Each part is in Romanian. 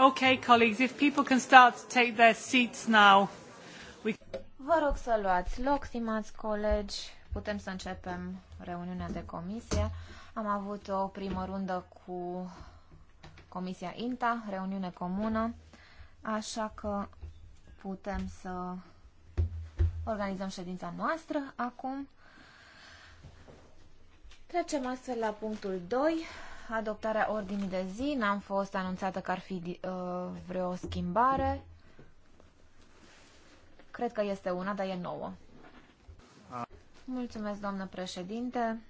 Okay, colleagues, if people can start to take their seats now. We... Vă rog să luați loc, stimați colegi. Putem să începem reuniunea de comisie. Am avut o primă rundă cu Comisia INTA, reuniune comună, așa că putem să organizăm ședința noastră acum. Trecem astfel la punctul 2, adoptarea ordinii de zi. N-am fost anunțată că ar fi uh, vreo schimbare. Cred că este una, dar e nouă. Mulțumesc, doamnă președinte.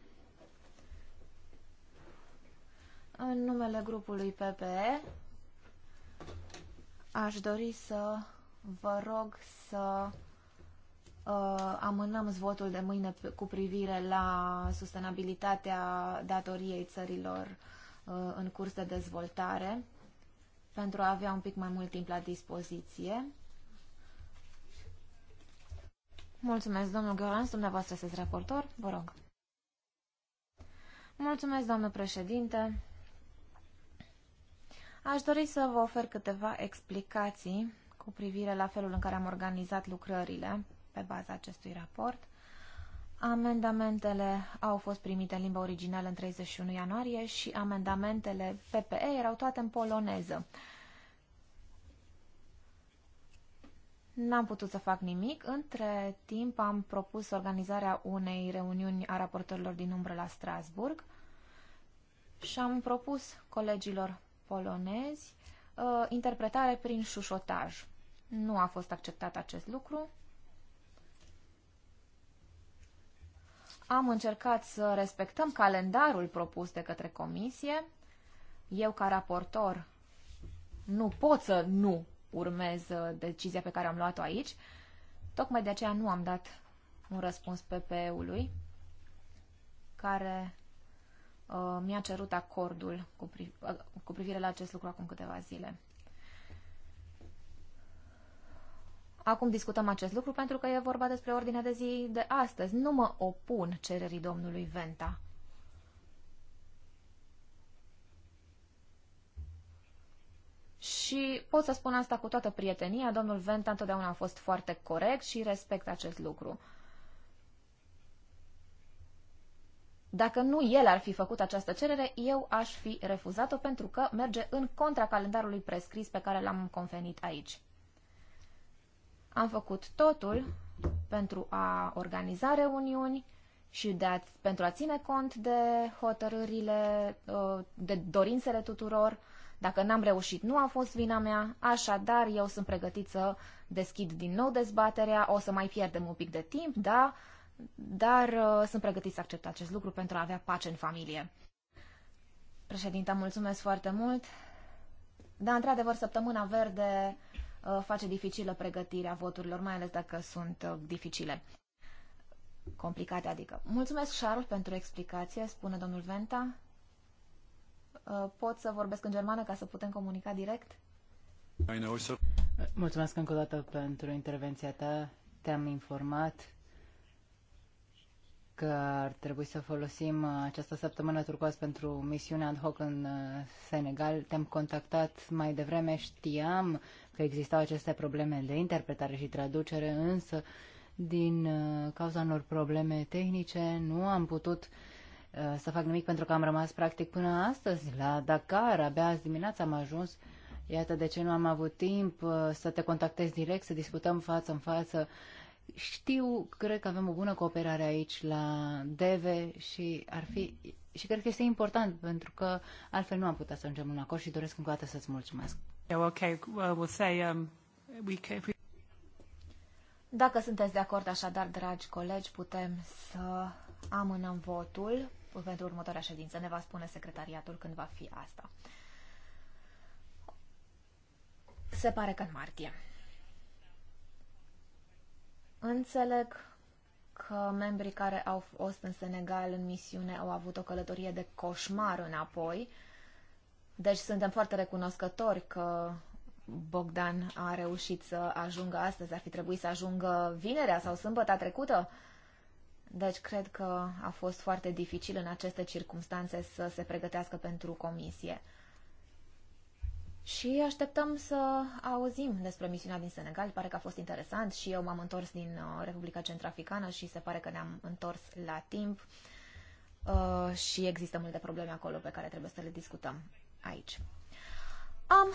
În numele grupului PPE aș dori să vă rog să Uh, amânăm votul de mâine cu privire la sustenabilitatea datoriei țărilor uh, în curs de dezvoltare pentru a avea un pic mai mult timp la dispoziție. Mulțumesc, domnul Gheorans, dumneavoastră sunteți raportor, vă rog. Mulțumesc, doamnă președinte. Aș dori să vă ofer câteva explicații cu privire la felul în care am organizat lucrările pe baza acestui raport. Amendamentele au fost primite în limba originală în 31 ianuarie și amendamentele PPE erau toate în poloneză. N-am putut să fac nimic. Între timp am propus organizarea unei reuniuni a raportorilor din umbră la Strasburg și am propus colegilor polonezi uh, interpretare prin șușotaj. Nu a fost acceptat acest lucru. Am încercat să respectăm calendarul propus de către comisie. Eu, ca raportor, nu pot să nu urmez uh, decizia pe care am luat-o aici. Tocmai de aceea nu am dat un răspuns PPE-ului, care uh, mi-a cerut acordul cu, pri- uh, cu privire la acest lucru acum câteva zile. Acum discutăm acest lucru pentru că e vorba despre ordinea de zi de astăzi. Nu mă opun cererii domnului Venta. Și pot să spun asta cu toată prietenia, domnul Venta întotdeauna a fost foarte corect și respect acest lucru. Dacă nu el ar fi făcut această cerere, eu aș fi refuzat-o pentru că merge în contra calendarului prescris pe care l-am convenit aici. Am făcut totul pentru a organiza reuniuni și de a, pentru a ține cont de hotărârile, uh, de dorințele tuturor. Dacă n-am reușit, nu a fost vina mea, așadar eu sunt pregătit să deschid din nou dezbaterea, o să mai pierdem un pic de timp, da, dar uh, sunt pregătit să accept acest lucru pentru a avea pace în familie. Președinta, mulțumesc foarte mult. Da, într-adevăr, săptămâna verde Uh, face dificilă pregătirea voturilor, mai ales dacă sunt uh, dificile. Complicate, adică. Mulțumesc, Charles, pentru explicație, spune domnul Venta. Uh, pot să vorbesc în germană ca să putem comunica direct? Mulțumesc încă o dată pentru intervenția ta. Te-am informat că ar trebui să folosim această săptămână turcoaz pentru misiunea ad hoc în Senegal. Te-am contactat mai devreme, știam că existau aceste probleme de interpretare și traducere, însă din uh, cauza unor probleme tehnice nu am putut uh, să fac nimic pentru că am rămas practic până astăzi la Dakar, abia azi dimineața am ajuns Iată de ce nu am avut timp uh, să te contactez direct, să discutăm față în față. Știu, cred că avem o bună cooperare aici la DEVE și ar fi și cred că este important pentru că altfel nu am putea să ajungem în acord și doresc încă o dată să-ți mulțumesc. Um, Dacă sunteți de acord așadar, dragi colegi, putem să amânăm votul pentru următoarea ședință. Ne va spune secretariatul când va fi asta. Se pare că în martie. Înțeleg că membrii care au fost în Senegal în misiune au avut o călătorie de coșmar înapoi. Uh, deci suntem foarte recunoscători că Bogdan a reușit să ajungă astăzi. Ar fi trebuit să ajungă vinerea sau sâmbătă trecută. Deci cred că a fost foarte dificil în aceste circunstanțe să se pregătească pentru comisie. Și așteptăm să auzim despre misiunea din Senegal. Pare că a fost interesant și eu m-am întors din uh, Republica Centrafricană și se pare că ne-am întors la timp. Uh, și există multe probleme acolo pe care trebuie să le discutăm aici. Am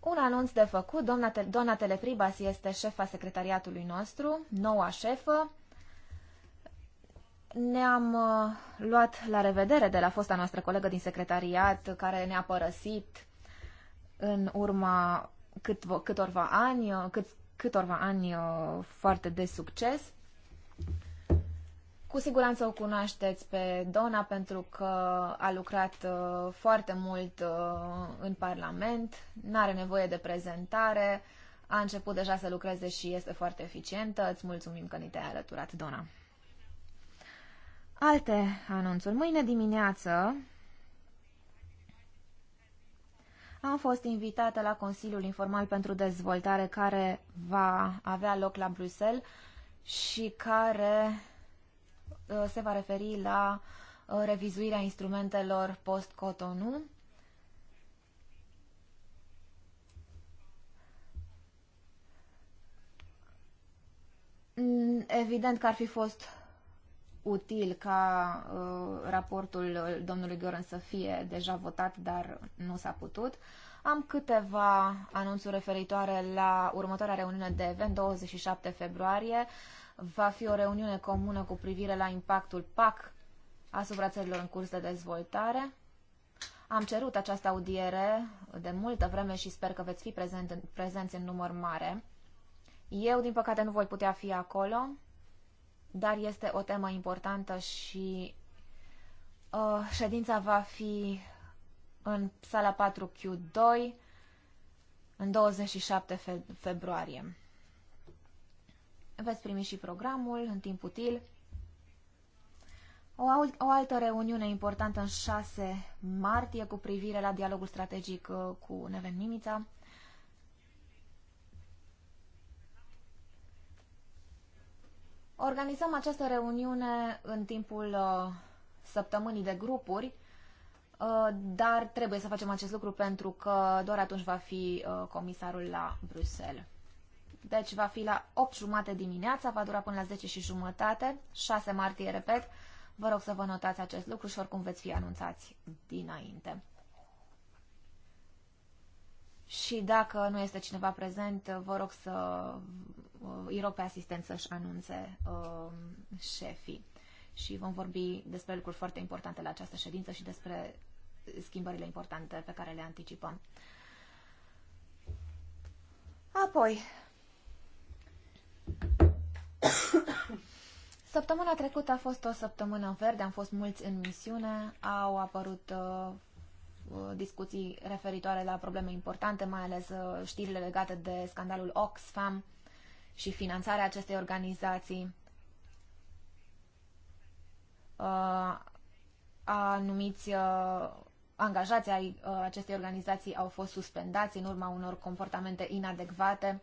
un anunț de făcut. Doamna, Te- doamna Telepribas este șefa secretariatului nostru, noua șefă. Ne-am uh, luat la revedere de la fosta noastră colegă din secretariat care ne-a părăsit în urma uh, cât, câtorva ani, cât, câtorva ani foarte de succes. Cu siguranță o cunoașteți pe Dona pentru că a lucrat uh, foarte mult uh, în Parlament, nu are nevoie de prezentare, a început deja să lucreze și este foarte eficientă. Îți mulțumim că ni te-ai alăturat, Dona. Alte anunțuri. Mâine dimineață am fost invitată la Consiliul Informal pentru Dezvoltare care va avea loc la Bruxelles și care Uh, se va referi la uh, revizuirea instrumentelor post-Cotonou. Mm, evident că ar fi fost util ca uh, raportul domnului Gheorân să fie deja votat, dar nu s-a putut. Am câteva anunțuri referitoare la următoarea reuniune de event, 27 februarie. Uh, va fi o reuniune comună cu privire la impactul PAC asupra țărilor în curs de dezvoltare. Am cerut această audiere de multă vreme și sper că veți fi prezent, prezenți în număr mare. Eu, din păcate, nu voi putea fi acolo, dar este o temă importantă și uh, ședința va fi în sala 4Q2 în 27 fe- februarie. Veți primi și programul în timp util. O, o altă reuniune importantă în 6 martie cu privire la dialogul strategic uh, cu Neven Mimița. Organizăm această reuniune în timpul uh, săptămânii de grupuri, uh, dar trebuie să facem acest lucru pentru că doar atunci va fi comisarul la Bruxelles deci va fi la 8 jumate dimineața, va dura până la 10 și jumătate, 6 martie, repet. Vă rog să vă notați acest lucru și oricum veți fi anunțați dinainte. Și dacă nu este cineva prezent, vă rog să îi rog pe asistent să-și anunțe uh, șefii. Și vom vorbi despre lucruri foarte importante la această ședință și despre schimbările importante pe care le anticipăm. Apoi, Săptămâna trecută a fost o săptămână verde, am fost mulți în misiune, au apărut uh, uh, discuții referitoare la probleme importante, mai ales uh, știrile legate de scandalul Oxfam și finanțarea acestei organizații. Uh, anumiți uh, angajații ai uh, acestei organizații au fost suspendați în urma unor comportamente inadecvate.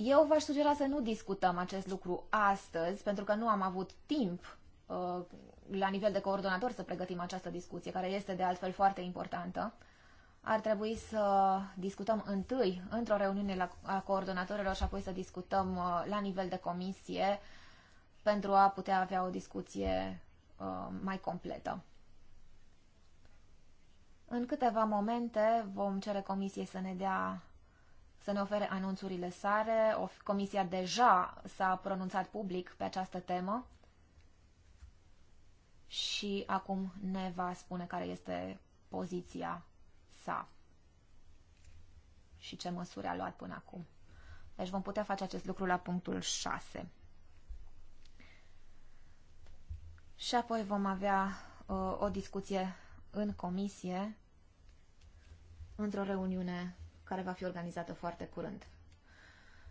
Eu v-aș sugera să nu discutăm acest lucru astăzi, pentru că nu am avut timp uh, la nivel de coordonator să pregătim această discuție, care este de altfel foarte importantă. Ar trebui să discutăm întâi într-o reuniune la, a coordonatorilor și apoi să discutăm uh, la nivel de comisie pentru a putea avea o discuție uh, mai completă. În câteva momente vom cere comisiei să ne dea să ne ofere anunțurile sare. O, comisia deja s-a pronunțat public pe această temă și acum ne va spune care este poziția sa și ce măsuri a luat până acum. Deci vom putea face acest lucru la punctul 6. Și apoi vom avea uh, o discuție în comisie, într-o reuniune care va fi organizată foarte curând.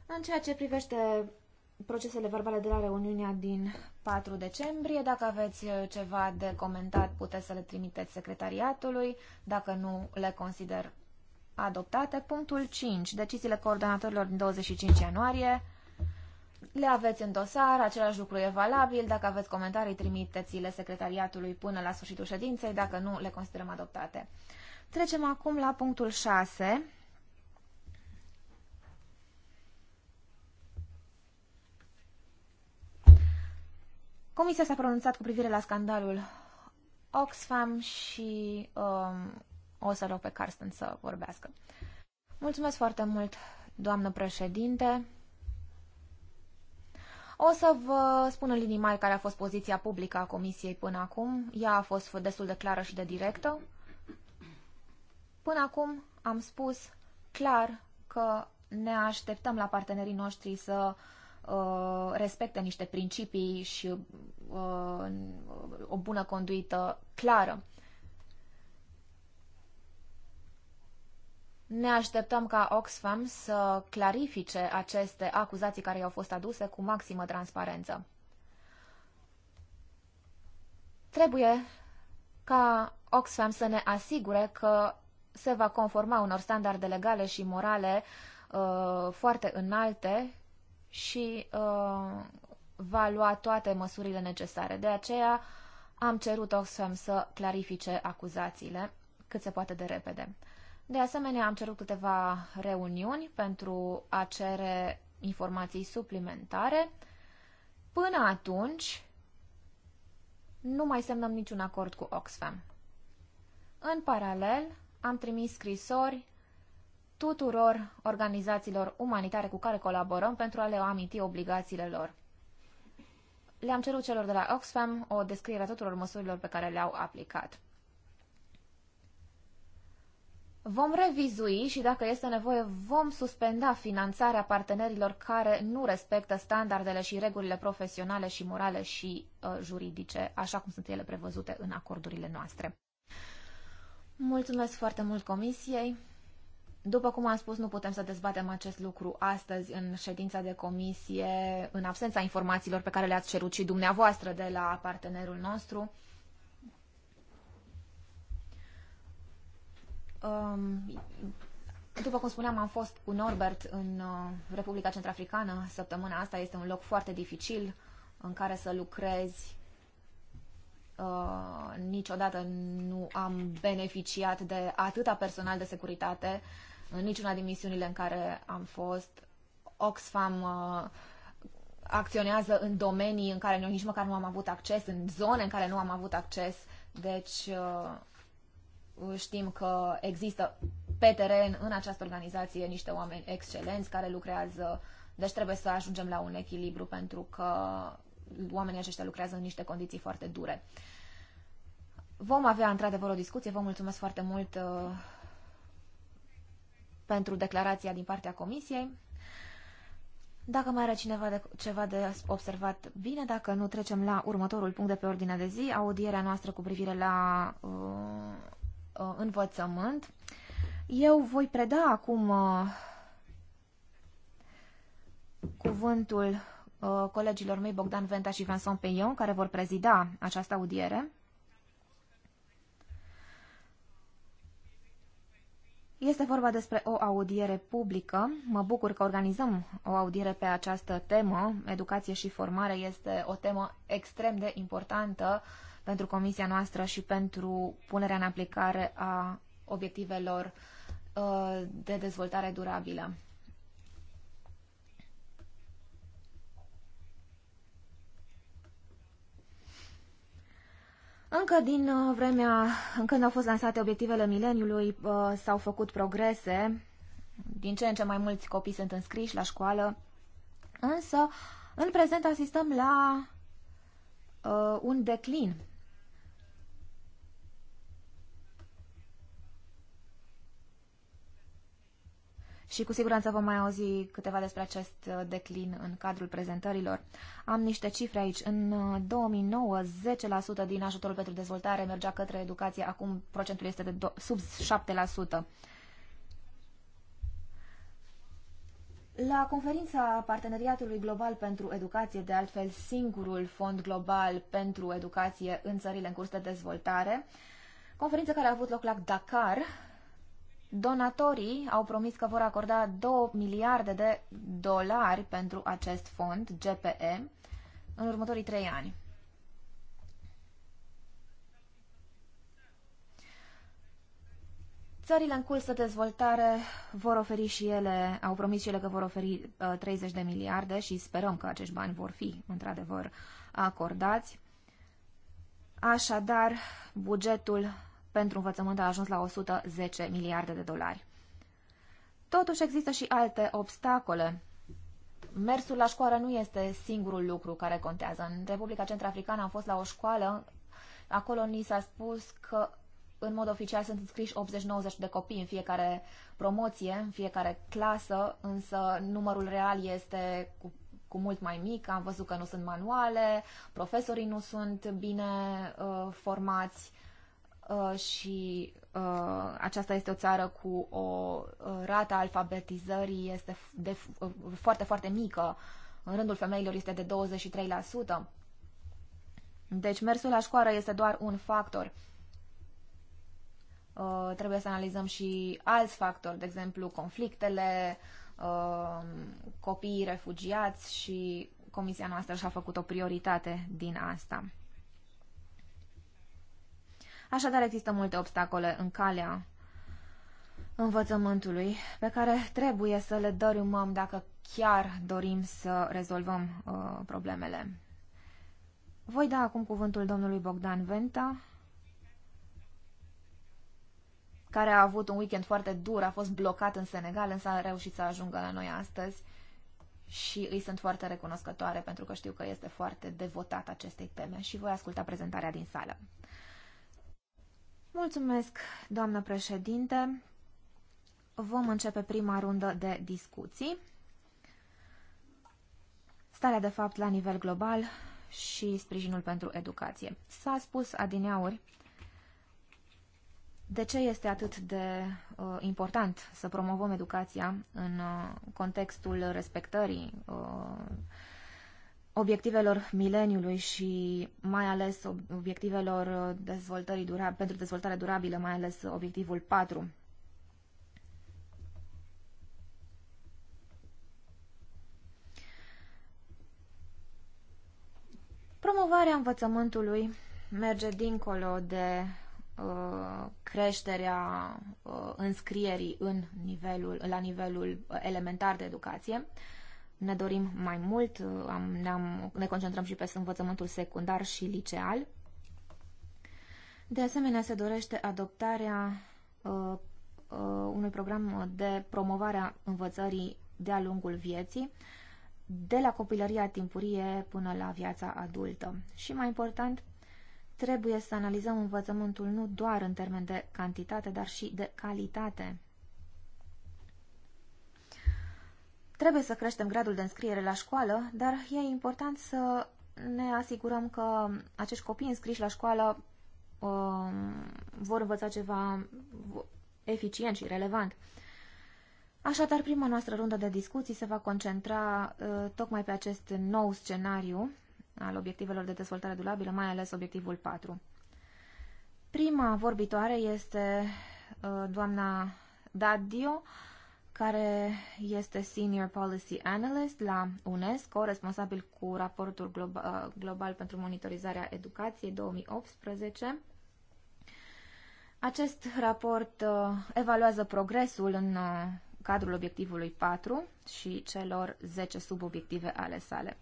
În ceea ce privește procesele verbale de la reuniunea din 4 decembrie, dacă aveți uh, ceva de comentat, puteți să le trimiteți secretariatului, dacă nu le consider adoptate. Punctul 5. Deciziile coordonatorilor din 25 ianuarie. Le aveți în dosar, același lucru e valabil. Dacă aveți comentarii, trimiteți-le secretariatului până la sfârșitul ședinței, dacă nu, le considerăm adoptate. Trecem acum la punctul 6 Comisia s-a pronunțat cu privire la scandalul Oxfam și um, o să rog pe Carsten să vorbească. Mulțumesc foarte mult, doamnă președinte. O să vă spun în linii mari care a fost poziția publică a Comisiei până acum. Ea a fost destul de clară și de directă. Până acum am spus clar că ne așteptăm la partenerii noștri să uh, uh, respectă niște principii și uh, uh, o bună conduită clară. Ne așteptăm ca Oxfam să clarifice aceste acuzații care i-au fost aduse cu maximă transparență. Trebuie ca Oxfam să ne asigure că se va conforma unor standarde legale și morale uh, foarte înalte și uh, va lua toate măsurile necesare. De aceea am cerut Oxfam să clarifice acuzațiile cât se poate de repede. De asemenea, am cerut câteva reuniuni pentru a cere informații suplimentare. Până atunci, nu mai semnăm niciun acord cu Oxfam. În paralel, am trimis scrisori tuturor organizațiilor umanitare cu care colaborăm pentru a le aminti obligațiile lor. Le-am cerut celor de la Oxfam o descriere a tuturor măsurilor pe care le-au aplicat. Vom revizui și, dacă este nevoie, vom suspenda finanțarea partenerilor care nu respectă standardele și regulile profesionale și morale și uh, juridice, așa cum sunt ele prevăzute în acordurile noastre. Mulțumesc foarte mult Comisiei. După cum am spus, nu putem să dezbatem acest lucru astăzi în ședința de comisie, în absența informațiilor pe care le-ați cerut și dumneavoastră de la partenerul nostru. Um, după cum spuneam, am fost cu Norbert în uh, Republica Centrafricană săptămâna asta. Este un loc foarte dificil în care să lucrezi. Uh, niciodată nu am beneficiat de atâta personal de securitate în niciuna din misiunile în care am fost. Oxfam uh, acționează în domenii în care noi nici măcar nu am avut acces, în zone în care nu am avut acces, deci uh, știm că există pe teren în această organizație niște oameni excelenți care lucrează, deci trebuie să ajungem la un echilibru pentru că oamenii aceștia lucrează în niște condiții foarte dure. Vom avea într-adevăr o discuție, vă mulțumesc foarte mult uh, pentru declarația din partea Comisiei. Dacă mai are cineva de, ceva de observat, bine, dacă nu trecem la următorul punct de pe ordinea de zi, audierea noastră cu privire la uh, uh, învățământ. Eu voi preda acum uh, cuvântul uh, colegilor mei Bogdan Venta și Vincent Peion, care vor prezida această audiere. Este vorba despre o audiere publică. Mă bucur că organizăm o audiere pe această temă. Educație și formare este o temă extrem de importantă pentru comisia noastră și pentru punerea în aplicare a obiectivelor uh, de dezvoltare durabilă. Încă din uh, vremea în când au fost lansate obiectivele mileniului, uh, s-au făcut progrese, din ce în ce mai mulți copii sunt înscriși la școală, însă în prezent asistăm la uh, un declin și cu siguranță vom mai auzi câteva despre acest uh, declin în cadrul prezentărilor. Am niște cifre aici. În 2009, uh, 10% din ajutorul pentru dezvoltare mergea către educație, acum procentul este de sub 7%. La conferința Parteneriatului Global pentru Educație, de altfel singurul fond global pentru educație în țările în curs de dezvoltare, conferință care a avut loc la Dakar, Donatorii au promis că vor acorda 2 miliarde de dolari pentru acest fond, GPE, în următorii 3 ani. Țările în curs de dezvoltare vor oferi și ele, au promis și ele că vor oferi 30 uh, de miliarde și sperăm că acești bani vor fi, într-adevăr, acordați. Așadar, bugetul pentru învățământ a ajuns la 110 miliarde de dolari. Totuși există și alte obstacole. Mersul la școală nu este singurul lucru care contează. În Republica Centrafricană am fost la o școală, acolo ni s-a spus că în mod oficial sunt înscriși 80-90 de copii în fiecare promoție, în fiecare clasă, însă numărul real este cu, cu mult mai mic. Am văzut că nu sunt manuale, profesorii nu sunt bine uh, formați, Uh, și uh, aceasta este o țară cu o uh, rată a alfabetizării este de, foarte, foarte mică. În rândul femeilor este de 23%. Deci mersul la școală este doar un factor. Uh, trebuie să analizăm și alți factori, de exemplu conflictele, uh, copiii refugiați și comisia noastră și-a făcut o prioritate din asta. Așadar, există multe obstacole în calea învățământului pe care trebuie să le dărâmăm dacă chiar dorim să rezolvăm uh, problemele. Voi da acum cuvântul domnului Bogdan Venta, care a avut un weekend foarte dur, a fost blocat în Senegal, însă a reușit să ajungă la noi astăzi și îi sunt foarte recunoscătoare pentru că știu că este foarte devotat acestei teme și voi asculta prezentarea din sală. Mulțumesc, doamnă președinte. Vom începe prima rundă de discuții. Starea de fapt la nivel global și sprijinul pentru educație. S-a spus adineauri de ce este atât de uh, important să promovăm educația în uh, contextul respectării uh, obiectivelor mileniului și mai ales obiectivelor uh, dezvoltării dura- pentru dezvoltare durabilă, mai ales uh, obiectivul 4. Promovarea învățământului merge dincolo de uh, creșterea înscrierii în nivelul, la nivelul elementar de educație ne dorim mai mult, am, ne, am, ne concentrăm și pe învățământul secundar și liceal. De asemenea, se dorește adoptarea uh, uh, unui program de promovare a învățării de-a lungul vieții, de la copilăria timpurie până la viața adultă. Și mai important, trebuie să analizăm învățământul nu doar în termen de cantitate, dar și de calitate. Trebuie să creștem gradul de înscriere la școală, dar e important să ne asigurăm că acești copii înscriși la școală uh, vor învăța ceva eficient și relevant. Așadar, prima noastră rundă de discuții se va concentra uh, tocmai pe acest nou scenariu al obiectivelor de dezvoltare durabilă, mai ales obiectivul 4. Prima vorbitoare este uh, doamna Dadio, uh, care este Senior Policy Analyst la UNESCO, responsabil cu raportul global, uh, global pentru monitorizarea educației 2018. Acest raport uh, evaluează progresul în uh, cadrul obiectivului 4 și celor 10 subobiective ale sale.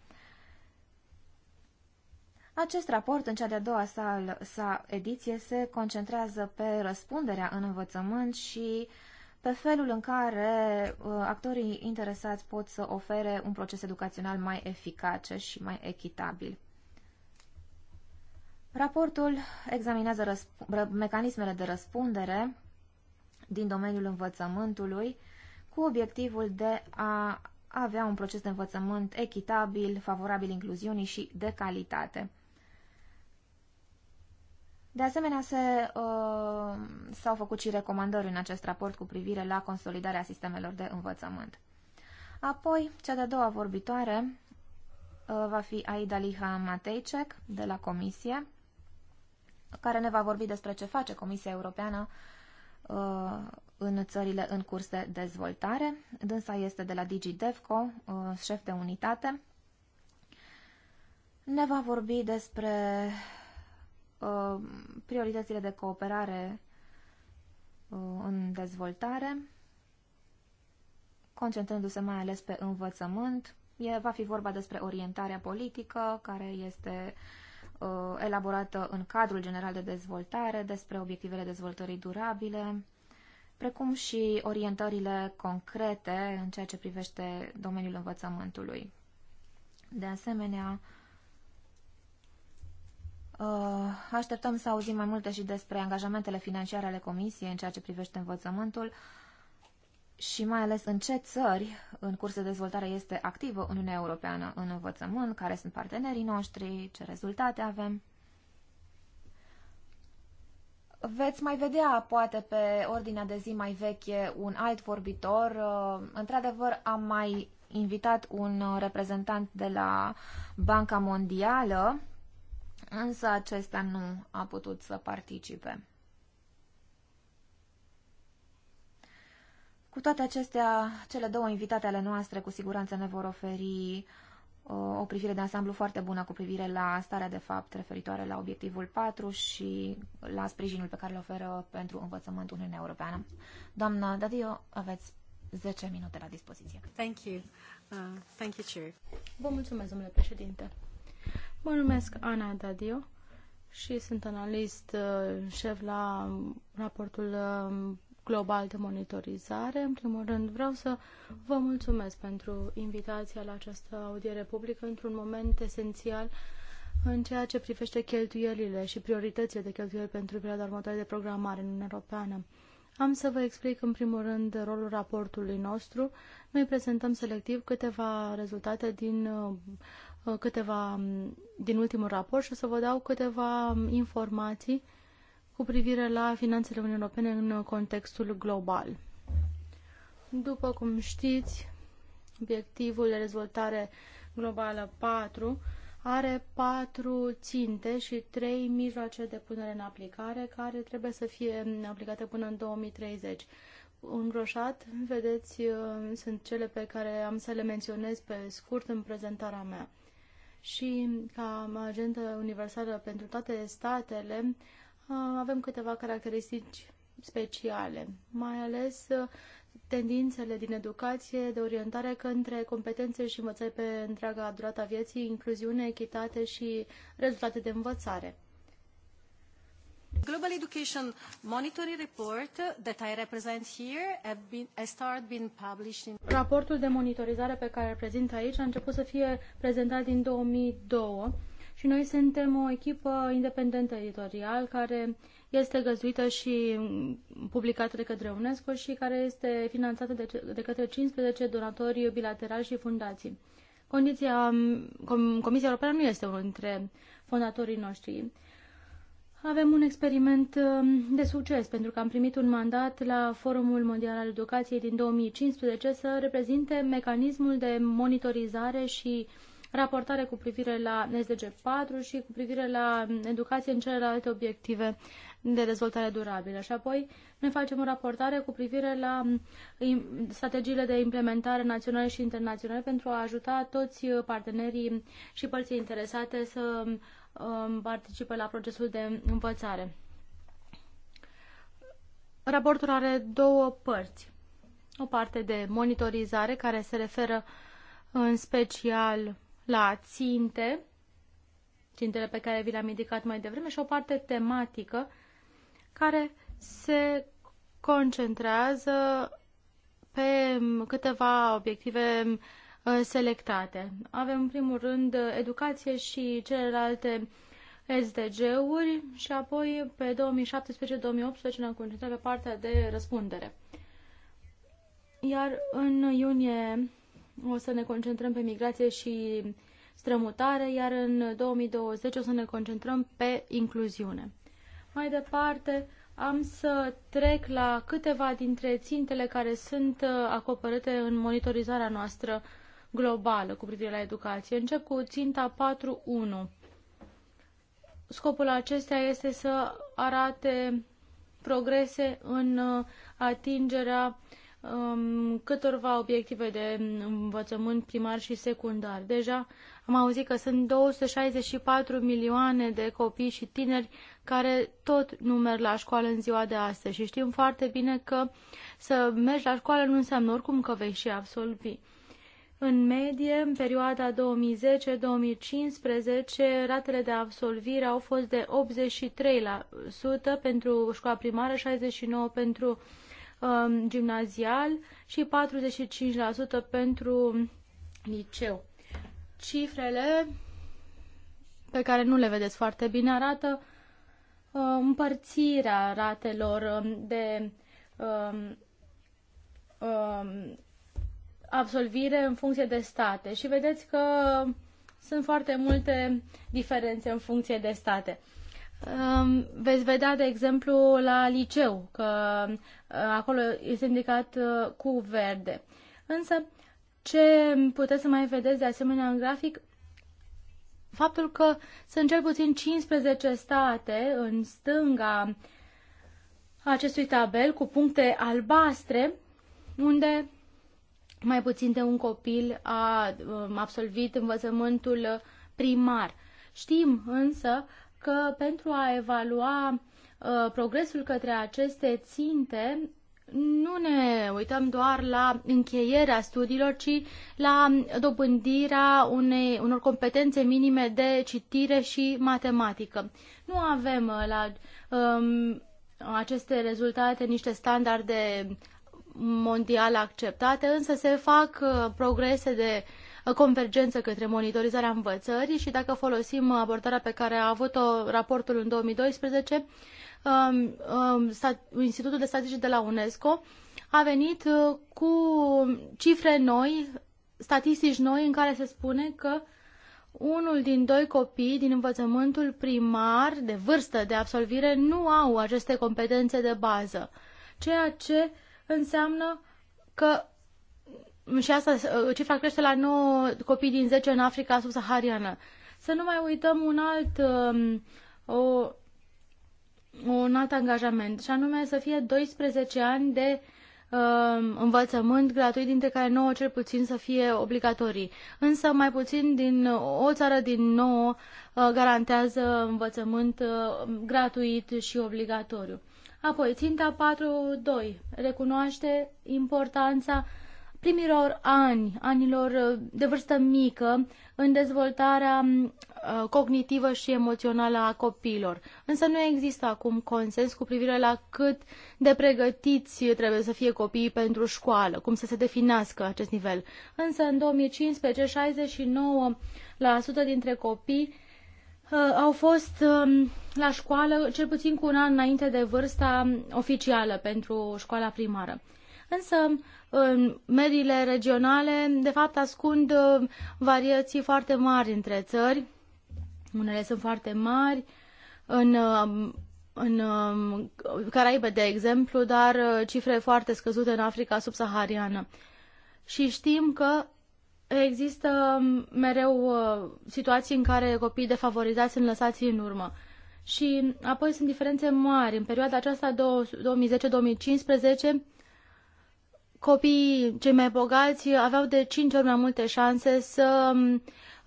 Acest raport, în cea de-a doua sa, sa ediție, se concentrează pe răspunderea în învățământ și uh, pe felul în care uh, actorii interesați pot să ofere un proces educațional mai eficace și mai echitabil. Raportul examinează mecanismele de răspundere din domeniul învățământului cu obiectivul de a avea un proces de învățământ echitabil, favorabil incluziunii și de calitate. De asemenea, uh, s-au făcut și recomandări în acest raport cu privire la consolidarea sistemelor de învățământ. Apoi, cea de-a doua vorbitoare uh, va fi Aida Liha Matejcek de la Comisie, care ne va vorbi despre ce face Comisia Europeană uh, în țările în curs de dezvoltare. Dânsa este de la DigiDevco, uh, șef de unitate. Ne va vorbi despre Uh, prioritățile de cooperare uh, în dezvoltare, concentrându-se mai ales pe învățământ. E, va fi vorba despre orientarea politică, care este uh, elaborată în cadrul general de dezvoltare, despre obiectivele dezvoltării durabile, precum și orientările concrete în ceea ce privește domeniul învățământului. De asemenea, uh, Uh, așteptăm să auzim mai multe și despre angajamentele financiare ale Comisiei în ceea ce privește învățământul și mai ales în ce țări în curs de dezvoltare este activă Uniunea Europeană în învățământ, care sunt partenerii noștri, ce rezultate avem. Veți mai vedea, poate, pe ordinea de zi mai veche un alt vorbitor. Uh, într-adevăr, am mai invitat un reprezentant de la Banca Mondială, însă acesta nu a putut să participe. Cu toate acestea, cele două invitate ale noastre cu siguranță ne vor oferi uh, o privire de ansamblu foarte bună cu privire la starea de fapt referitoare la obiectivul 4 și la sprijinul pe care îl oferă pentru învățământul Uniunea Europeană. Doamna Dadio, aveți 10 minute la dispoziție. Thank you. Uh, thank you, Chair. Vă mulțumesc, domnule președinte. Mă numesc Ana Dadio și sunt analist uh, șef la raportul um, global de monitorizare. În primul rând vreau să vă mulțumesc pentru invitația la această audiere publică într-un moment esențial în ceea ce privește cheltuielile și prioritățile de cheltuieli pentru perioada următoare de programare în Uniunea Europeană. Am să vă explic în primul rând rolul raportului nostru. Noi prezentăm selectiv câteva rezultate din uh, Uh, câteva um, din ultimul raport și o să vă dau câteva um, informații cu privire la finanțele Uniunii Europene în uh, contextul global. După cum știți, obiectivul de dezvoltare globală 4 are patru ținte și trei mijloace de punere în aplicare care trebuie să fie um, aplicate până în 2030. roșat, vedeți, uh, sunt cele pe care am să le menționez pe scurt în prezentarea mea și ca agentă universală pentru toate statele uh, avem câteva caracteristici speciale, mai ales uh, tendințele din educație de orientare către competențe și învățări pe întreaga durata vieții, incluziune, echitate și rezultate de învățare. Global Education Monitoring Report that I represent here have been, has started being published in... Raportul de monitorizare pe care îl prezint aici a început să fie prezentat din 2002 și noi suntem o echipă independentă editorial care este găzuită și publicată de către UNESCO și care este finanțată de, de către 15 donatori bilaterali și fundații. Condiția, Com Comisia Europeană nu este unul dintre fondatorii noștri avem un experiment um, de succes, pentru că am primit un mandat la Forumul Mondial al Educației din 2015 să reprezinte mecanismul de monitorizare și raportare cu privire la SDG 4 și cu privire la um, educație în celelalte obiective de dezvoltare durabilă. Și apoi ne facem o raportare cu privire la um, strategiile de implementare naționale și internaționale pentru a ajuta toți uh, partenerii și părții interesate să Um, participă la procesul de învățare. Raportul are două părți. O parte de monitorizare care se referă în special la ținte, țintele pe care vi le-am indicat mai devreme, și o parte tematică care se concentrează pe câteva obiective Uh, selectate. Avem în primul rând educație și celelalte SDG-uri și apoi pe 2017-2018 ne-am concentrat pe partea de răspundere. Iar în iunie o să ne concentrăm pe migrație și strămutare, iar în 2020 o să ne concentrăm pe incluziune. Mai departe, am să trec la câteva dintre țintele care sunt uh, acoperite în monitorizarea noastră globală cu privire la educație. Încep cu ținta 4.1. Scopul acesta este să arate progrese în uh, atingerea um, câtorva obiective de învățământ primar și secundar. Deja am auzit că sunt 264 milioane de copii și tineri care tot nu merg la școală în ziua de astăzi și știm foarte bine că să mergi la școală nu înseamnă oricum că vei și absolvi. În medie, în perioada 2010-2015, ratele de absolvire au fost de 83% pentru școala primară, 69% pentru um, gimnazial și 45% pentru liceu. Cifrele pe care nu le vedeți foarte bine arată uh, împărțirea ratelor um, de um, um, absolvire în funcție de state și vedeți că sunt foarte multe diferențe în funcție de state. Um, veți vedea, de exemplu, la liceu, că uh, acolo este indicat uh, cu verde. Însă, ce puteți să mai vedeți de asemenea în grafic, faptul că sunt cel puțin 15 state în stânga acestui tabel cu puncte albastre, unde mai puțin de un copil a um, absolvit învățământul uh, primar. Știm însă că pentru a evalua uh, progresul către aceste ținte, nu ne uităm doar la încheierea studiilor, ci la dobândirea unei, unor competențe minime de citire și matematică. Nu avem uh, la um, aceste rezultate niște standarde mondial acceptate, însă se fac uh, progrese de uh, convergență către monitorizarea învățării și dacă folosim abordarea pe care a avut-o raportul în 2012, um, um, Institutul de Statistici de la UNESCO a venit uh, cu cifre noi, statistici noi, în care se spune că unul din doi copii din învățământul primar de vârstă de absolvire nu au aceste competențe de bază, ceea ce înseamnă că și asta, cifra crește la 9 copii din 10 în Africa subsahariană. Să nu mai uităm un alt, um, o, un alt angajament, și anume să fie 12 ani de uh, învățământ gratuit, dintre care 9 cel puțin să fie obligatorii. Însă mai puțin din o țară din 9 uh, garantează învățământ uh, gratuit și obligatoriu. Apoi, ținta 4.2 recunoaște importanța primilor ani, anilor uh, de vârstă mică, în dezvoltarea mm, uh, cognitivă și emoțională a copiilor. Însă nu există acum consens cu privire la cât de pregătiți trebuie să fie copiii pentru școală, cum să se definească acest nivel. Însă în 2015, 69% dintre copii Uh, au fost um, la școală cel puțin cu un an înainte de vârsta oficială pentru școala primară. Însă mediile regionale de fapt ascund uh, variații foarte mari între țări. Unele sunt foarte mari, în, um, în um, Caraibe, de exemplu, dar uh, cifre foarte scăzute în Africa subsahariană. Și știm că există mereu uh, situații în care copiii defavorizați sunt lăsați în urmă. Și apoi sunt diferențe mari. În perioada aceasta 2010-2015, copiii cei mai bogați aveau de 5 ori mai multe șanse să um,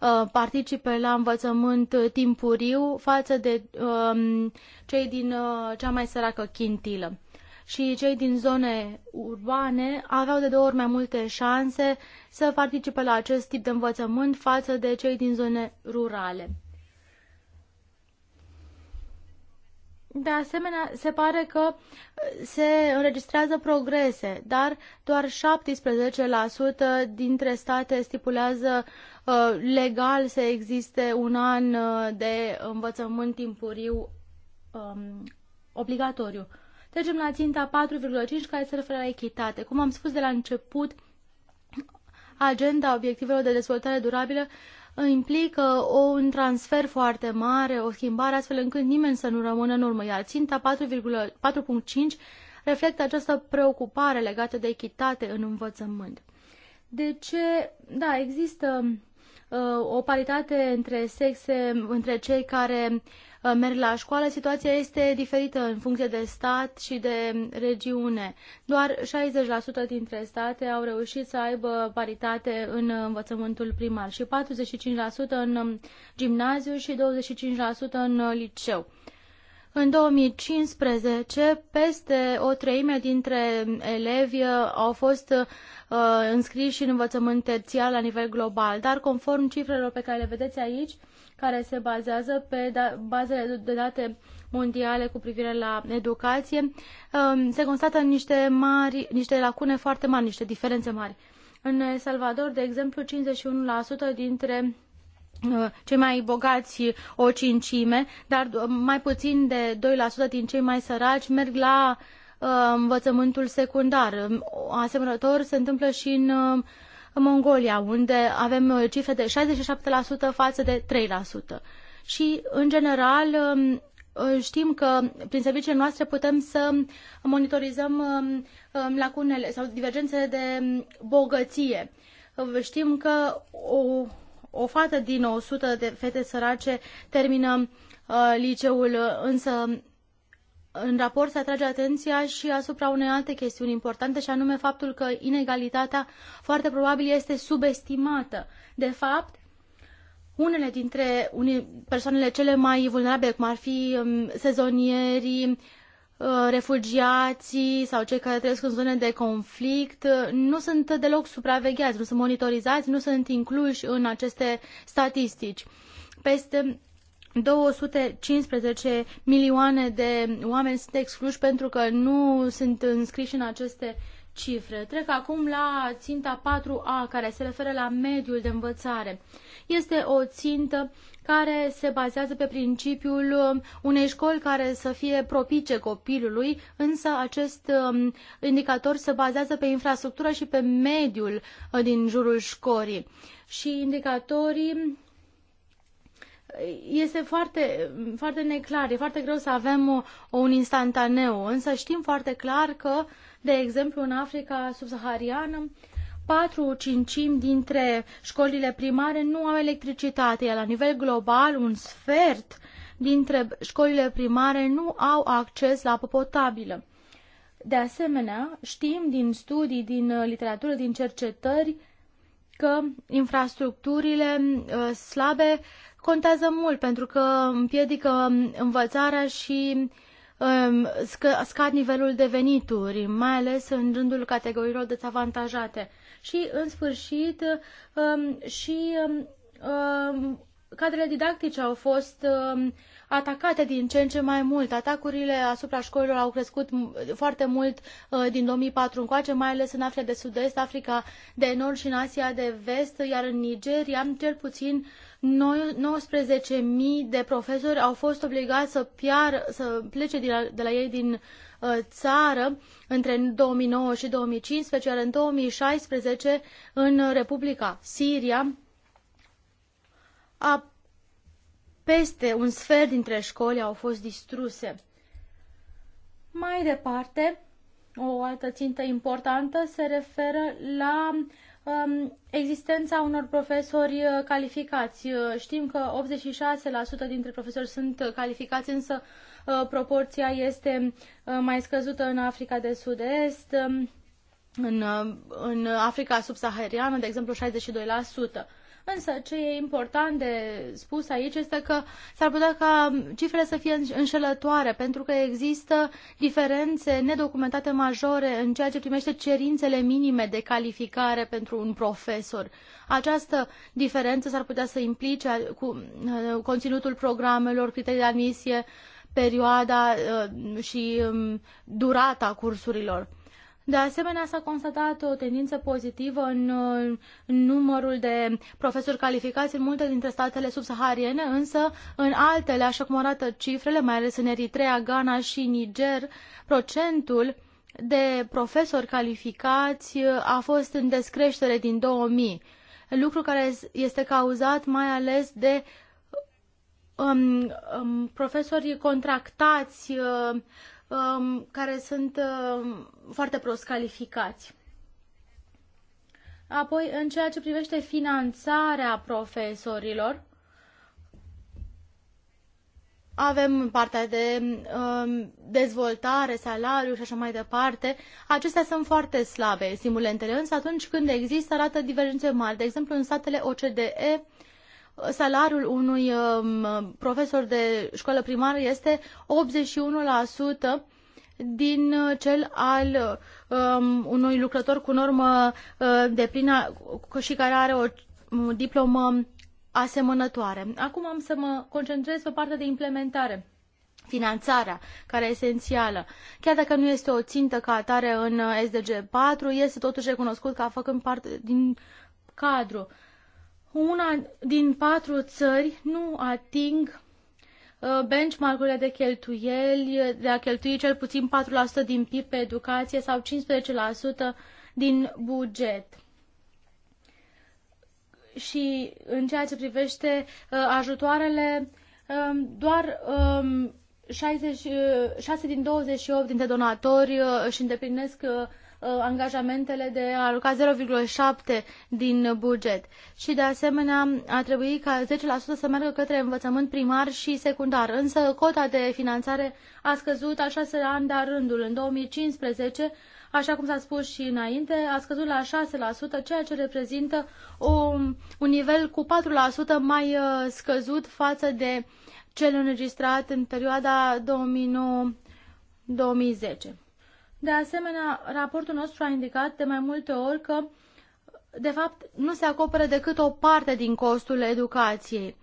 uh, participe la învățământ timpuriu față de um, cei din uh, cea mai săracă chintilă și cei din zone urbane aveau de două ori mai multe șanse să participe la acest tip de învățământ față de cei din zone rurale. De asemenea, se pare că se înregistrează progrese, dar doar 17% dintre state stipulează uh, legal să existe un an uh, de învățământ timpuriu um, obligatoriu. Trecem la ținta 4,5 care se referă la echitate. Cum am spus de la început, agenda obiectivelor de dezvoltare durabilă implică o, un transfer foarte mare, o schimbare, astfel încât nimeni să nu rămână în urmă. Iar ținta 4,5 reflectă această preocupare legată de echitate în învățământ. De ce, da, există uh, o paritate între sexe, între cei care Uh, merg la școală, situația este diferită în funcție de stat și de regiune. Doar 60% dintre state au reușit să aibă paritate în învățământul primar și 45% în gimnaziu și 25% în liceu. În 2015, peste o treime dintre elevi au fost uh, înscriși în învățământ terțial la nivel global, dar conform cifrelor pe care le vedeți aici, uh, care se bazează pe da, bazele de date mondiale cu privire la educație, um, se constată niște mari, niște lacune foarte mari, niște diferențe mari. În El Salvador, de exemplu, 51% dintre uh, cei mai bogați o cincime, dar uh, mai puțin de 2% din cei mai săraci merg la uh, învățământul secundar. Um, asemănător se întâmplă și în Mongolia, unde avem uh, cifre de 67% față de 3%. Și, în general, um, uh, știm că prin serviciile noastre putem să monitorizăm um, um, lacunele sau divergențele de bogăție. Uh, știm că o, o fată din 100 de fete sărace termină liceul, însă în raport se atrage atenția și asupra unei alte chestiuni importante, și anume faptul că inegalitatea foarte probabil este subestimată. De fapt, unele dintre persoanele cele mai vulnerabile, cum ar fi um, sezonierii, uh, refugiații sau cei care trăiesc în zone de conflict uh, nu sunt deloc supravegheați, nu sunt monitorizați, nu sunt incluși în aceste statistici. Peste 215 milioane de oameni sunt excluși pentru că nu sunt înscriși în aceste cifre. Trec acum la ținta 4A, care se referă la mediul de învățare. Este o țintă care se bazează pe principiul um, unei școli care să fie propice copilului, însă acest um, indicator se bazează pe infrastructură și pe mediul uh, din jurul școlii. Și indicatorii este foarte, foarte neclar, e foarte greu să avem o, un instantaneu, însă știm foarte clar că, de exemplu, în Africa subsahariană, 4 cincimi dintre școlile primare nu au electricitate, iar la nivel global un sfert dintre școlile primare nu au acces la apă potabilă. De asemenea, știm din studii, din uh, literatură, din cercetări că infrastructurile uh, slabe contează mult pentru că împiedică um, învățarea și um, scă, scad nivelul de venituri, mai ales în rândul categoriilor dezavantajate. Și, în sfârșit, um, și cadrele didactice au fost atacate din ce în ce mai mult. Atacurile asupra școlilor au crescut foarte mult uh, din 2004 încoace, mai ales în Africa de Sud-Est, Africa de Nord și în Asia de Vest, iar în Nigeria, cel puțin 19.000 de profesori au fost obligați să, piar, să plece de la, de la ei din uh, țară între 2009 și 2015, iar în 2016 în Republica Siria a, peste un sfert dintre școli au fost distruse. Mai departe, o altă țintă importantă se referă la Um, existența unor profesori uh, calificați. Uh, știm că 86% dintre profesori sunt uh, calificați, însă proporția este mai scăzută în Africa de Sud-Est, um, în, în Africa subsahariană, de exemplu, 62%. Însă ce e important de spus aici este că s-ar putea ca cifrele să fie înșelătoare, pentru că există diferențe nedocumentate majore în ceea ce primește cerințele minime de calificare pentru un profesor. Această diferență s-ar putea să implice cu uh, conținutul programelor, criterii de admisie, perioada uh, și um, durata cursurilor. De asemenea, s-a constatat o tendință pozitivă în, în numărul de profesori calificați în multe dintre statele subsahariene, însă în altele, așa cum arată cifrele, mai ales în Eritrea, Ghana și Niger, procentul de profesori calificați a fost în descreștere din 2000, lucru care este cauzat mai ales de um, um, profesori contractați uh, Um, care sunt um, foarte prost calificați. Apoi, în ceea ce privește finanțarea profesorilor, avem partea de um, dezvoltare, salariu și așa mai departe. Acestea sunt foarte slabe, simulentele, însă atunci când există arată divergențe mari. De exemplu, în statele OCDE, salariul unui um, profesor de școală primară este 81% din uh, cel al um, unui lucrător cu normă uh, de plină și care are o um, diplomă asemănătoare. Acum am să mă concentrez pe partea de implementare. Finanțarea, care e esențială. Chiar dacă nu este o țintă ca atare în uh, SDG 4, este totuși recunoscut ca făcând parte din cadru. Uh, una din patru țări nu ating uh, benchmark-urile de cheltuieli, de a cheltui cel puțin 4% din PIB pe educație sau 15% din buget. Și în ceea ce privește uh, ajutoarele, um, doar 60, um, 6 uh, din 28 dintre donatori își îndeplinesc Uh, angajamentele de a aloca 0,7 din buget. Și de asemenea a trebuit ca 10% să meargă către învățământ primar și secundar. Însă cota de finanțare a scăzut așa se ani de rândul. În 2015 așa cum s-a spus și înainte, a scăzut la 6%, ceea ce reprezintă o, un nivel cu 4% mai uh, scăzut față de cel înregistrat în perioada 2009-2010. De asemenea, raportul nostru a indicat de mai multe ori că, de fapt, nu se acoperă decât o parte din costul educației.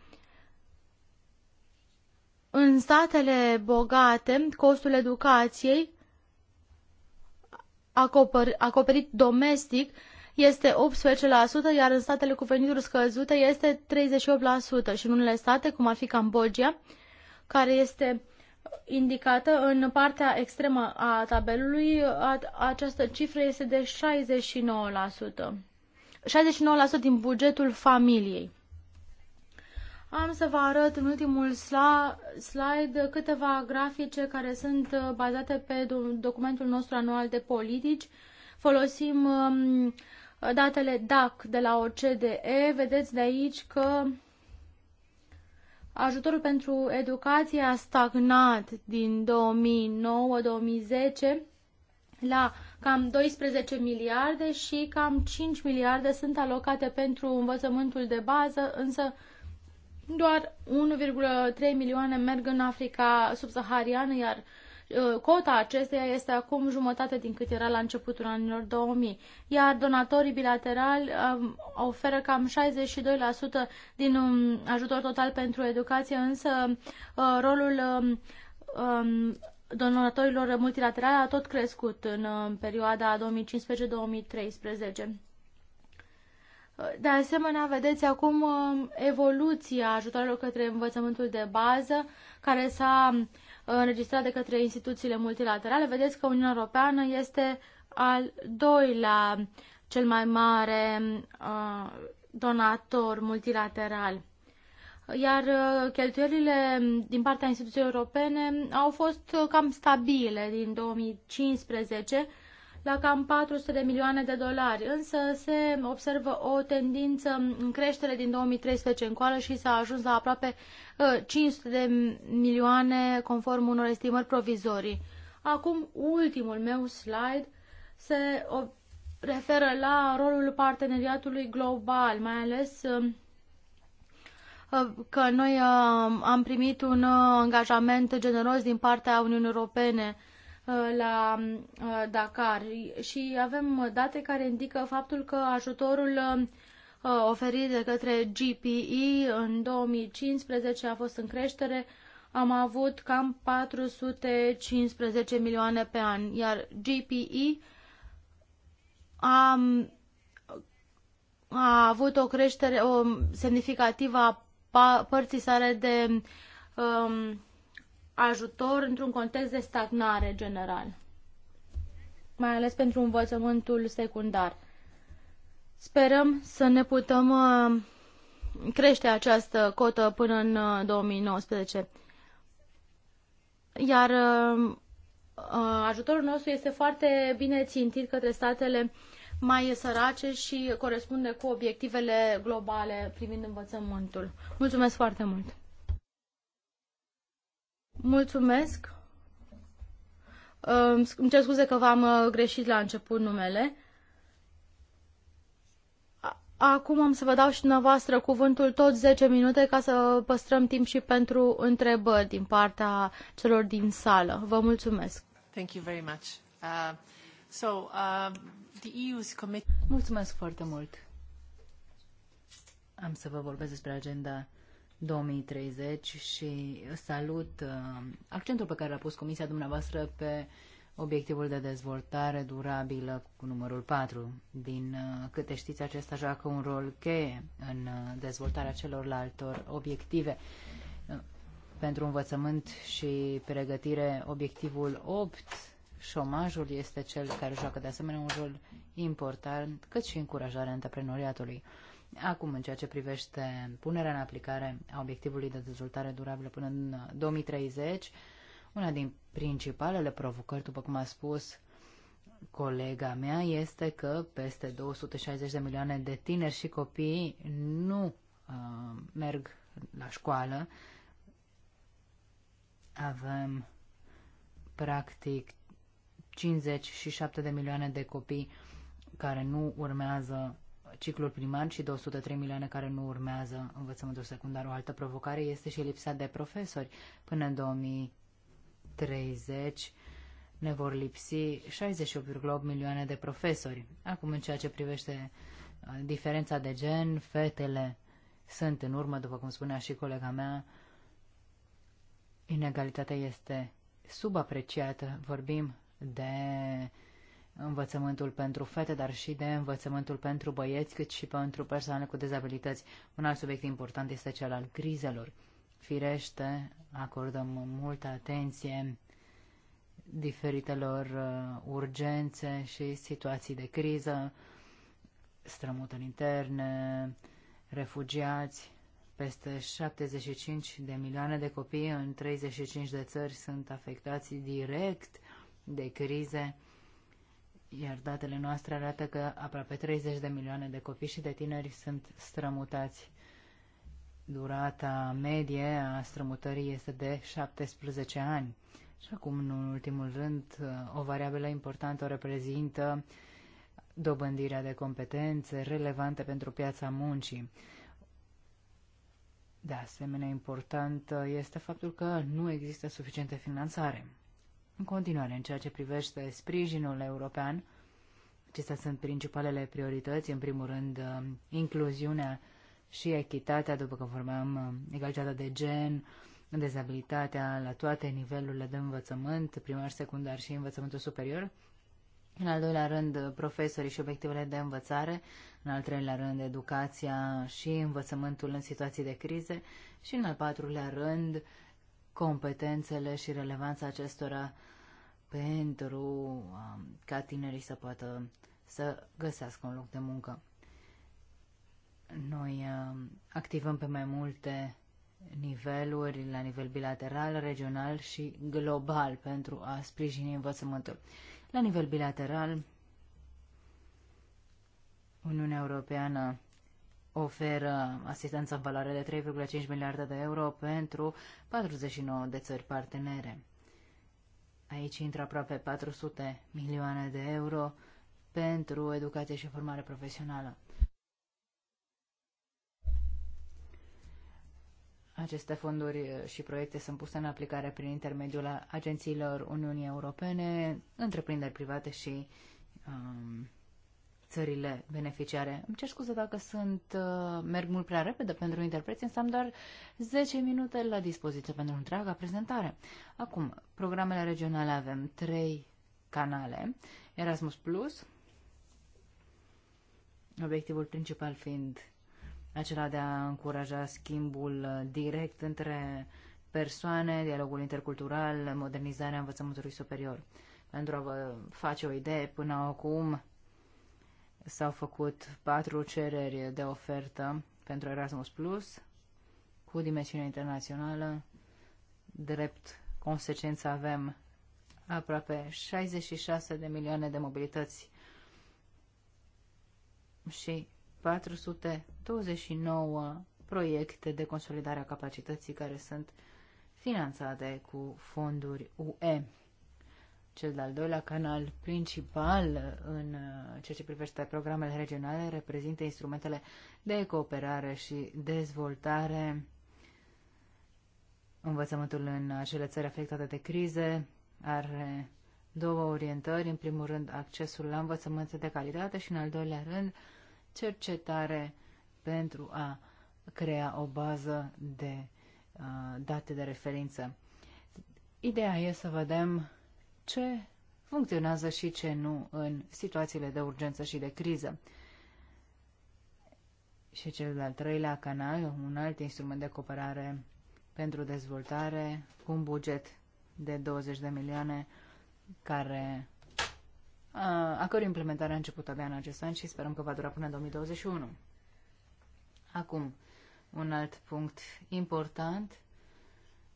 În statele bogate, costul educației acoper, acoperit domestic este 18%, iar în statele cu venituri scăzute este 38%. Și în unele state, cum ar fi Cambodgia, care este indicată în partea extremă a tabelului, această cifră este de 69%. 69% din bugetul familiei. Am să vă arăt în ultimul slide câteva grafice care sunt uh, bazate pe documentul nostru anual de politici. Folosim um, datele DAC de la OCDE. Vedeți de aici că Ajutorul pentru educație a stagnat din 2009-2010 la cam 12 miliarde și cam 5 miliarde sunt alocate pentru învățământul de bază, însă doar 1,3 milioane merg în Africa subsahariană, iar Uh, cota acesteia este acum jumătate din cât era la începutul anilor 2000, iar donatorii bilaterali um, oferă cam 62% din um, ajutor total pentru educație, însă uh, rolul um, donatorilor multilaterale a tot crescut în perioada 2015-2013. Uh, de asemenea, vedeți acum evoluția ajutoarelor către învățământul de bază, care s-a înregistrat de către instituțiile multilaterale, vedeți că Uniunea Europeană este al doilea cel mai mare uh, donator multilateral. Iar uh, cheltuielile din partea instituțiilor europene au fost uh, cam stabile din 2015 la cam 400 de milioane de dolari, însă se observă o tendință în creștere din 2013 încoală și s-a ajuns la aproape 500 uh, de milioane conform unor estimări provizorii. Acum, ultimul meu slide se referă la rolul parteneriatului global, mai ales um, uh, că noi uh, am primit un angajament generos din partea Uniunii Europene Uh, la uh, Dakar și avem date care indică faptul că ajutorul uh, oferit de către GPE în 2015 a fost în creștere. Am avut cam 415 milioane pe an, iar GPE a, a avut o creștere o, semnificativă a părții sale de um, ajutor într-un context de stagnare general, mai ales pentru învățământul secundar. Sperăm să ne putem uh, crește această cotă până în 2019. Uh, Iar uh, ajutorul nostru este foarte bine țintit către statele mai sărace și corespunde cu obiectivele globale privind învățământul. Mulțumesc foarte mult! Mulțumesc. Îmi cer scuze că v-am uh, greșit la început numele. Acum am să vă dau și dumneavoastră cuvântul tot 10 minute ca să păstrăm timp și pentru întrebări din partea celor din sală. Vă mulțumesc. Thank you very much. Uh, so, uh, the EU's commit- mulțumesc foarte mult. Am să vă vorbesc despre agenda 2030 și salut uh, accentul pe care l-a pus Comisia dumneavoastră pe obiectivul de dezvoltare durabilă cu numărul 4. Din uh, câte știți, acesta joacă un rol cheie în uh, dezvoltarea celorlaltor obiective. Pentru învățământ și pregătire, obiectivul 8, șomajul, este cel care joacă de asemenea un rol important, cât și încurajarea antreprenoriatului. Acum, în ceea ce privește punerea în aplicare a obiectivului de dezvoltare durabilă până în 2030, una din principalele provocări, după cum a spus colega mea, este că peste 260 de milioane de tineri și copii nu uh, merg la școală. Avem, practic, 57 de milioane de copii care nu urmează ciclul primar și 103 milioane care nu urmează învățământul secundar. O altă provocare este și lipsa de profesori. Până în 2030 ne vor lipsi 68,8 milioane de profesori. Acum, în ceea ce privește uh, diferența de gen, fetele sunt în urmă, după cum spunea și colega mea, inegalitatea este subapreciată. Vorbim de învățământul pentru fete, dar și de învățământul pentru băieți, cât și pentru persoane cu dezabilități. Un alt subiect important este cel al crizelor. Firește, acordăm multă atenție diferitelor uh, urgențe și situații de criză, strămutări interne, refugiați. Peste 75 de milioane de copii în 35 de țări sunt afectați direct de crize iar datele noastre arată că aproape 30 de milioane de copii și de tineri sunt strămutați. Durata medie a strămutării este de 17 ani. Și acum, în ultimul rând, o variabilă importantă o reprezintă dobândirea de competențe relevante pentru piața muncii. De asemenea, important este faptul că nu există suficientă finanțare. În continuare, în ceea ce privește sprijinul european, acestea sunt principalele priorități, în primul rând uh, incluziunea și echitatea, după cum vorbeam, uh, egalitatea de gen, dezabilitatea la toate nivelurile de învățământ, primar, secundar și învățământul superior. În al doilea rând, uh, profesorii și obiectivele de învățare. În al treilea rând, educația și învățământul în situații de crize. Și în al patrulea rând, competențele și relevanța acestora pentru um, ca tinerii să poată să găsească un loc de muncă. Noi um, activăm pe mai multe niveluri, la nivel bilateral, regional și global pentru a sprijini învățământul. La nivel bilateral, Uniunea Europeană oferă asistență în valoare de 3,5 miliarde de euro pentru 49 de țări partenere. Aici intră aproape 400 milioane de euro pentru educație și formare profesională. Aceste fonduri și proiecte sunt puse în aplicare prin intermediul agențiilor Uniunii Europene, întreprinderi private și um, țările beneficiare. Îmi cer scuze dacă sunt, uh, merg mult prea repede pentru interpreție, însă am doar 10 minute la dispoziție pentru întreaga prezentare. Acum, programele regionale avem 3 canale, Erasmus+, Plus, obiectivul principal fiind acela de a încuraja schimbul uh, direct între persoane, dialogul intercultural, modernizarea învățământului superior. Pentru a vă face o idee, până acum S-au făcut patru cereri de ofertă pentru Erasmus Plus cu dimensiune internațională. Drept consecință avem aproape 66 de milioane de mobilități și 429 proiecte de consolidare a capacității care sunt finanțate cu fonduri UE. Cel de-al doilea canal principal în uh, ceea ce privește programele regionale reprezintă instrumentele de cooperare și dezvoltare, învățământul în acele țări afectate de crize, are două orientări, în primul rând accesul la învățământ de calitate și în al doilea rând cercetare pentru a crea o bază de uh, date de referință. Ideea e să vedem ce funcționează și ce nu în situațiile de urgență și de criză. Și cel de-al treilea canal, un alt instrument de cooperare pentru dezvoltare, cu un buget de 20 de milioane, care, a, a cărui implementare a început abia în acest an și sperăm că va dura până în 2021. Acum, un alt punct important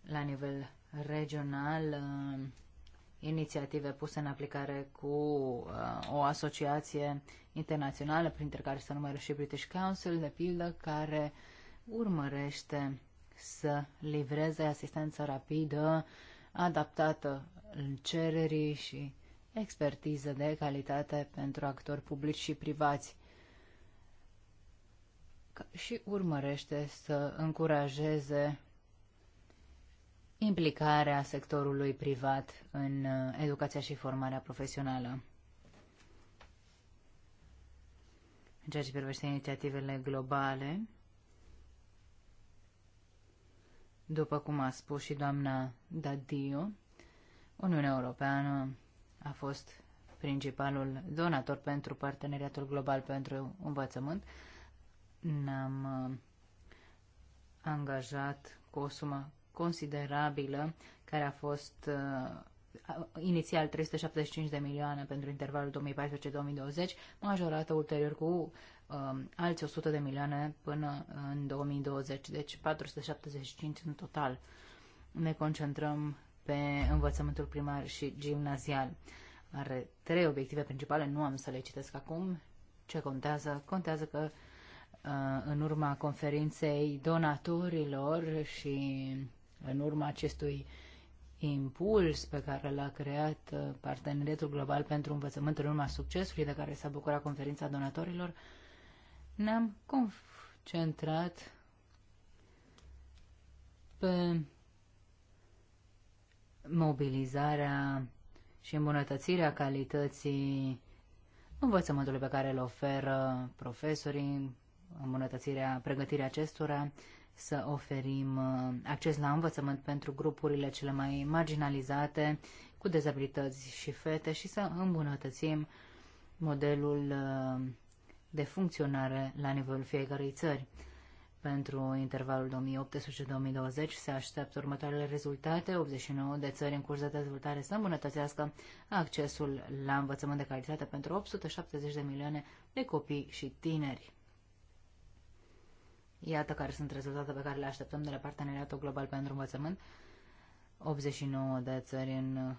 la nivel regional, inițiative puse în aplicare cu uh, o asociație internațională, printre care se numără și British Council, de pildă, care urmărește să livreze asistență rapidă, adaptată în cererii și expertiză de calitate pentru actori publici și privați și urmărește să încurajeze implicarea sectorului privat în uh, educația și formarea profesională. În ceea ce privește inițiativele globale, după cum a spus și doamna Dadio, Uniunea Europeană a fost principalul donator pentru Parteneriatul Global pentru Învățământ. Ne-am uh, angajat cu o sumă considerabilă care a fost uh, inițial 375 de milioane pentru intervalul 2014-2020, majorată ulterior cu uh, alți 100 de milioane până în 2020, deci 475 în total. Ne concentrăm pe învățământul primar și gimnazial. Are trei obiective principale, nu am să le citesc acum. Ce contează? Contează că uh, în urma conferinței donatorilor și în urma acestui impuls pe care l-a creat uh, Parteneriatul Global pentru Învățământ în urma succesului de care s-a bucurat conferința donatorilor, ne-am concentrat pe mobilizarea și îmbunătățirea calității învățământului pe care îl oferă profesorii, îmbunătățirea, pregătirea acestora, să oferim uh, acces la învățământ pentru grupurile cele mai marginalizate, cu dezabilități și fete și să îmbunătățim modelul uh, de funcționare la nivelul fiecărei țări. Pentru intervalul 2018-2020 se așteaptă următoarele rezultate. 89 de țări în curs de dezvoltare să îmbunătățească accesul la învățământ de calitate pentru 870 de milioane de copii și tineri. Iată care sunt rezultatele pe care le așteptăm de la Parteneriatul Global pentru Învățământ. 89 de țări în uh,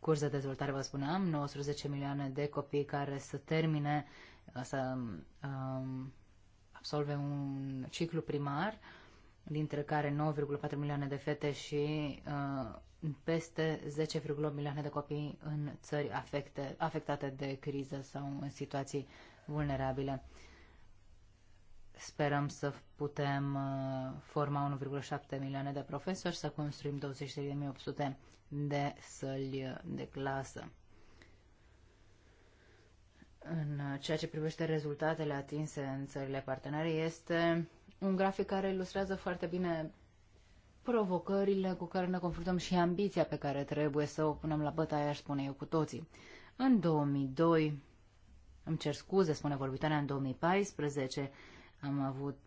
curs de dezvoltare, vă spuneam, 19 milioane de copii care să termine, uh, să um, absolve un ciclu primar, dintre care 9,4 milioane de fete și uh, peste 10,8 milioane de copii în țări afecte, afectate de criză sau în situații vulnerabile. Sperăm să putem uh, forma 1,7 milioane de profesori, să construim 23.800 de săli de clasă. În ceea ce privește rezultatele atinse în țările partenere, este un grafic care ilustrează foarte bine provocările cu care ne confruntăm și ambiția pe care trebuie să o punem la bătaie, aș spune eu cu toții. În 2002, îmi cer scuze, spune vorbitoarea, în 2014, am avut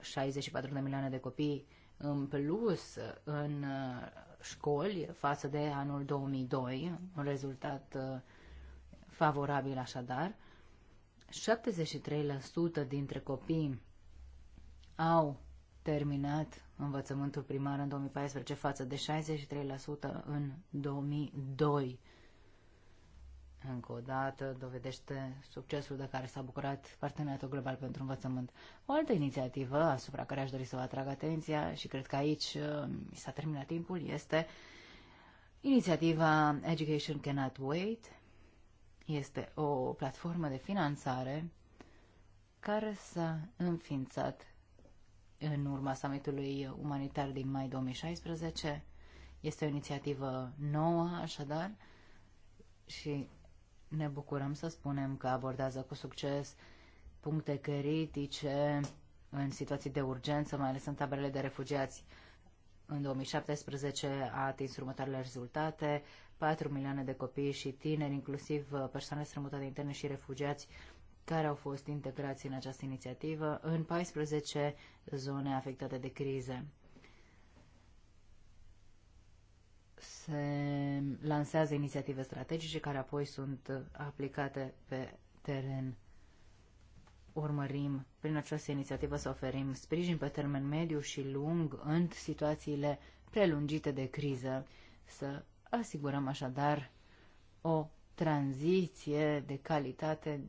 64 de milioane de copii în plus în uh, școli față de anul 2002, un rezultat uh, favorabil așadar. 73% dintre copii au terminat învățământul primar în 2014 față de 63% în 2002 încă o dată dovedește succesul de care s-a bucurat Parteneriatul Global pentru Învățământ. O altă inițiativă asupra care aș dori să vă atrag atenția și cred că aici uh, mi s-a terminat timpul este inițiativa Education Cannot Wait. Este o platformă de finanțare care s-a înființat în urma summitului umanitar din mai 2016. Este o inițiativă nouă, așadar, și ne bucurăm să spunem că abordează cu succes puncte critice în situații de urgență, mai ales în taberele de refugiați. În 2017 a atins următoarele rezultate. 4 milioane de copii și tineri, inclusiv uh, persoane strămutate interne și refugiați, care au fost integrați în această inițiativă în 14 zone afectate de crize. se lansează inițiative strategice care apoi sunt aplicate pe teren. Urmărim prin această inițiativă să oferim sprijin pe termen mediu și lung în situațiile prelungite de criză, să asigurăm așadar o tranziție de calitate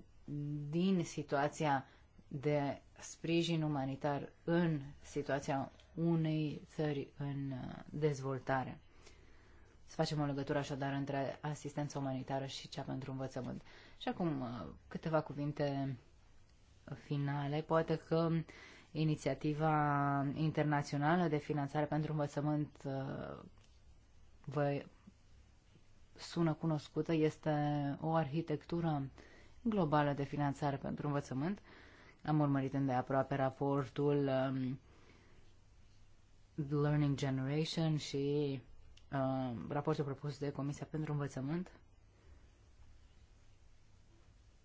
din situația de sprijin umanitar în situația unei țări în dezvoltare să facem o legătură așadar între asistența umanitară și cea pentru învățământ. Și acum uh, câteva cuvinte finale. Poate că inițiativa internațională de finanțare pentru învățământ uh, vă sună cunoscută, este o arhitectură globală de finanțare pentru învățământ. Am urmărit îndeaproape raportul um, Learning Generation și Uh, raportul propus de Comisia pentru Învățământ.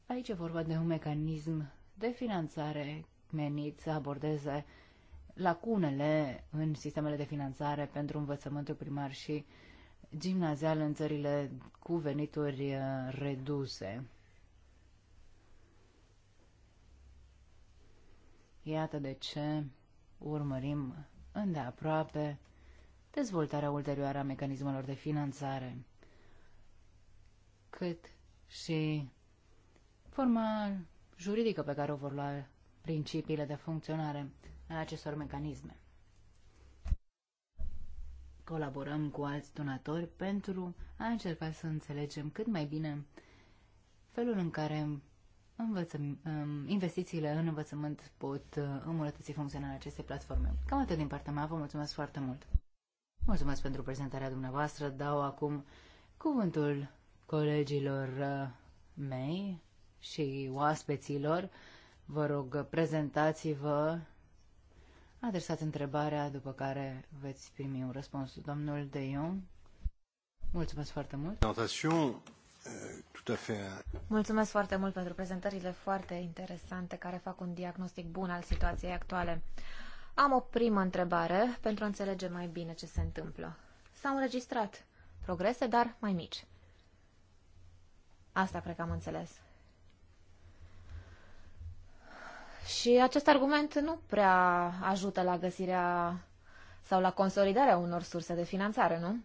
Aici e vorba de un mecanism de finanțare menit să abordeze lacunele în sistemele de finanțare pentru învățământul primar și gimnazial în țările cu venituri uh, reduse. Iată de ce urmărim îndeaproape dezvoltarea ulterioară a mecanismelor de finanțare, cât și forma juridică pe care o vor lua principiile de funcționare a acestor mecanisme. Colaborăm cu alți donatori pentru a încerca să înțelegem cât mai bine felul în care învățăm, um, investițiile în învățământ pot uh, îmbunătăți funcționarea acestei platforme. Cam atât din partea mea, vă mulțumesc foarte mult! Mulțumesc pentru prezentarea dumneavoastră. Dau acum cuvântul colegilor uh, mei și oaspeților. Vă rog, prezentați-vă, adresați întrebarea, după care veți primi un răspuns. Domnul De Jong, mulțumesc foarte mult. Uh, uh, mulțumesc foarte mult pentru prezentările foarte interesante care fac un diagnostic bun al situației actuale. Am o primă întrebare pentru a înțelege mai bine ce se întâmplă. S-au înregistrat progrese, dar mai mici. Asta cred că am înțeles. Și acest argument nu prea ajută la găsirea sau la consolidarea unor surse de finanțare, nu?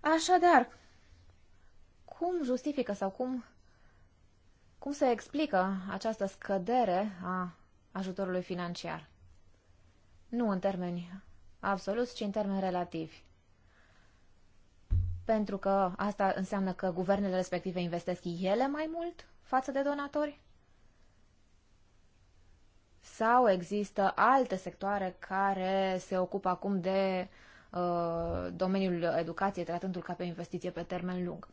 Așadar, cum justifică sau cum, cum se explică această scădere a ajutorului financiar. Nu în termeni absolut, ci în termeni relativi. Pentru că asta înseamnă că guvernele respective investesc ele mai mult față de donatori? Sau există alte sectoare care se ocupă acum de uh, domeniul educației, tratându-l ca pe investiție pe termen lung?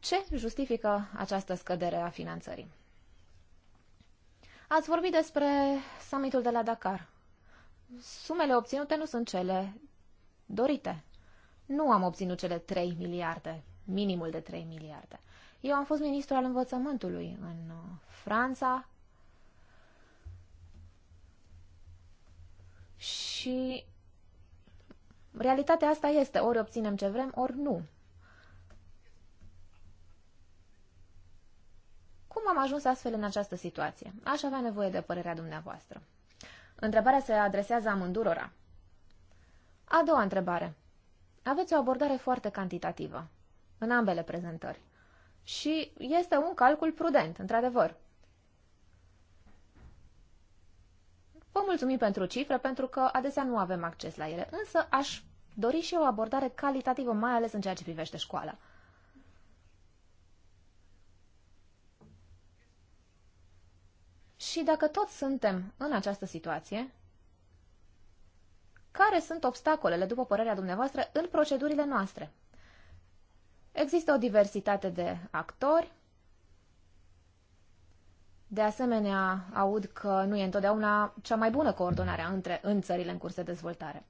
Ce justifică această scădere a finanțării? Ați vorbit despre summitul de la Dakar. Sumele obținute nu sunt cele dorite. Nu am obținut cele 3 miliarde, minimul de 3 miliarde. Eu am fost ministru al învățământului în uh, Franța și realitatea asta este, ori obținem ce vrem, ori nu. cum am ajuns astfel în această situație? Aș avea nevoie de părerea dumneavoastră. Întrebarea se adresează amândurora. A doua întrebare. Aveți o abordare foarte cantitativă în ambele prezentări. Și este un calcul prudent, într-adevăr. Vă mulțumim pentru cifre, pentru că adesea nu avem acces la ele, însă aș dori și o abordare calitativă, mai ales în ceea ce privește școala. Și dacă toți suntem în această situație, care sunt obstacolele, după părerea dumneavoastră, în procedurile noastre? Există o diversitate de actori. De asemenea, aud că nu e întotdeauna cea mai bună coordonare între în țările în curs de dezvoltare.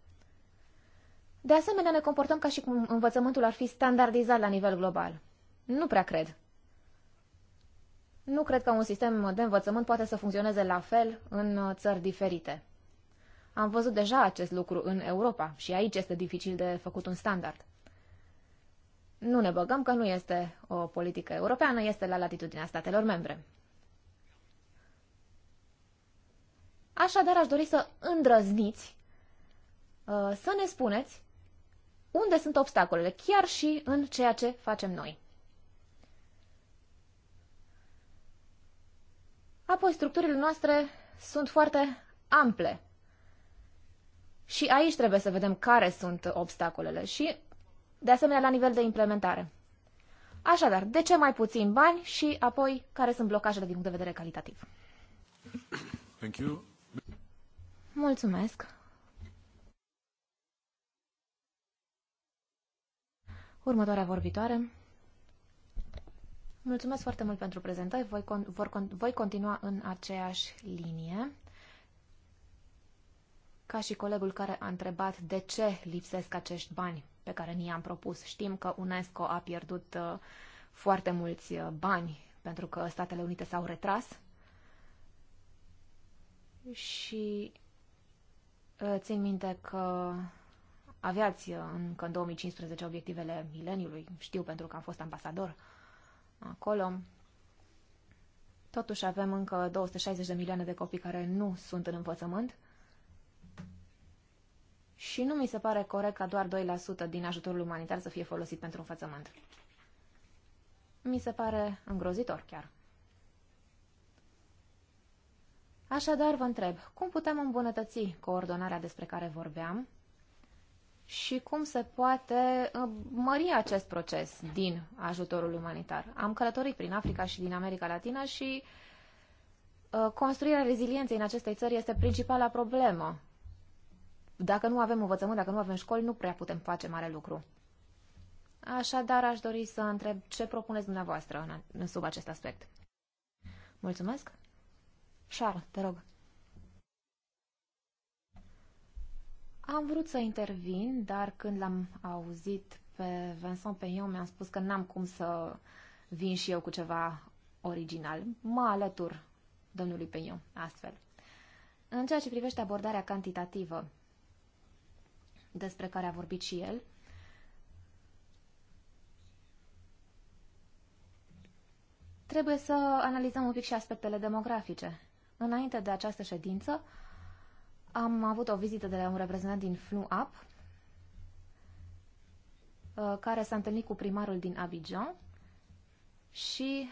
De asemenea, ne comportăm ca și cum învățământul ar fi standardizat la nivel global. Nu prea cred nu cred că un sistem de învățământ poate să funcționeze la fel în uh, țări diferite. Am văzut deja acest lucru în Europa și aici este dificil de făcut un standard. Nu ne băgăm că nu este o politică europeană, este la latitudinea statelor membre. Așadar, aș dori să îndrăzniți, uh, să ne spuneți unde sunt obstacolele, chiar și în ceea ce facem noi. Apoi, structurile noastre sunt foarte ample. Și aici trebuie să vedem care sunt obstacolele și, de asemenea, la nivel de implementare. Așadar, de ce mai puțin bani și apoi care sunt blocajele din punct de vedere calitativ? Thank you. Mulțumesc. Următoarea vorbitoare. Mulțumesc foarte mult pentru prezentare. Voi, con- vor con- voi continua în aceeași linie. Ca și colegul care a întrebat de ce lipsesc acești bani pe care ni i-am propus. Știm că UNESCO a pierdut uh, foarte mulți uh, bani pentru că Statele Unite s-au retras și uh, țin minte că aveați încă în 2015 obiectivele mileniului. Știu pentru că am fost ambasador. Uh, acolo. Totuși avem încă 260 de milioane de copii care nu sunt în învățământ. Și nu mi se pare corect ca doar 2% din ajutorul umanitar să fie folosit pentru învățământ. Mi se pare îngrozitor chiar. Așadar, vă întreb, cum putem îmbunătăți coordonarea despre care vorbeam și cum se poate uh, mări acest proces din ajutorul umanitar. Am călătorit prin Africa și din America Latină și uh, construirea rezilienței în acestei țări este principala problemă. Dacă nu avem învățământ, dacă nu avem școli, nu prea putem face mare lucru. Așadar, aș dori să întreb ce propuneți dumneavoastră în, sub acest aspect. Mulțumesc. Charles, te rog. Am vrut să intervin, dar când l-am auzit pe Vincent Peillon, mi-am spus că n-am cum să vin și eu cu ceva original. Mă alătur domnului Peillon, astfel. În ceea ce privește abordarea cantitativă, despre care a vorbit și el, trebuie să analizăm un pic și aspectele demografice. Înainte de această ședință, am avut o vizită de la un reprezentant din FNUAP, uh, care s-a întâlnit cu primarul din Abidjan și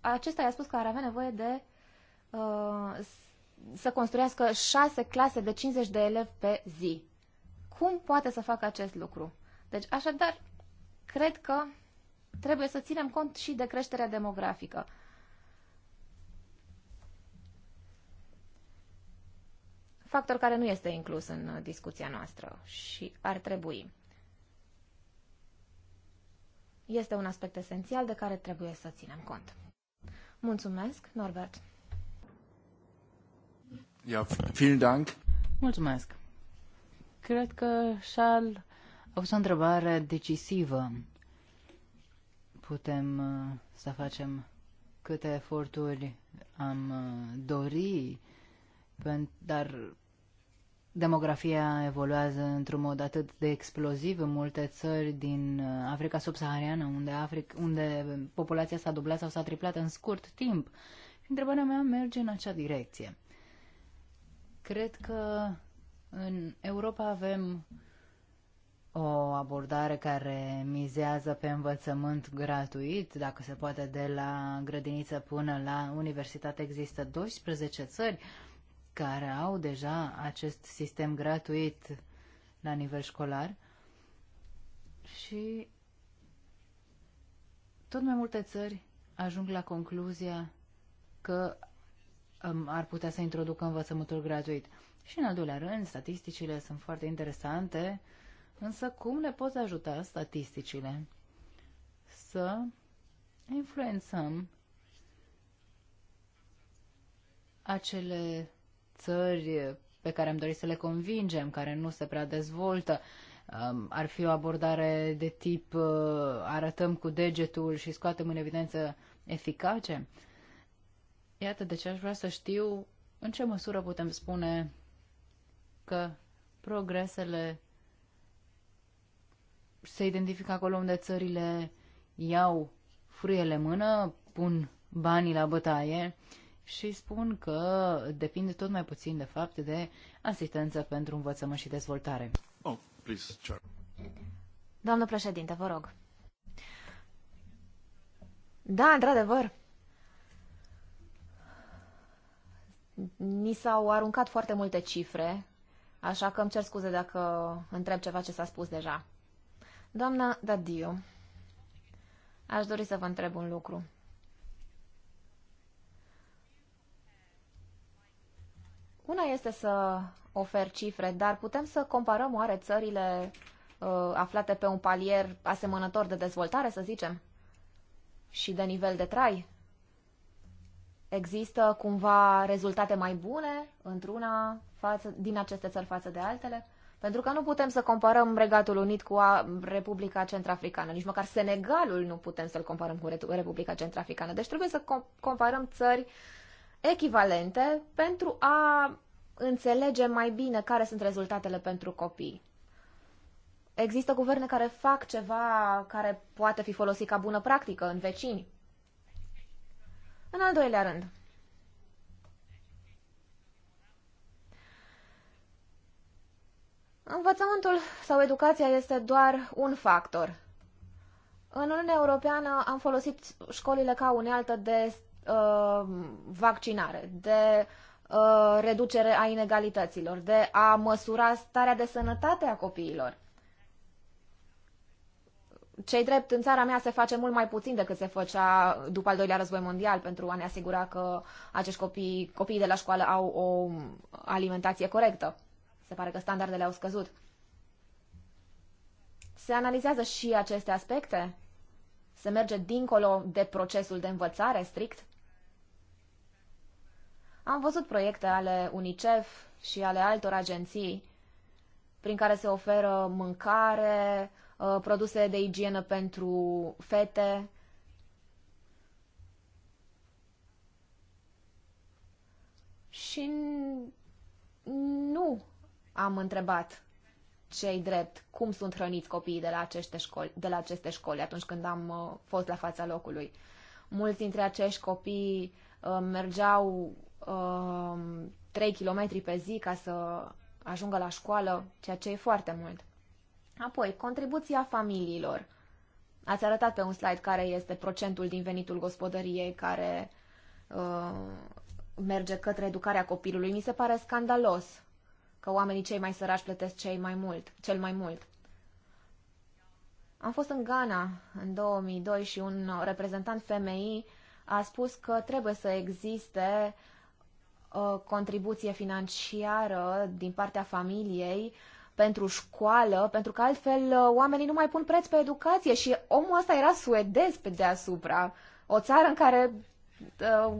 acesta i-a spus că ar avea nevoie de uh, să construiască șase clase de 50 de elevi pe zi. Cum poate să facă acest lucru? Deci, așadar, cred că trebuie să ținem cont și de creșterea demografică. factor care nu este inclus în uh, discuția noastră și ar trebui. Este un aspect esențial de care trebuie să ținem cont. Mulțumesc, Norbert. Ja, vielen Dank. Mulțumesc. Cred că șal a fost o întrebare decisivă. Putem uh, să facem câte eforturi am uh, dori, dar Demografia evoluează într-un mod atât de exploziv în multe țări din uh, Africa subsahariană, unde, Afric, unde populația s-a dublat sau s-a triplat în scurt timp. Și întrebarea mea merge în acea direcție. Cred că în Europa avem o abordare care mizează pe învățământ gratuit, dacă se poate de la grădiniță până la universitate. Există 12 țări care au deja acest sistem gratuit la nivel școlar și tot mai multe țări ajung la concluzia că um, ar putea să introducă învățământul gratuit. Și în al doilea rând, statisticile sunt foarte interesante, însă cum ne poți ajuta statisticile să influențăm acele țări pe care am dorit să le convingem, care nu se prea dezvoltă. Um, ar fi o abordare de tip uh, arătăm cu degetul și scoatem în evidență eficace? Iată de ce aș vrea să știu în ce măsură putem spune că progresele se identifică acolo unde țările iau frâiele mână, pun banii la bătaie și spun că depinde tot mai puțin de fapt de asistență pentru învățământ și dezvoltare. Oh, please, Doamnă președinte, vă rog. Da, într-adevăr. Ni s-au aruncat foarte multe cifre, așa că îmi cer scuze dacă întreb ceva ce s-a spus deja. Doamna Dadiu, aș dori să vă întreb un lucru. Una este să ofer cifre, dar putem să comparăm oare țările uh, aflate pe un palier asemănător de dezvoltare, să zicem, și de nivel de trai? Există cumva rezultate mai bune într-una față, din aceste țări față de altele? Pentru că nu putem să comparăm Regatul Unit cu Republica Centrafricană, nici măcar Senegalul nu putem să-l comparăm cu Republica Centrafricană. Deci trebuie să comparăm țări uh, echivalente pentru a înțelege mai bine care sunt rezultatele pentru copii. Există guverne care fac ceva care poate fi folosit ca bună practică în vecini. În al doilea rând, învățământul sau educația este doar un factor. În Uniunea Europeană am folosit școlile ca unealtă de uh, vaccinare, de uh, reducere a inegalităților, de a măsura starea de sănătate a copiilor. Cei drept, în țara mea se face mult mai puțin decât se făcea după al doilea război mondial pentru a ne asigura că acești copii, copiii de la școală au o alimentație corectă. Se pare că standardele au scăzut. Se analizează și aceste aspecte? Se merge dincolo de procesul de învățare strict? Am văzut proiecte ale UNICEF și ale altor agenții prin care se oferă mâncare, uh, produse de igienă pentru fete. Și nu am întrebat cei drept cum sunt hrăniți copiii de la aceste școli, de la aceste școli atunci când am uh, fost la fața locului. Mulți dintre acești copii uh, mergeau 3 um, km pe zi ca să ajungă la școală, ceea ce e foarte mult. Apoi, contribuția familiilor. Ați arătat pe un slide care este procentul din venitul gospodăriei care uh, merge către educarea copilului. Mi se pare scandalos că oamenii cei mai săraci plătesc cei mai mult, cel mai mult. Am fost în Ghana în 2002 și un reprezentant femei a spus că trebuie să existe contribuție financiară din partea familiei pentru școală, pentru că altfel uh, oamenii nu mai pun preț pe educație și omul ăsta era suedez pe deasupra, o țară în care uh,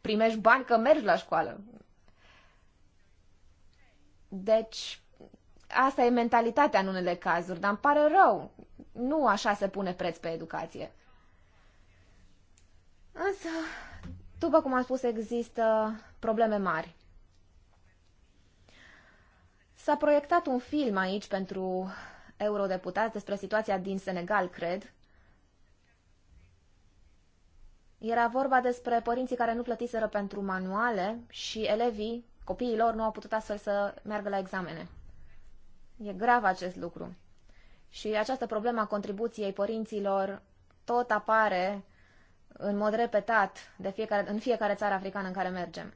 primești bani că mergi la școală. Deci, asta e mentalitatea în unele cazuri, dar îmi pare rău. Nu așa se pune preț pe educație. Însă, după cum am spus, există probleme mari. S-a proiectat un film aici pentru eurodeputați despre situația din Senegal, cred. Era vorba despre părinții care nu plătiseră pentru manuale și elevii, copiii lor, nu au putut astfel să meargă la examene. E grav acest lucru. Și această problemă a contribuției părinților tot apare în mod repetat de fiecare, în fiecare țară africană în care mergem.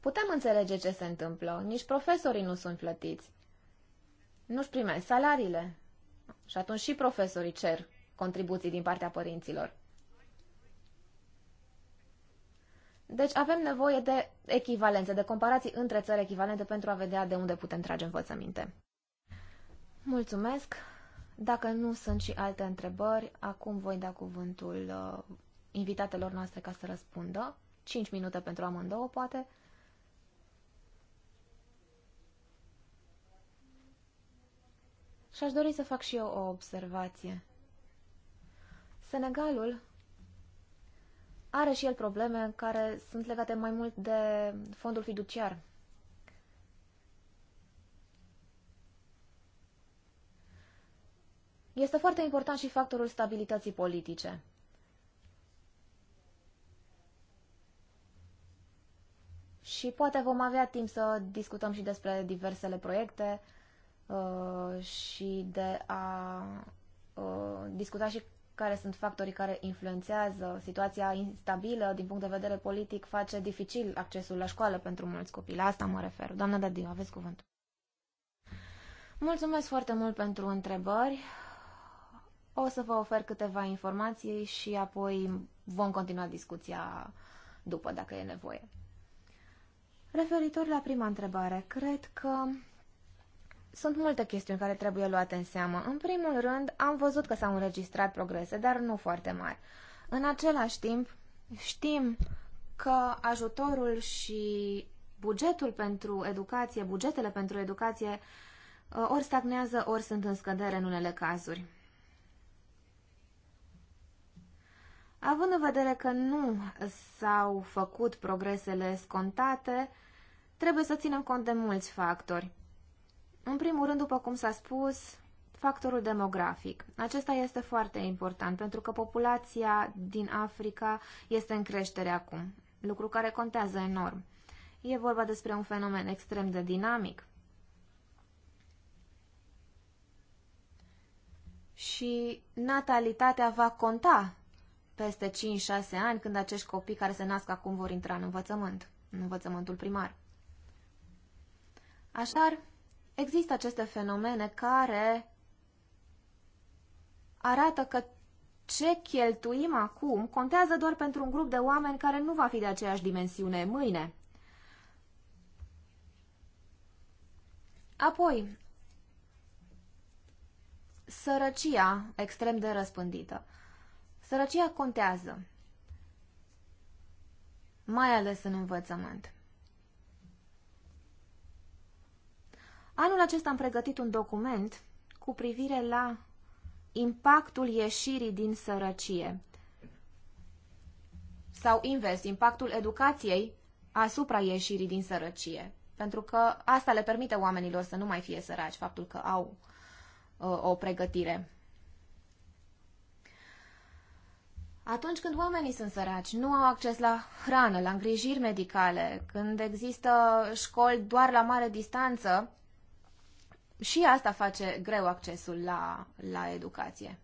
Putem înțelege ce se întâmplă. Nici profesorii nu sunt plătiți. Nu-și primesc salariile. Și atunci și profesorii cer contribuții din partea părinților. Deci avem nevoie de echivalențe, de comparații între țări echivalente pentru a vedea de unde putem trage învățăminte. Mulțumesc! Dacă nu sunt și alte întrebări, acum voi da cuvântul uh, invitatelor noastre ca să răspundă. 5 minute pentru amândouă, poate. Și aș dori să fac și eu o observație. Senegalul are și el probleme care sunt legate mai mult de fondul fiduciar Este foarte important și factorul stabilității politice. Și poate vom avea timp să discutăm și despre diversele proiecte uh, și de a uh, discuta și care sunt factorii care influențează. Situația instabilă din punct de vedere politic face dificil accesul la școală pentru mulți copii. La asta mă refer. Doamna Dadiu, aveți cuvântul. Mulțumesc foarte mult pentru întrebări. O să vă ofer câteva informații și apoi vom continua discuția după, dacă e nevoie. Referitor la prima întrebare, cred că sunt multe chestiuni care trebuie luate în seamă. În primul rând, am văzut că s-au înregistrat progrese, dar nu foarte mari. În același timp, știm că ajutorul și bugetul pentru educație, bugetele pentru educație, uh, ori stagnează, ori sunt în scădere în unele cazuri. Având în vedere că nu s-au făcut progresele scontate, trebuie să ținem cont de mulți factori. În primul rând, după cum s-a spus, factorul demografic. Acesta este foarte important pentru că populația din Africa este în creștere acum, lucru care contează enorm. E vorba despre un fenomen extrem de dinamic. Și natalitatea va conta peste 5-6 ani, când acești copii care se nasc acum vor intra în învățământ, în învățământul primar. Așadar, există aceste fenomene care arată că ce cheltuim acum contează doar pentru un grup de oameni care nu va fi de aceeași dimensiune mâine. Apoi, sărăcia extrem de răspândită. Sărăcia contează, mai ales în învățământ. Anul acesta am pregătit un document cu privire la impactul ieșirii din sărăcie sau invers, impactul educației asupra ieșirii din sărăcie. Pentru că asta le permite oamenilor să nu mai fie săraci, faptul că au uh, o pregătire Atunci când oamenii sunt săraci, nu au acces la hrană, la îngrijiri medicale, când există școli doar la mare distanță, și asta face greu accesul la, la educație.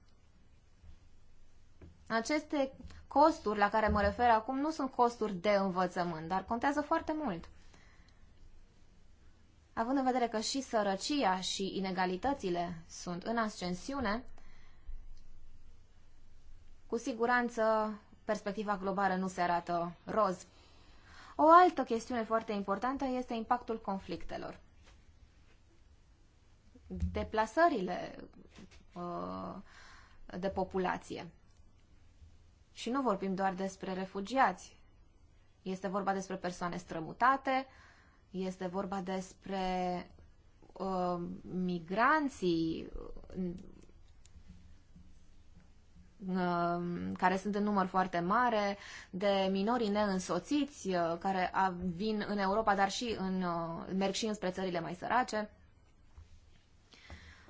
Aceste costuri la care mă refer acum nu sunt costuri de învățământ, dar contează foarte mult. Având în vedere că și sărăcia și inegalitățile sunt în ascensiune, cu siguranță, perspectiva globală nu se arată roz. O altă chestiune foarte importantă este impactul conflictelor. Deplasările uh, de populație. Și nu vorbim doar despre refugiați. Este vorba despre persoane strămutate, este vorba despre uh, migranții Um, care sunt în număr foarte mare, de minorii neînsoțiți uh, care vin în Europa, dar și în, uh, merg și înspre țările mai sărace.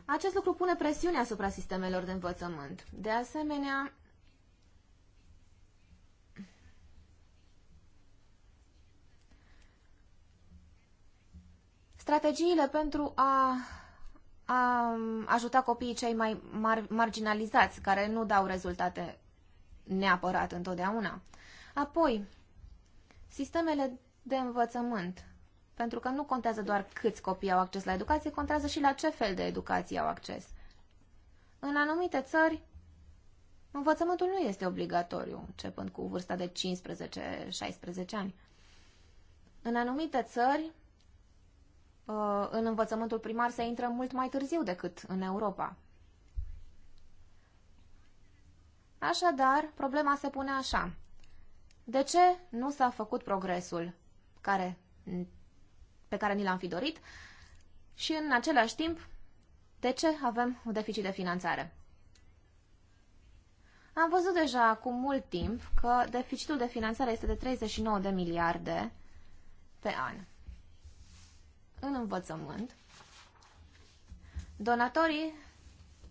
Acest lucru pune presiune asupra sistemelor de învățământ. De asemenea, strategiile pentru a a ajuta copiii cei mai mar- marginalizați, care nu dau rezultate neapărat întotdeauna. Apoi, sistemele de învățământ. Pentru că nu contează doar câți copii au acces la educație, contează și la ce fel de educație au acces. În anumite țări, învățământul nu este obligatoriu, începând cu vârsta de 15-16 ani. În anumite țări, Uh, în învățământul primar se intră mult mai târziu decât în Europa. Așadar, problema se pune așa. De ce nu s-a făcut progresul care, pe care ni l-am fi dorit și în același timp, de ce avem un deficit de finanțare? Am văzut deja acum mult timp că deficitul de finanțare este de 39 de miliarde pe an în învățământ, donatorii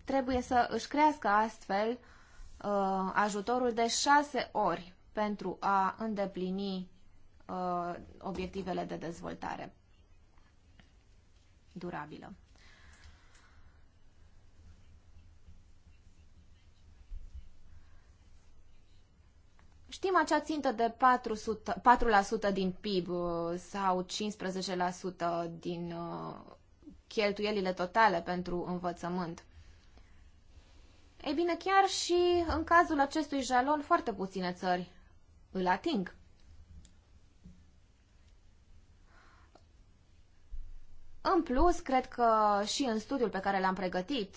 trebuie să își crească astfel uh, ajutorul de șase ori pentru a îndeplini uh, obiectivele de dezvoltare durabilă. Știm acea țintă de 400%, 4% din PIB uh, sau 15% din uh, cheltuielile totale pentru învățământ. Ei bine, chiar și în cazul acestui jalon, foarte puține țări îl ating. În plus, cred că și în studiul pe care l-am pregătit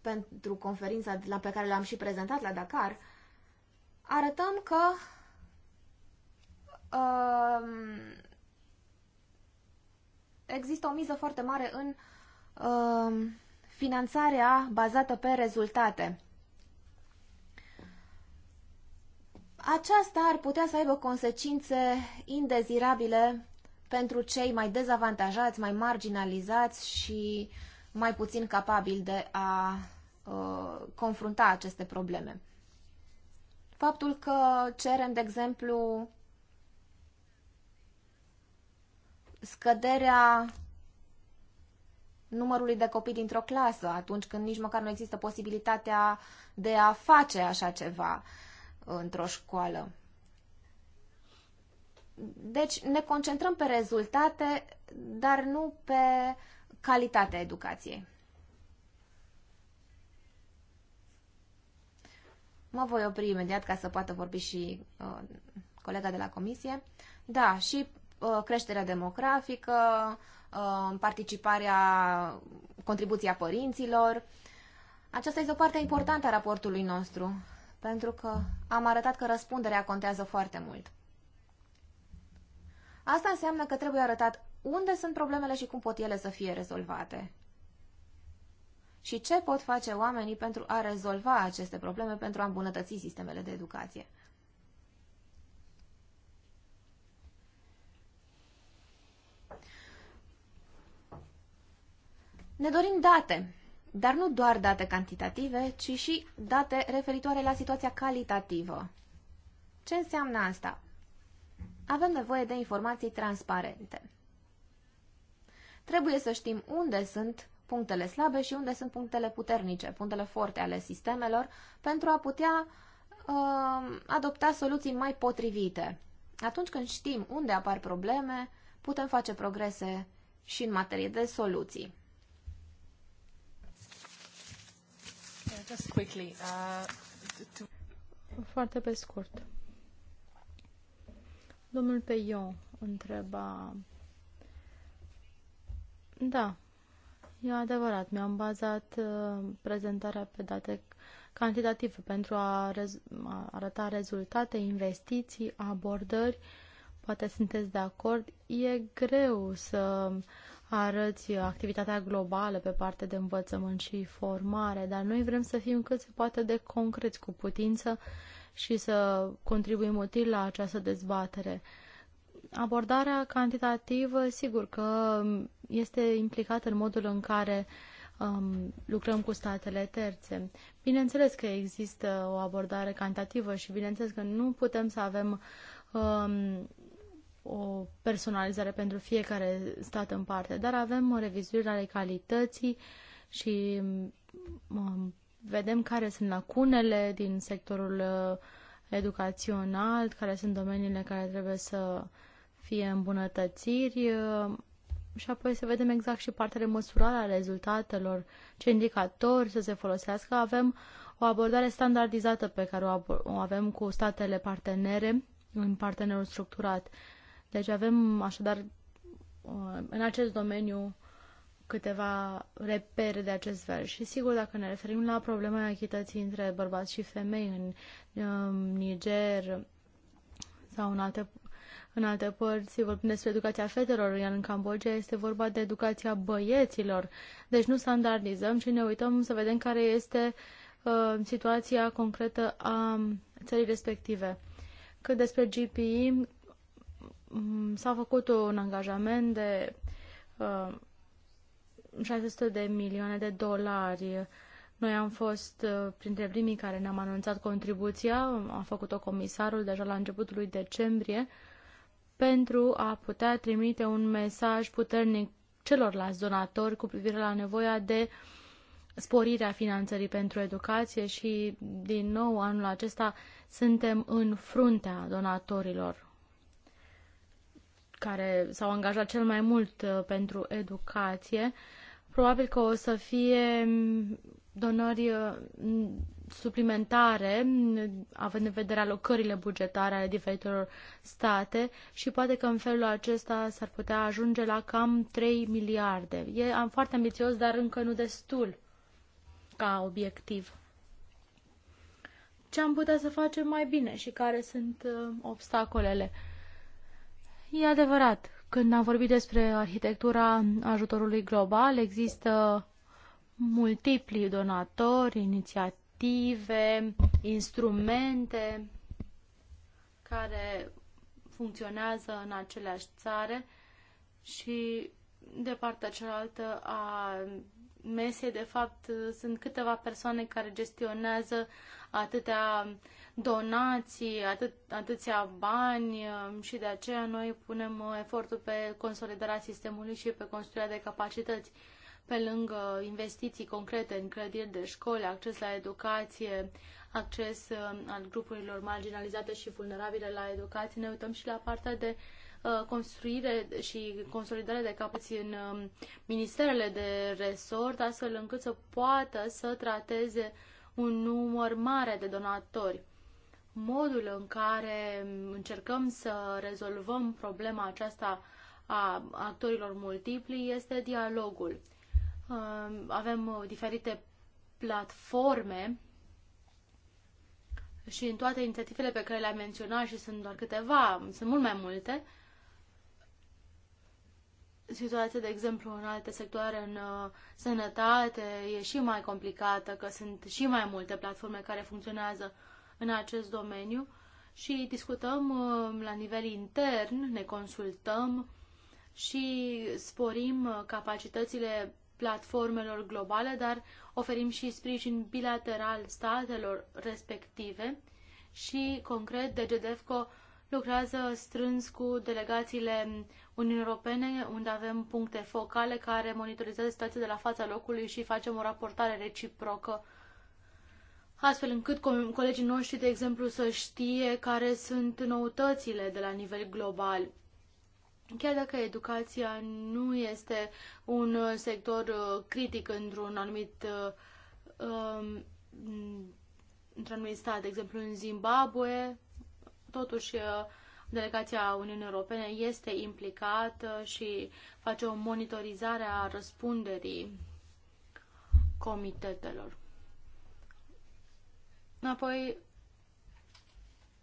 pentru conferința la pe care l-am și prezentat la Dakar, arătăm că uh, există o miză foarte mare în uh, finanțarea bazată pe rezultate. Aceasta ar putea să aibă consecințe indezirabile pentru cei mai dezavantajați, mai marginalizați și mai puțin capabili de a uh, confrunta aceste probleme faptul că cerem, de exemplu, scăderea numărului de copii dintr-o clasă, atunci când nici măcar nu există posibilitatea de a face așa ceva într-o școală. Deci ne concentrăm pe rezultate, dar nu pe calitatea educației. Mă voi opri imediat ca să poată vorbi și uh, colega de la comisie. Da, și uh, creșterea demografică, uh, participarea, contribuția părinților. Aceasta este o parte importantă a raportului nostru, pentru că am arătat că răspunderea contează foarte mult. Asta înseamnă că trebuie arătat unde sunt problemele și cum pot ele să fie rezolvate și ce pot face oamenii pentru a rezolva aceste probleme, pentru a îmbunătăți sistemele de educație. Ne dorim date, dar nu doar date cantitative, ci și date referitoare la situația calitativă. Ce înseamnă asta? Avem nevoie de informații transparente. Trebuie să știm unde sunt punctele slabe și unde sunt punctele puternice, punctele forte ale sistemelor, pentru a putea uh, adopta soluții mai potrivite. Atunci când știm unde apar probleme, putem face progrese și în materie de soluții. Uh, Foarte pe scurt. Domnul Peion întreba... Da, E adevărat, mi-am bazat uh, prezentarea pe date cantitative pentru a, rez a arăta rezultate, investiții, abordări. Poate sunteți de acord. E greu să arăți activitatea globală pe parte de învățământ și formare, dar noi vrem să fim cât se poate de concreți cu putință și să contribuim util la această dezbatere. Abordarea cantitativă, sigur că este implicată în modul în care um, lucrăm cu statele terțe. Bineînțeles că există o abordare cantitativă și bineînțeles că nu putem să avem um, o personalizare pentru fiecare stat în parte, dar avem o revizuire ale calității și um, vedem care sunt lacunele din sectorul uh, educațional, care sunt domeniile care trebuie să fie îmbunătățiri uh, și apoi să vedem exact și de măsurare a rezultatelor, ce indicatori să se folosească. Avem o abordare standardizată pe care o avem cu statele partenere în partenerul structurat. Deci avem așadar uh, în acest domeniu câteva repere de acest fel. Și sigur, dacă ne referim la problema echității între bărbați și femei în, în uh, Niger sau în alte în alte părți vorbim despre educația fetelor, iar în Cambodgia este vorba de educația băieților. Deci nu standardizăm, ci ne uităm să vedem care este uh, situația concretă a țării respective. Cât despre GPI, s-a făcut un angajament de uh, 600 de milioane de dolari. Noi am fost uh, printre primii care ne-am anunțat contribuția, a făcut-o comisarul deja la începutul lui decembrie. Uh, pentru a putea trimite un mesaj puternic celorlalți donatori cu privire la nevoia de sporirea finanțării pentru educație și, din nou, anul acesta suntem în fruntea donatorilor care s-au angajat cel mai mult uh, pentru educație. Probabil că o să fie mm, donări uh, suplimentare, având în vedere alocările bugetare ale diferitelor state și poate că în felul acesta s-ar putea ajunge la cam 3 miliarde. E am foarte ambițios, dar încă nu destul ca obiectiv. Ce am putea să facem mai bine și care sunt uh, obstacolele? E adevărat, când am vorbit despre arhitectura ajutorului global, există multipli donatori, inițiative, motive, instrumente care funcționează în aceleași țară și de partea cealaltă a mesei, de fapt, sunt câteva persoane care gestionează atâtea donații, atât, atâția bani și de aceea noi punem efortul pe consolidarea sistemului și pe construirea de capacități pe lângă investiții concrete în clădiri de școli, acces la educație, acces uh, al grupurilor marginalizate și vulnerabile la educație, ne uităm și la partea de uh, construire și consolidare de capăți în um, ministerele de resort, astfel încât să poată să trateze un număr mare de donatori. Modul în care um, încercăm să rezolvăm problema aceasta a actorilor multipli este dialogul. Um, avem uh, diferite platforme și în toate inițiativele pe care le-am menționat și sunt doar câteva, sunt mult mai multe, situația, de exemplu, în alte sectoare, în uh, sănătate, e și mai complicată, că sunt și mai multe platforme care funcționează în acest domeniu și discutăm uh, la nivel intern, ne consultăm și sporim uh, capacitățile platformelor globale, dar oferim și sprijin bilateral statelor respective și, concret, DGDEFCO lucrează strâns cu delegațiile Uniunii Europene, unde avem puncte focale care monitorizează situația de la fața locului și facem o raportare reciprocă, astfel încât colegii noștri, de exemplu, să știe care sunt noutățile de la nivel global Chiar dacă educația nu este un uh, sector uh, critic într-un anumit uh, um, într-un anumit stat, de exemplu în Zimbabwe, totuși delegația Uniunii Europene este implicată și face o monitorizare a răspunderii comitetelor. Apoi,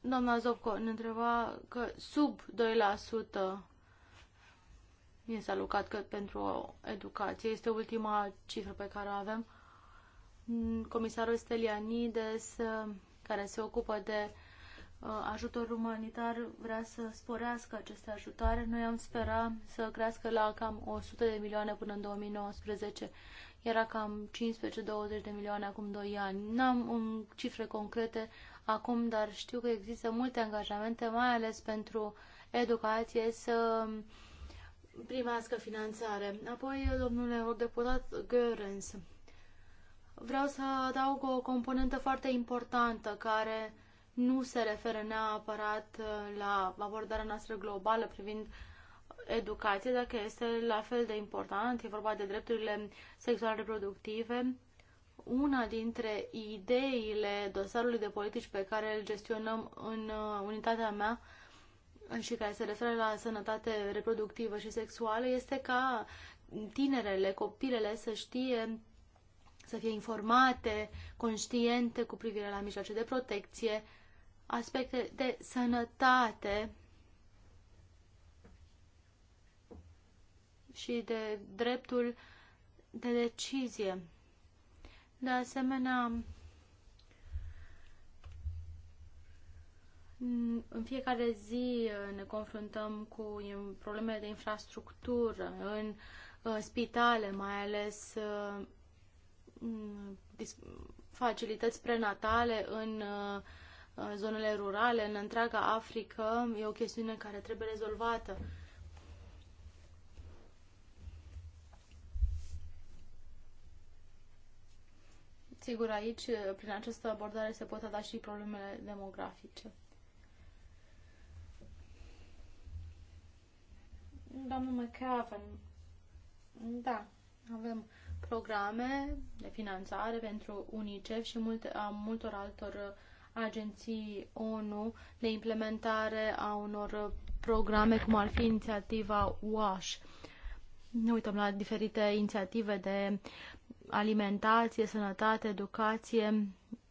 doamna Zopco ne întreba că sub 2% din s-a cât pentru educație. Este ultima cifră pe care o avem. Mm, comisarul Stelianides, care se ocupă de uh, ajutor umanitar, vrea să sporească aceste ajutoare. Noi am spera să crească la cam 100 de milioane până în 2019. Era cam 15-20 de milioane acum 2 ani. N-am um, cifre concrete acum, dar știu că există multe angajamente, mai ales pentru educație, să uh, primească finanțare. Apoi, domnule eurodeputat Görens, vreau să adaug o componentă foarte importantă care nu se referă neapărat uh, la abordarea noastră globală privind educație, dacă este la fel de important, e vorba de drepturile sexuale reproductive. Una dintre ideile dosarului de politici pe care îl gestionăm în uh, unitatea mea și care se referă la sănătate reproductivă și sexuală este ca tinerele, copilele să știe să fie informate, conștiente cu privire la mijloace de protecție, aspecte de sănătate și de dreptul de decizie. De asemenea, În fiecare zi uh, ne confruntăm cu probleme de infrastructură, în uh, spitale, mai ales uh, facilități prenatale în zonele rurale, în întreaga Africă, e o chestiune care trebuie rezolvată. Sigur, aici, prin această abordare, se pot da și problemele demografice. Doamna McCavan, da, avem programe de finanțare pentru UNICEF și multe, a multor altor uh, agenții ONU de implementare a unor uh, programe, cum ar fi inițiativa WASH. Ne uităm la diferite inițiative de alimentație, sănătate, educație.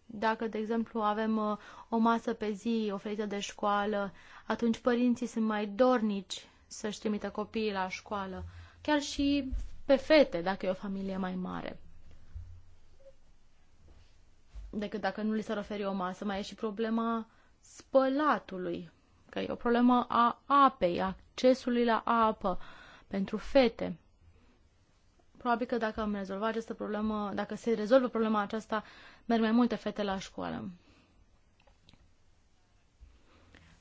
Dacă, de exemplu, avem uh, o masă pe zi oferită de școală, atunci părinții sunt mai dornici să-și trimită copiii la școală, chiar și pe fete, dacă e o familie mai mare. Decât dacă nu li s-ar oferi o masă, mai e și problema spălatului, că e o problemă a apei, accesului la apă pentru fete. Probabil că dacă am rezolvat această problemă, dacă se rezolvă problema aceasta, merg mai multe fete la școală.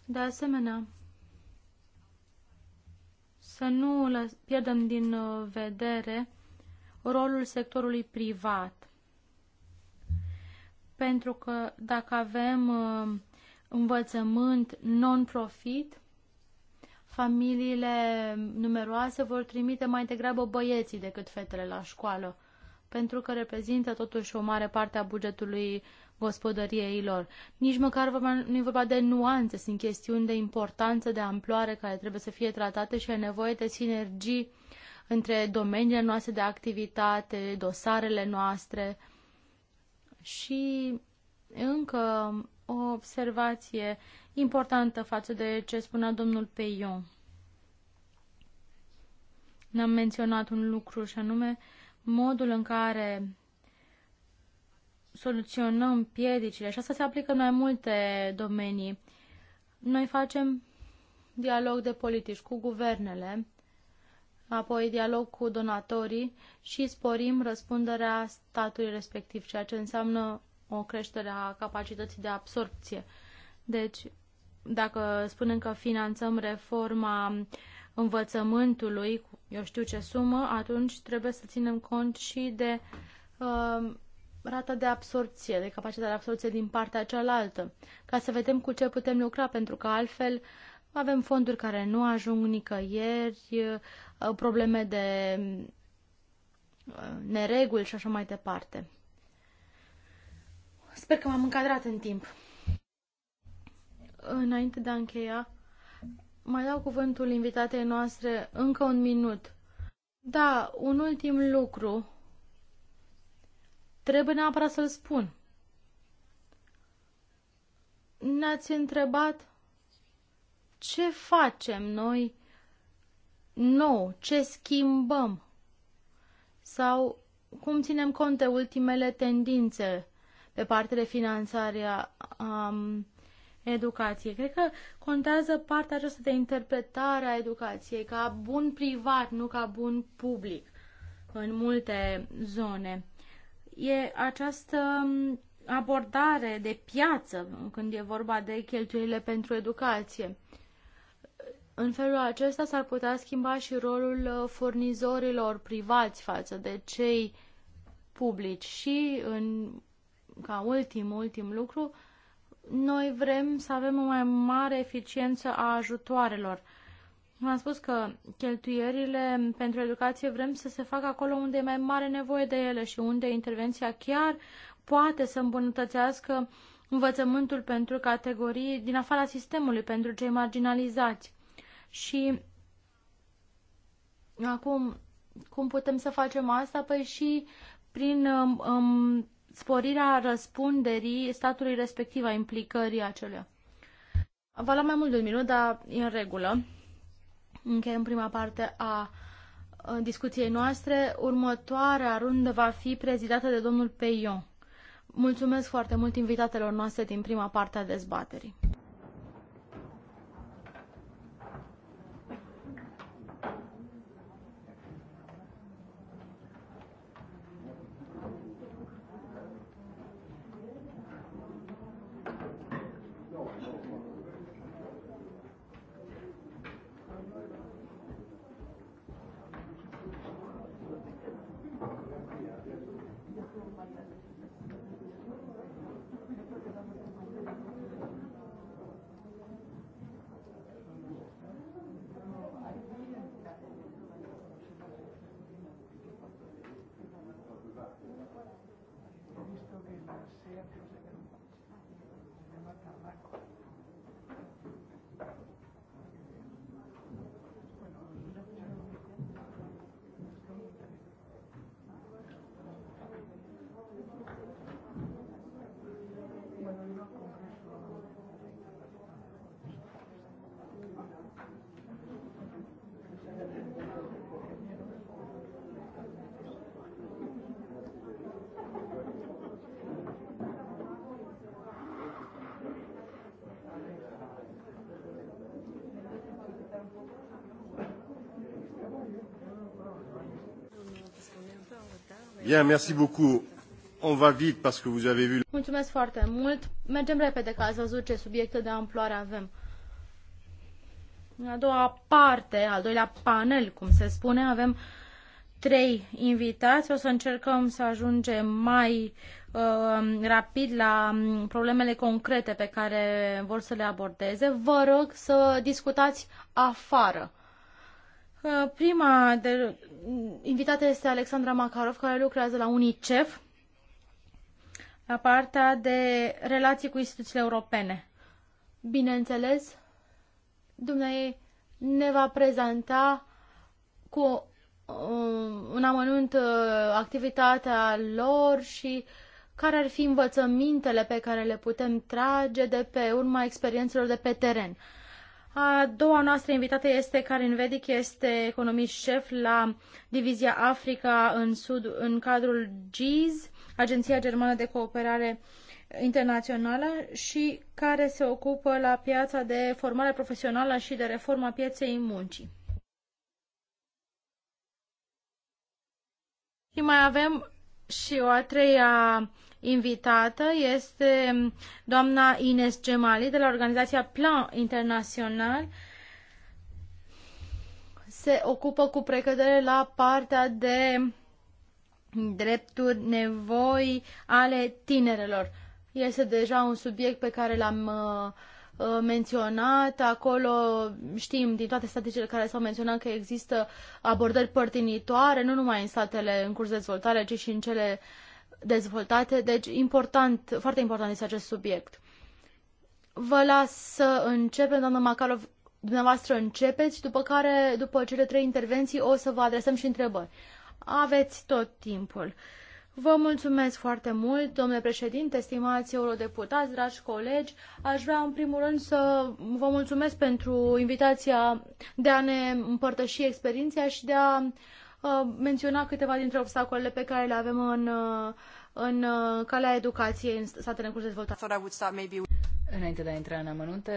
De asemenea, să nu pierdem din uh, vedere rolul sectorului privat. Pentru că dacă avem uh, învățământ non-profit, familiile numeroase vor trimite mai degrabă băieții decât fetele la școală, pentru că reprezintă totuși o mare parte a bugetului gospodăriei lor. Nici măcar vorba, nu e vorba de nuanțe, sunt chestiuni de importanță, de amploare care trebuie să fie tratate și e nevoie de sinergii între domeniile noastre de activitate, dosarele noastre și încă o observație importantă față de ce spunea domnul Peion. N-am menționat un lucru și anume modul în care soluționăm piedicile și asta se aplică în mai multe domenii. Noi facem dialog de politici cu guvernele, apoi dialog cu donatorii și sporim răspunderea statului respectiv, ceea ce înseamnă o creștere a capacității de absorpție. Deci, dacă spunem că finanțăm reforma învățământului, eu știu ce sumă, atunci trebuie să ținem cont și de uh, rata de absorție, de capacitatea de absorție din partea cealaltă, ca să vedem cu ce putem lucra, pentru că altfel avem fonduri care nu ajung nicăieri, uh, probleme de uh, nereguli și așa mai departe. Sper că m-am încadrat în timp. Înainte de a încheia, mai dau cuvântul invitatei noastre încă un minut. Da, un ultim lucru Trebuie neapărat să-l spun. Ne-ați întrebat ce facem noi nou, ce schimbăm sau cum ținem cont de ultimele tendințe pe partea de finanțare a um, educației. Cred că contează partea aceasta de interpretare a educației ca bun privat, nu ca bun public în multe zone e această abordare de piață când e vorba de cheltuielile pentru educație. În felul acesta s-ar putea schimba și rolul uh, furnizorilor privați față de cei publici și, în, ca ultim, ultim lucru, noi vrem să avem o mai mare eficiență a ajutoarelor am spus că cheltuierile pentru educație vrem să se facă acolo unde e mai mare nevoie de ele și unde intervenția chiar poate să îmbunătățească învățământul pentru categorii din afara sistemului, pentru cei marginalizați. Și acum, cum putem să facem asta? Păi și prin um, um sporirea răspunderii statului respectiv a implicării acelea. Va lua mai mult de un minut, dar e în regulă. Încheiem prima parte a discuției noastre. Următoarea rundă va fi prezidată de domnul Peion. Mulțumesc foarte mult invitatelor noastre din prima parte a dezbaterii. Bien, merci beaucoup. On va vite parce que vous avez vu. Mulțumesc foarte mult. Mergem repede ca ați văzut ce subiecte de amploare avem. În a doua parte, al doilea panel, cum se spune, avem trei invitați. O să încercăm să ajungem mai uh, rapid la um, problemele concrete pe care vor să le abordeze. Vă rog să discutați afară. Uh, prima de, mm, invitată este Alexandra Makarov, care lucrează la UNICEF, la partea de relații cu instituțiile europene. Bineînțeles, dumneavoastră ne va prezenta cu uh, un amănunt uh, activitatea lor și care ar fi învățămintele pe care le putem trage de pe urma experiențelor de pe teren. A doua noastră invitată este Karin Vedic, este economist șef la Divizia Africa în, sud, în cadrul GIZ, Agenția Germană de Cooperare Internațională, și care se ocupă la piața de formare profesională și de reforma pieței muncii. Și mai avem și o a treia invitată este doamna Ines Gemali de la organizația Plan Internațional. Se ocupă cu precădere la partea de drepturi, nevoi ale tinerelor. Este deja un subiect pe care l-am uh, uh, menționat. Acolo știm din toate statisticile care s-au menționat că există abordări părtinitoare, nu numai în statele în curs de dezvoltare, ci și în cele uh, dezvoltate, deci important, foarte important este acest subiect. Vă las să începem, doamna Macarov, dumneavoastră începeți, după care, după cele trei intervenții, o să vă adresăm și întrebări. Aveți tot timpul. Vă mulțumesc foarte mult, domnule președinte, stimați eurodeputați, dragi colegi. Aș vrea în primul rând să vă mulțumesc pentru invitația de a ne împărtăși experiența și de a Uh, menționa câteva dintre obstacolele pe care le avem în, uh, în uh, calea educației în statele în curs de dezvoltare. Înainte de a intra în amănunte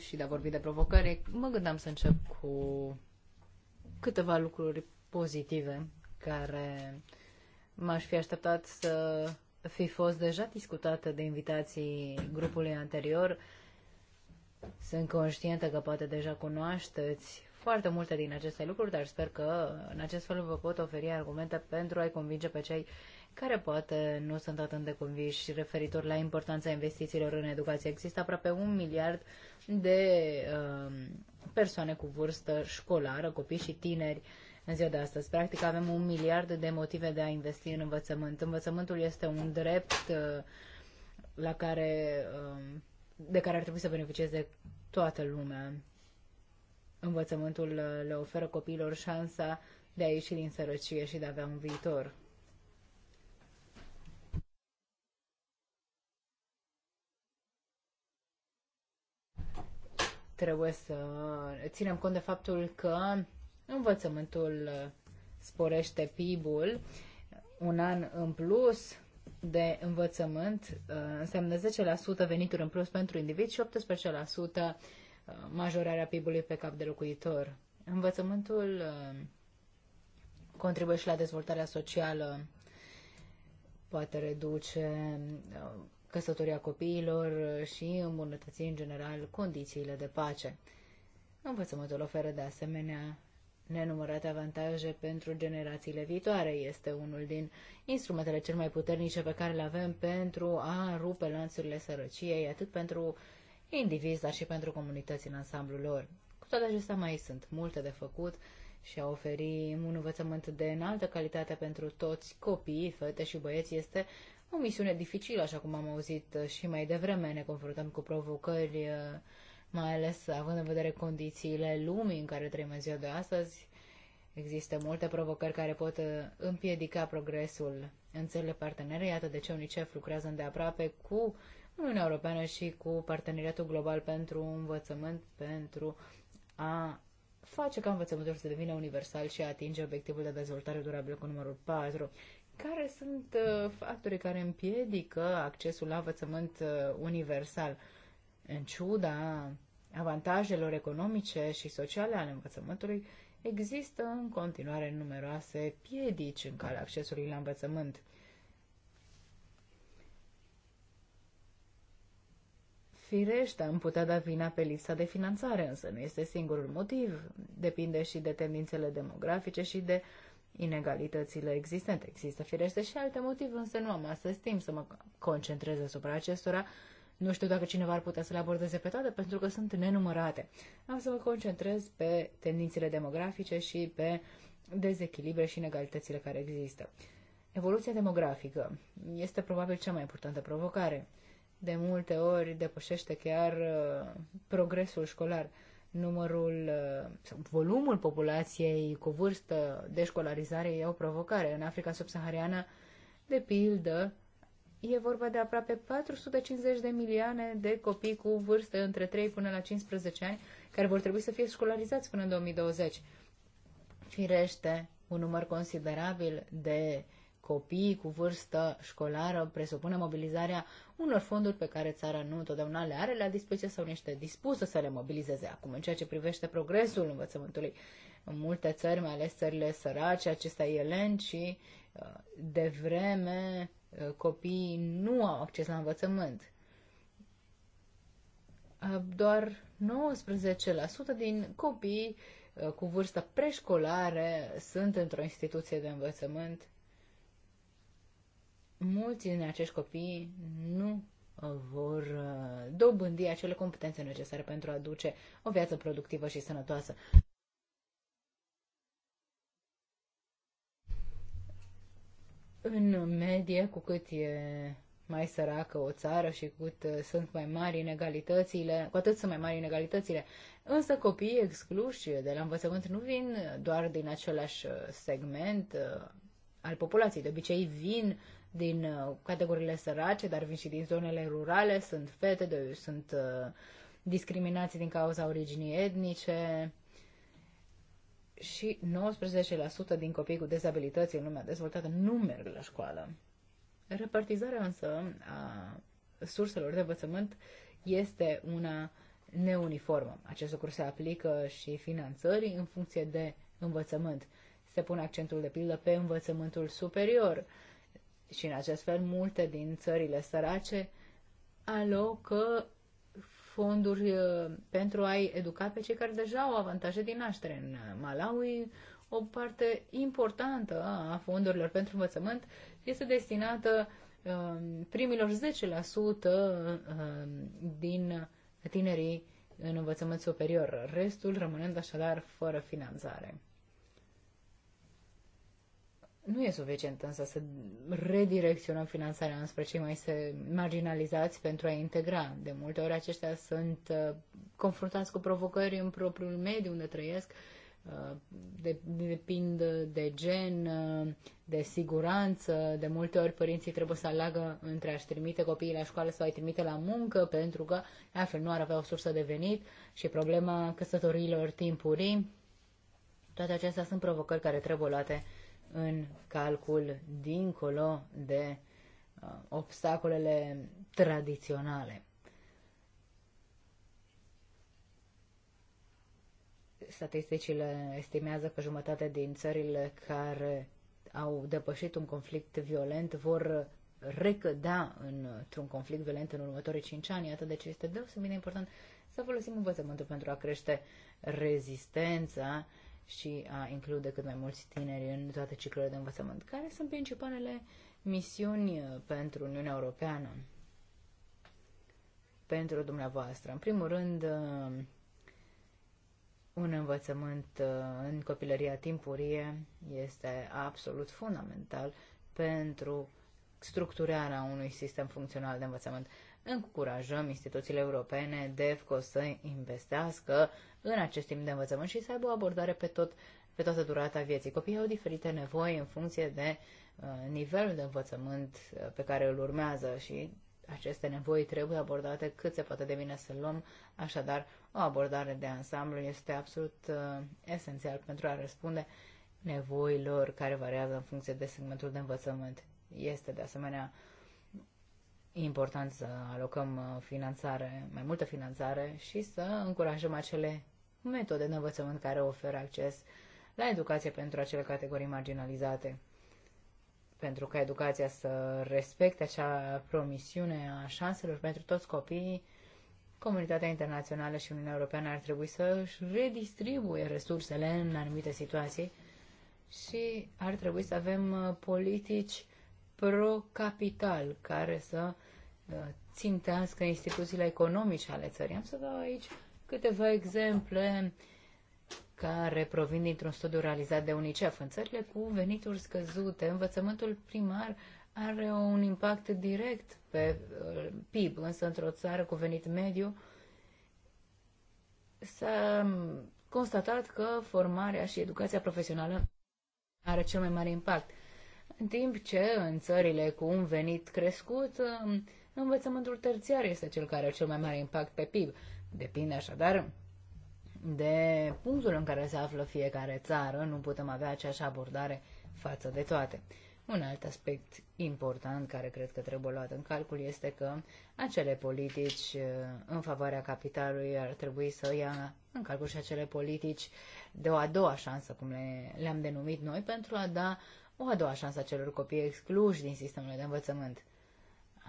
și de a vorbi de provocări, mă gândeam să încep cu câteva lucruri pozitive care m-aș fi așteptat să fi fost deja discutate de invitații grupului anterior. Sunt conștientă că poate deja cunoașteți foarte multe din aceste lucruri, dar sper că în acest fel vă pot oferi argumente pentru a-i convinge pe cei care poate nu sunt atât de convinși referitor la importanța investițiilor în educație. Există aproape un miliard de uh, persoane cu vârstă școlară, copii și tineri în ziua de astăzi. Practic avem un miliard de motive de a investi în învățământ. Învățământul este un drept uh, la care, uh, de care ar trebui să beneficieze toată lumea învățământul uh, le oferă copiilor șansa de a ieși din sărăcie și de a avea un viitor. Trebuie să ținem cont de faptul că învățământul uh, sporește PIB-ul un an în plus de învățământ uh, înseamnă 10% venituri în plus pentru individ și 18% Uh, majorarea PIB-ului pe cap de locuitor. Învățământul uh, contribuie și la dezvoltarea socială, poate reduce uh, căsătoria copiilor și îmbunătăți în general condițiile de pace. Învățământul oferă de asemenea nenumărate avantaje pentru generațiile viitoare. Este unul din instrumentele cel mai puternice pe care le avem pentru a rupe lanțurile sărăciei, atât pentru indivizi, dar și pentru comunități în ansamblul lor. Cu toate acestea mai sunt multe de făcut și a oferi un învățământ de înaltă calitate pentru toți copiii, fete și băieți este o misiune dificilă, așa cum am auzit și mai devreme. Ne confruntăm cu provocări, mai ales având în vedere condițiile lumii în care trăim în ziua de astăzi. Există multe provocări care pot împiedica progresul în țările partenere. Iată de ce UNICEF lucrează îndeaproape cu Uniunea Europeană și cu Parteneriatul Global pentru Învățământ pentru a face ca învățământul să devină universal și a atinge obiectivul de dezvoltare durabilă cu numărul 4. Care sunt uh, factorii care împiedică accesul la învățământ uh, universal? În ciuda avantajelor economice și sociale ale învățământului, există în continuare numeroase piedici în calea accesului la învățământ. Firește, am putea da vina pe lipsa de finanțare, însă nu este singurul motiv. Depinde și de tendințele demografice și de inegalitățile existente. Există firește și alte motive, însă nu am astăzi timp să mă concentrez asupra acestora. Nu știu dacă cineva ar putea să le abordeze pe toate, pentru că sunt nenumărate. Am să mă concentrez pe tendințele demografice și pe dezechilibre și inegalitățile care există. Evoluția demografică este probabil cea mai importantă provocare de multe ori depășește chiar uh, progresul școlar. Numărul, uh, volumul populației cu vârstă de școlarizare e o provocare. În Africa subsahariană, de pildă, e vorba de aproape 450 de milioane de copii cu vârstă între 3 până la 15 ani care vor trebui să fie școlarizați până în 2020. Firește, un număr considerabil de uh, copii cu vârstă școlară presupune mobilizarea unor fonduri pe care țara nu întotdeauna le are la dispoziție sau nu este dispusă să le mobilizeze acum. În ceea ce privește progresul învățământului în multe țări, mai ales țările sărace, acesta e lent și uh, de vreme uh, copiii nu au acces la învățământ. Uh, doar 19% din copii cu vârstă preșcolare sunt într-o instituție de învățământ mulți din acești copii nu uh, vor uh, dobândi acele competențe necesare pentru a duce o viață productivă și sănătoasă. În medie, cu cât e mai săracă o țară și cu cât uh, sunt mai mari inegalitățile, cu atât sunt mai mari inegalitățile. Însă copiii excluși de la învățământ nu vin doar din același segment al populației. De obicei vin din uh, categoriile sărace, dar vin și din zonele rurale, sunt fete, de, sunt uh, discriminații din cauza originii etnice și 19% din copii cu dezabilități în lumea dezvoltată nu merg la școală. Repartizarea însă a surselor de învățământ este una neuniformă. Acest lucru se aplică și finanțării în funcție de învățământ. Se pune accentul de pildă pe învățământul superior. Și în acest fel, multe din țările sărace alocă fonduri uh, pentru a-i educa pe cei care deja au avantaje din naștere. În Malawi, o parte importantă a fondurilor pentru învățământ este destinată um, primilor 10% um, din tinerii în învățământ superior, restul rămânând așadar fără finanțare. Nu e suficient însă să redirecționăm finanțarea înspre cei mai marginalizați pentru a integra. De multe ori aceștia sunt uh, confruntați cu provocări în propriul mediu unde trăiesc, uh, depind de gen, uh, de siguranță. De multe ori părinții trebuie să aleagă între a-și trimite copiii la școală sau a-i trimite la muncă pentru că altfel nu ar avea o sursă de venit și problema căsătorilor timpurii. Toate acestea sunt provocări care trebuie luate în calcul dincolo de uh, obstacolele tradiționale. Statisticile estimează că jumătate din țările care au depășit un conflict violent vor recădea într-un conflict violent în următorii 5 ani, atât de ce este deosebit de important să folosim învățământul pentru a crește rezistența și a include cât mai mulți tineri în toate ciclurile de învățământ. Care sunt principalele misiuni uh, pentru Uniunea Europeană? Pentru dumneavoastră. În primul rând, uh, un învățământ uh, în copilăria timpurie este absolut fundamental pentru structurarea unui sistem funcțional de învățământ încurajăm instituțiile europene, DEFCO, să investească în acest timp de învățământ și să aibă o abordare pe, tot, pe toată durata vieții. Copiii au diferite nevoi în funcție de uh, nivelul de învățământ uh, pe care îl urmează și aceste nevoi trebuie abordate cât se poate de bine să luăm, așadar o abordare de ansamblu este absolut uh, esențial pentru a răspunde nevoilor care variază în funcție de segmentul de învățământ. Este de asemenea uh, E important să alocăm uh, finanțare, mai multă finanțare și să încurajăm acele metode de învățământ care oferă acces la educație pentru acele categorii marginalizate. Pentru ca educația să respecte acea promisiune a șanselor pentru toți copiii, comunitatea internațională și Uniunea Europeană ar trebui să își redistribuie resursele în anumite situații și ar trebui să avem uh, politici pro-capital care să uh, țintească instituțiile economice ale țării. Am să dau aici câteva exemple care provin dintr-un studiu realizat de UNICEF în țările cu venituri scăzute. Învățământul primar are un impact direct pe uh, PIB, însă într-o țară cu venit mediu s-a constatat că formarea și educația profesională are cel mai mare impact în timp ce în țările cu un venit crescut, um, învățământul terțiar este cel care are cel mai mare impact pe PIB. Depinde așadar de punctul în care se află fiecare țară, nu putem avea aceeași abordare față de toate. Un alt aspect important care cred că trebuie luat în calcul este că acele politici uh, în favoarea capitalului ar trebui să ia în calcul și acele politici de o a doua șansă, cum le, le-am denumit noi, pentru a da o a doua șansă a celor copii excluși din sistemul de învățământ.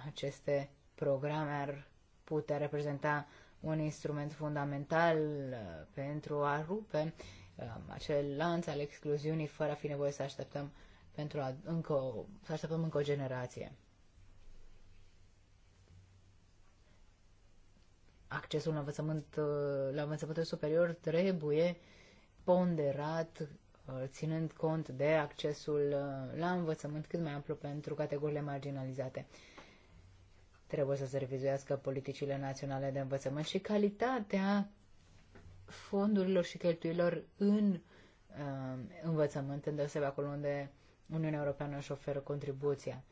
Aceste programe ar putea reprezenta un instrument fundamental uh, pentru a rupe um, acel lanț al excluziunii fără a fi nevoie să așteptăm pentru a încă o, să așteptăm încă o generație. Accesul la, învățământ, uh, la învățământul superior trebuie ponderat Uh, ținând cont de accesul uh, la învățământ cât mai amplu pentru categoriile marginalizate. Trebuie să se revizuiască politicile naționale de învățământ și calitatea fondurilor și cheltuielor în uh, învățământ, îndeosebe acolo unde Uniunea Europeană își oferă contribuția.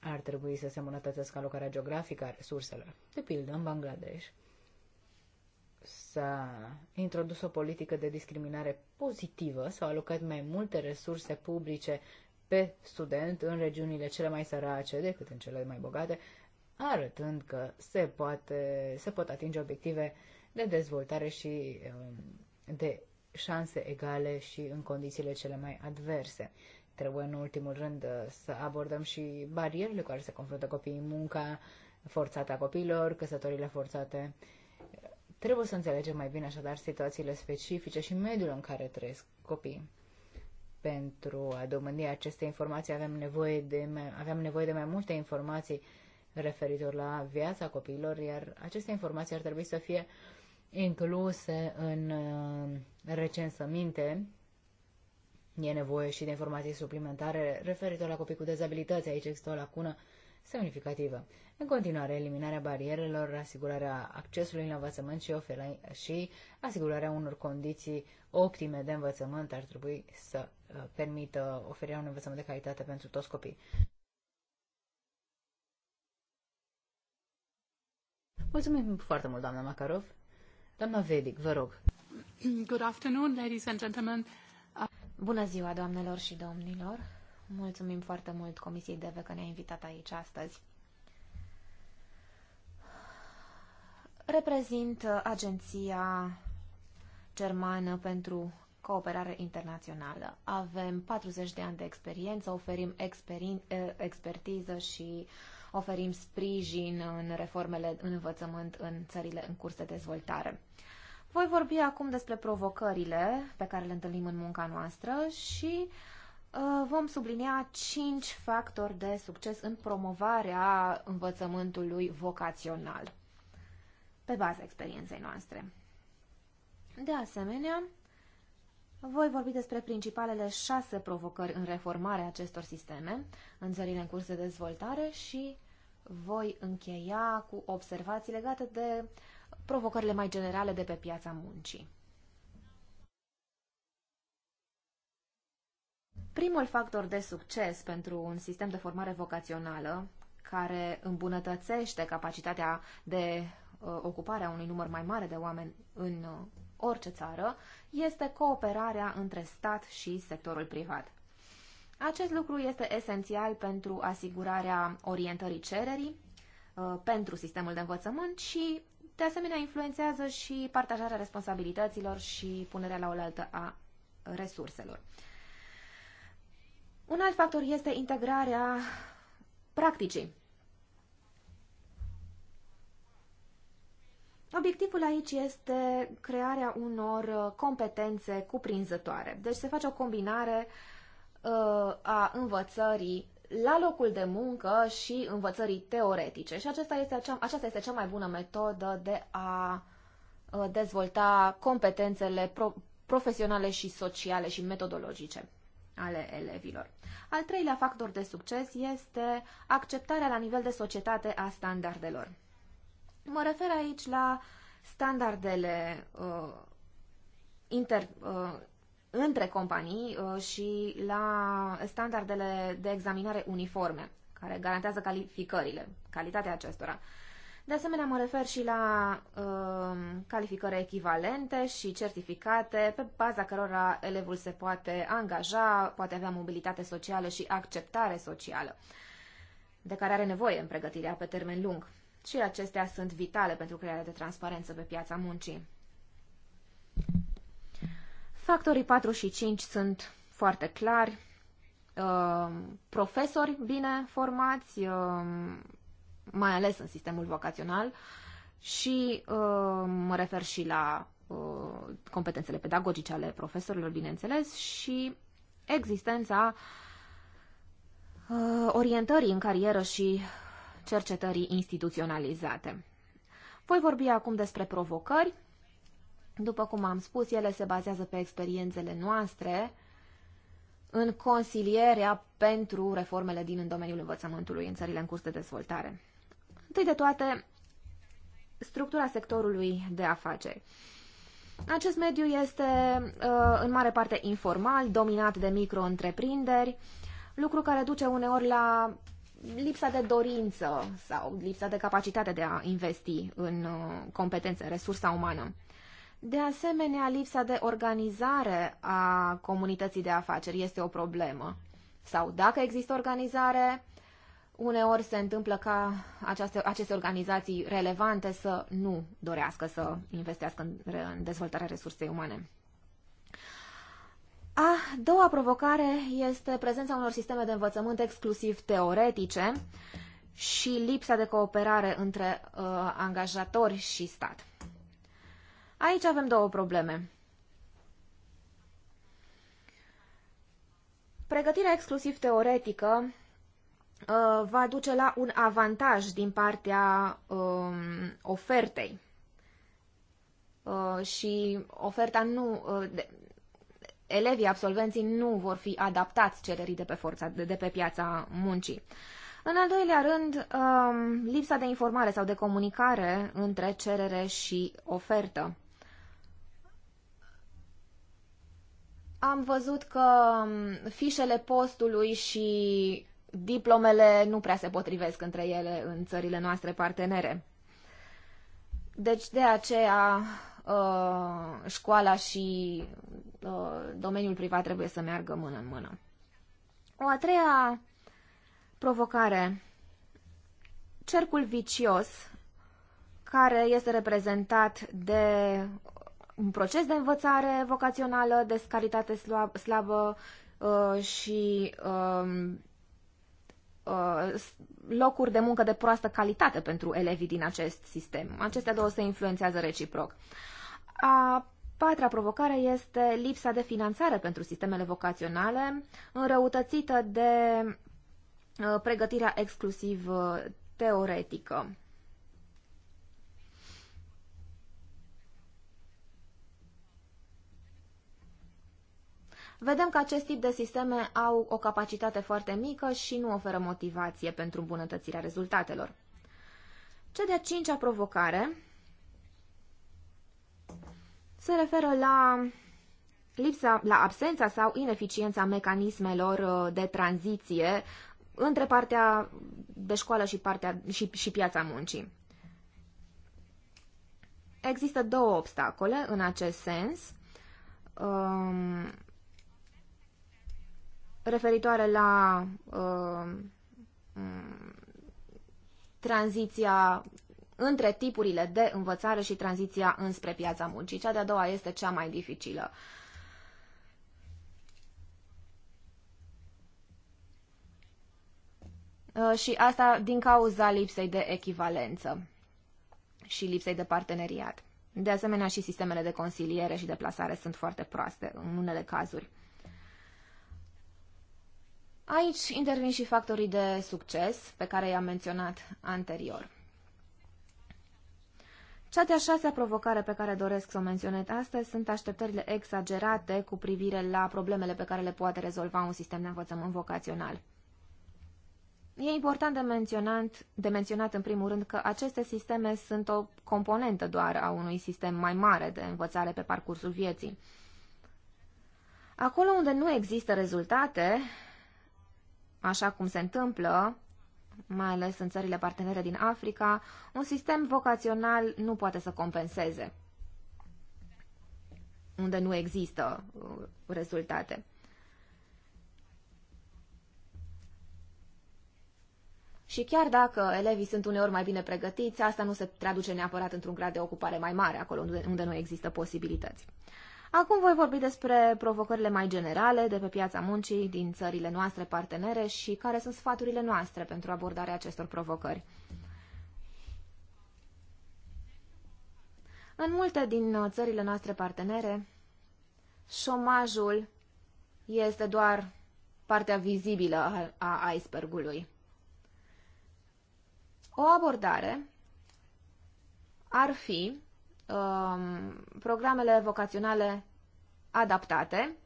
Ar trebui să se îmbunătățească alocarea geografică a resurselor, de pildă în Bangladesh, s-a introdus o politică de discriminare pozitivă, s-au alocat mai multe resurse publice pe student în regiunile cele mai sărace decât în cele mai bogate, arătând că se, poate, se pot atinge obiective de dezvoltare și um, de șanse egale și în condițiile cele mai adverse. Trebuie, în ultimul rând, să abordăm și barierele cu care se confruntă copiii, munca forțată a copiilor, căsătorile forțate, uh, Trebuie să înțelegem mai bine așadar situațiile specifice și mediul în care trăiesc copiii. Pentru a domândi aceste informații avem nevoie de mai, aveam nevoie de mai multe informații referitor la viața copiilor, iar aceste informații ar trebui să fie incluse în uh, recensăminte. E nevoie și de informații suplimentare referitor la copii cu dezabilități. Aici există o lacună uh, semnificativă. În continuare, eliminarea barierelor, asigurarea accesului la învățământ și, oferă, și asigurarea unor condiții optime de învățământ ar trebui să uh, permită oferirea unui învățământ de calitate pentru toți copiii. Mulțumim foarte mult, doamna Makarov. Doamna Vedic, vă rog. Good afternoon, ladies and gentlemen. Bună ziua, doamnelor și domnilor. Mulțumim foarte mult Comisiei DEVE că ne-a invitat aici astăzi. Reprezint Agenția Germană pentru Cooperare Internațională. Avem 40 de ani de experiență, oferim experin- eh, expertiză și oferim sprijin în reformele în învățământ în țările în curs de dezvoltare. Voi vorbi acum despre provocările pe care le întâlnim în munca noastră și uh, Uh, vom sublinia cinci factori de succes în promovarea învățământului vocațional pe baza experienței noastre. De asemenea, voi vorbi despre principalele șase provocări în reformarea acestor sisteme în țările în curs de dezvoltare și voi încheia cu observații legate de provocările mai generale de pe piața muncii. Primul factor de succes pentru un sistem de formare vocațională care îmbunătățește capacitatea de uh, ocupare a unui număr mai mare de oameni în uh, orice țară este cooperarea între stat și sectorul privat. Acest lucru este esențial pentru asigurarea orientării cererii uh, pentru sistemul de învățământ și, de asemenea, influențează și partajarea responsabilităților și punerea la oaltă a resurselor. Un alt factor este integrarea practicii. Obiectivul aici este crearea unor uh, competențe cuprinzătoare. Deci se face o combinare uh, a învățării la locul de muncă și învățării teoretice. Și aceasta este cea, aceasta este cea mai bună metodă de a uh, dezvolta competențele pro, profesionale și sociale și metodologice ale elevilor. Al treilea factor de succes este acceptarea la nivel de societate a standardelor. Mă refer aici la standardele uh, inter, uh, între companii uh, și la standardele de examinare uniforme, care garantează calificările, calitatea acestora. Uh, de asemenea, mă refer și la uh, calificări echivalente și certificate pe baza cărora elevul se poate angaja, poate avea mobilitate socială și acceptare socială, de care are nevoie în pregătirea pe termen lung. Și acestea sunt vitale pentru crearea de transparență pe piața muncii. Factorii 4 și 5 sunt foarte clari. Uh, profesori bine formați, uh, mai ales în sistemul vocațional și uh, mă refer și la uh, competențele pedagogice ale profesorilor, bineînțeles, și existența uh, orientării în carieră și cercetării instituționalizate. Voi vorbi acum despre provocări. După cum am spus, ele se bazează pe experiențele noastre în consilierea pentru reformele din în domeniul învățământului în țările în curs de dezvoltare. Întâi de toate, structura sectorului de afaceri. Acest mediu este uh, în mare parte informal, dominat de micro-întreprinderi, lucru care duce uneori la lipsa de dorință sau lipsa de capacitate de a investi în uh, competențe, resursa umană. De asemenea, lipsa de organizare a comunității de afaceri este o problemă. Sau dacă există organizare, Uneori se întâmplă ca aceaste, aceste organizații relevante să nu dorească să investească în, în dezvoltarea resursei umane. A doua provocare este prezența unor sisteme de învățământ exclusiv teoretice și lipsa de cooperare între uh, angajatori și stat. Aici avem două probleme. Pregătirea exclusiv teoretică Uh, va duce la un avantaj din partea um, ofertei. Uh, și oferta nu. Uh, de, elevii absolvenții nu vor fi adaptați cererii de pe, forța, de, de pe piața muncii. În al doilea rând, um, lipsa de informare sau de comunicare între cerere și ofertă. Am văzut că um, fișele postului și diplomele nu prea se potrivesc între ele în țările noastre partenere. Deci de aceea uh, școala și uh, domeniul privat trebuie să meargă mână în mână. O a treia provocare, cercul vicios care este reprezentat de un proces de învățare vocațională, de scaritate slabă uh, și um, Uh, locuri de muncă de proastă calitate pentru elevii din acest sistem. Acestea două se influențează reciproc. A patra provocare este lipsa de finanțare pentru sistemele vocaționale, înrăutățită de uh, pregătirea exclusiv uh, teoretică. vedem că acest tip de sisteme au o capacitate foarte mică și nu oferă motivație pentru îmbunătățirea rezultatelor. Cea de-a cincea provocare se referă la lipsa, la absența sau ineficiența mecanismelor uh, de tranziție între partea de școală și, partea, și, și piața muncii. Există două obstacole în acest sens. Um, referitoare la uh, tranziția între tipurile de învățare și tranziția înspre piața muncii. Cea de-a doua este cea mai dificilă. Uh, și asta din cauza lipsei de echivalență și lipsei de parteneriat. De asemenea, și sistemele de consiliere și de plasare sunt foarte proaste în unele cazuri. Aici intervin și factorii de succes pe care i-am menționat anterior. Cea de-a șasea provocare pe care doresc să o menționez astăzi sunt așteptările exagerate cu privire la problemele pe care le poate rezolva un sistem de învățământ vocațional. E important de menționat, de menționat în primul rând că aceste sisteme sunt o componentă doar a unui sistem mai mare de învățare pe parcursul vieții. Acolo unde nu există rezultate, așa cum se întâmplă, mai ales în țările partenere din Africa, un sistem vocațional nu poate să compenseze unde nu există uh, rezultate. Și chiar dacă elevii sunt uneori mai bine pregătiți, asta nu se traduce neapărat într-un grad de ocupare mai mare acolo unde nu există posibilități. Acum voi vorbi despre provocările mai generale de pe piața muncii din țările noastre partenere și care sunt sfaturile noastre pentru abordarea acestor provocări. În multe din țările noastre partenere, șomajul este doar partea vizibilă a icebergului. O abordare ar fi um, programele vocaționale adaptate,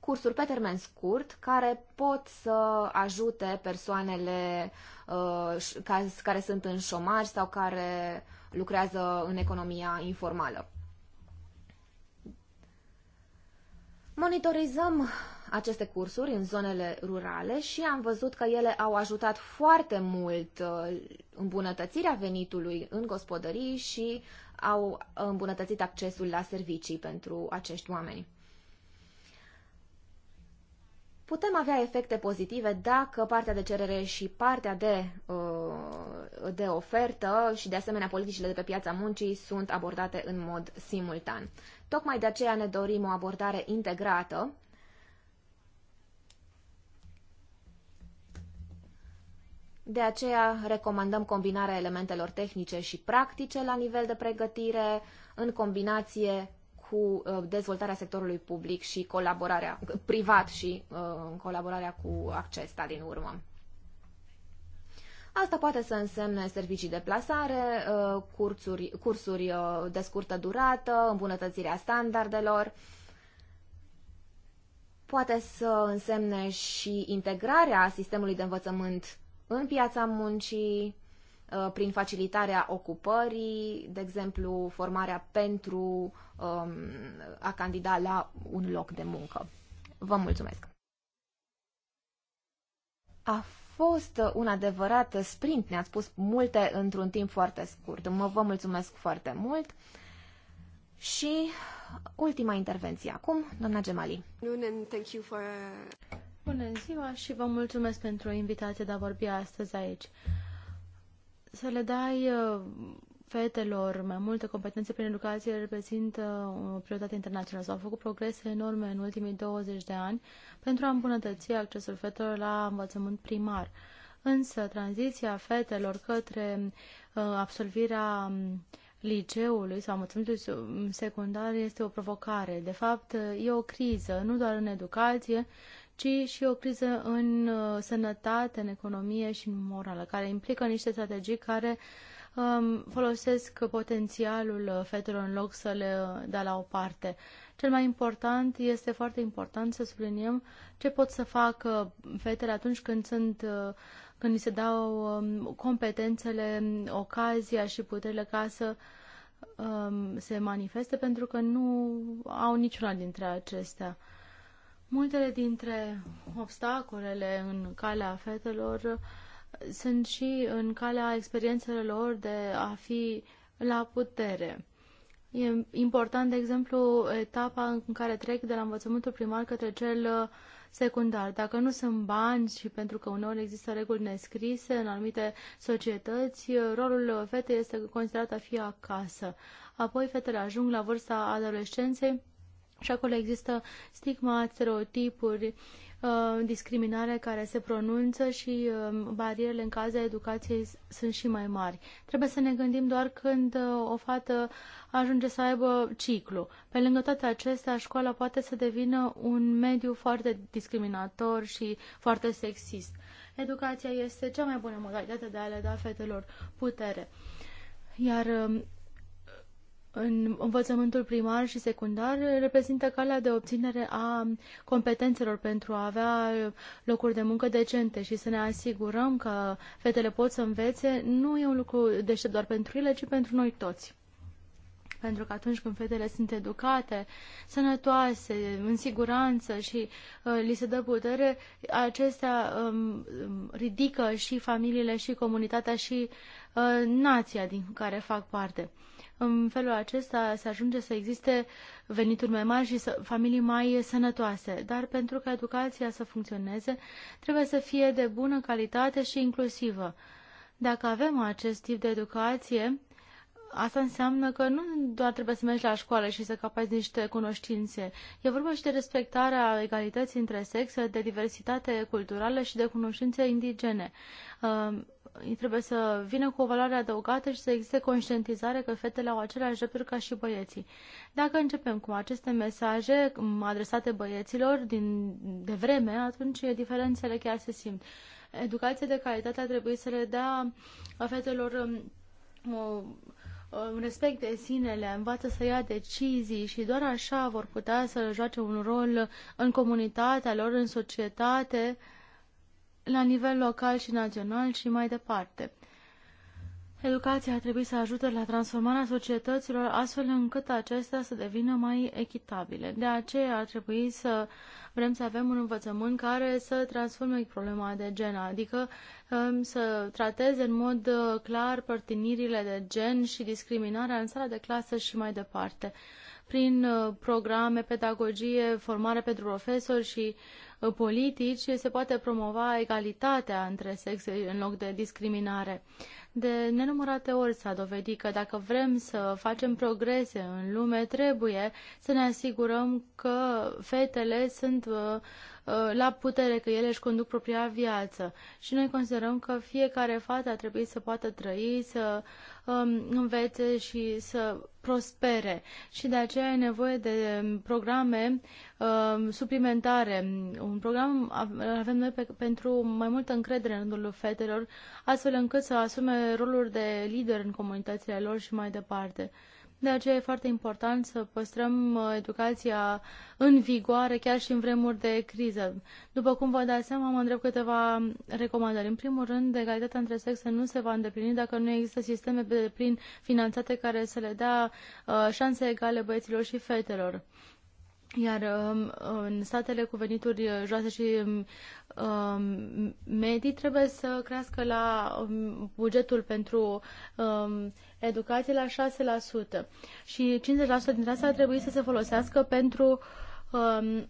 cursuri pe termen scurt care pot să ajute persoanele uh, care sunt în șomaj sau care lucrează în economia informală. Monitorizăm aceste cursuri în zonele rurale și am văzut că ele au ajutat foarte mult uh, îmbunătățirea venitului în gospodării și au îmbunătățit accesul la servicii pentru acești oameni. Putem avea efecte pozitive dacă partea de cerere și partea de, uh, de ofertă și de asemenea politicile de pe piața muncii sunt abordate în mod simultan. Tocmai de aceea ne dorim o abordare integrată De aceea recomandăm combinarea elementelor tehnice și practice la nivel de pregătire în combinație cu uh, dezvoltarea sectorului public și colaborarea privat și uh, în colaborarea cu acesta din urmă. Asta poate să însemne servicii de plasare, uh, cursuri, cursuri de scurtă durată, îmbunătățirea standardelor, poate să însemne și integrarea sistemului de învățământ în piața muncii, uh, prin facilitarea ocupării, de exemplu, formarea pentru um, a candida la un loc de muncă. Vă mulțumesc! A fost un adevărat sprint, ne-ați spus multe într-un timp foarte scurt. Mă vă mulțumesc foarte mult! Și ultima intervenție acum, doamna Gemali. Bună ziua și vă mulțumesc pentru invitația de a vorbi astăzi aici. Să le dai uh, fetelor mai multe competențe prin educație reprezintă uh, o prioritate internațională. S-au făcut progrese enorme în ultimii 20 de ani pentru a îmbunătăți accesul fetelor la învățământ primar. Însă, tranziția fetelor către uh, absolvirea um, liceului sau învățământului um, secundar este o provocare. De fapt, uh, e o criză, nu doar în educație, ci și o criză în uh, sănătate, în economie și în morală, care implică niște strategii care um, folosesc potențialul uh, fetelor în loc să le uh, dea la o parte. Cel mai important este foarte important să subliniem ce pot să facă fetele atunci când sunt când li se dau um, competențele, ocazia și puterile ca să um, se manifeste pentru că nu au niciuna dintre acestea. Multele dintre obstacolele în calea fetelor sunt și în calea experiențelor lor de a fi la putere. E important, de exemplu, etapa în care trec de la învățământul primar către cel secundar. Dacă nu sunt bani și pentru că uneori există reguli nescrise în anumite societăți, rolul fetei este considerat a fi acasă. Apoi fetele ajung la vârsta adolescenței și acolo există stigma, stereotipuri, uh, discriminare care se pronunță și uh, barierele în cazul educației sunt și mai mari. Trebuie să ne gândim doar când uh, o fată ajunge să aibă ciclu. Pe lângă toate acestea, școala poate să devină un mediu foarte discriminator și foarte sexist. Educația este cea mai bună modalitate de a le da fetelor putere. Iar um, în învățământul primar și secundar reprezintă calea de obținere a competențelor pentru a avea locuri de muncă decente și să ne asigurăm că fetele pot să învețe nu e un lucru deștept doar pentru ele, ci pentru noi toți. Pentru că atunci când fetele sunt educate, sănătoase, în siguranță și uh, li se dă putere, acestea um, um ridică și familiile, și comunitatea, și uh, nația din care fac parte. În felul acesta se ajunge să existe venituri mai mari și să, familii mai sănătoase. Dar pentru ca educația să funcționeze, trebuie să fie de bună calitate și inclusivă. Dacă avem acest tip de educație, Asta înseamnă că nu doar trebuie să mergi la școală și să capezi niște cunoștințe. E vorba și de respectarea egalității între sexe, de diversitate culturală și de cunoștințe indigene. Uh, trebuie să vină cu o valoare adăugată și să existe conștientizare că fetele au aceleași drepturi ca și băieții. Dacă începem cu aceste mesaje um, adresate băieților din, de vreme, atunci diferențele chiar se simt. Educația de calitate trebuie să le dea fetelor um, o, respect de sinele, învață să ia decizii și doar așa vor putea să joace un rol în comunitatea lor, în societate, la nivel local și național și mai departe. Educația ar trebui să ajute la transformarea societăților astfel încât acestea să devină mai echitabile. De aceea ar trebui să vrem să avem un învățământ care să transforme problema de gen, adică um, să trateze în mod uh, clar părtinirile de gen și discriminarea în sala de clasă și mai departe. Prin uh, programe, pedagogie, formare pentru profesori și Uh, politici se poate promova egalitatea între sexe în loc de discriminare. De nenumărate ori s-a dovedit că dacă vrem să facem progrese în lume, trebuie să ne asigurăm că fetele sunt uh, uh, la putere, că ele își conduc propria viață. Și noi considerăm că fiecare fată ar trebui să poată trăi, să Um, învețe și să prospere. Și de aceea e nevoie de um, programe um, suplimentare. Un program avem noi pe, pentru mai multă încredere în rândul fetelor, astfel încât să asume roluri de lider în comunitățile lor și mai departe. De aceea e foarte important să păstrăm uh, educația în vigoare, chiar și în vremuri de criză. După cum vă dați seama, mă întreb câteva recomandări. În primul rând, egalitatea între sexe nu se va îndeplini dacă nu există sisteme plin finanțate care să le dea uh, șanse egale băieților și fetelor. Iar um, în statele cu venituri uh, joase și um, um, medii trebuie să crească la um, bugetul pentru um, educație la 6% și 50% din asta trebuie să se folosească pentru um,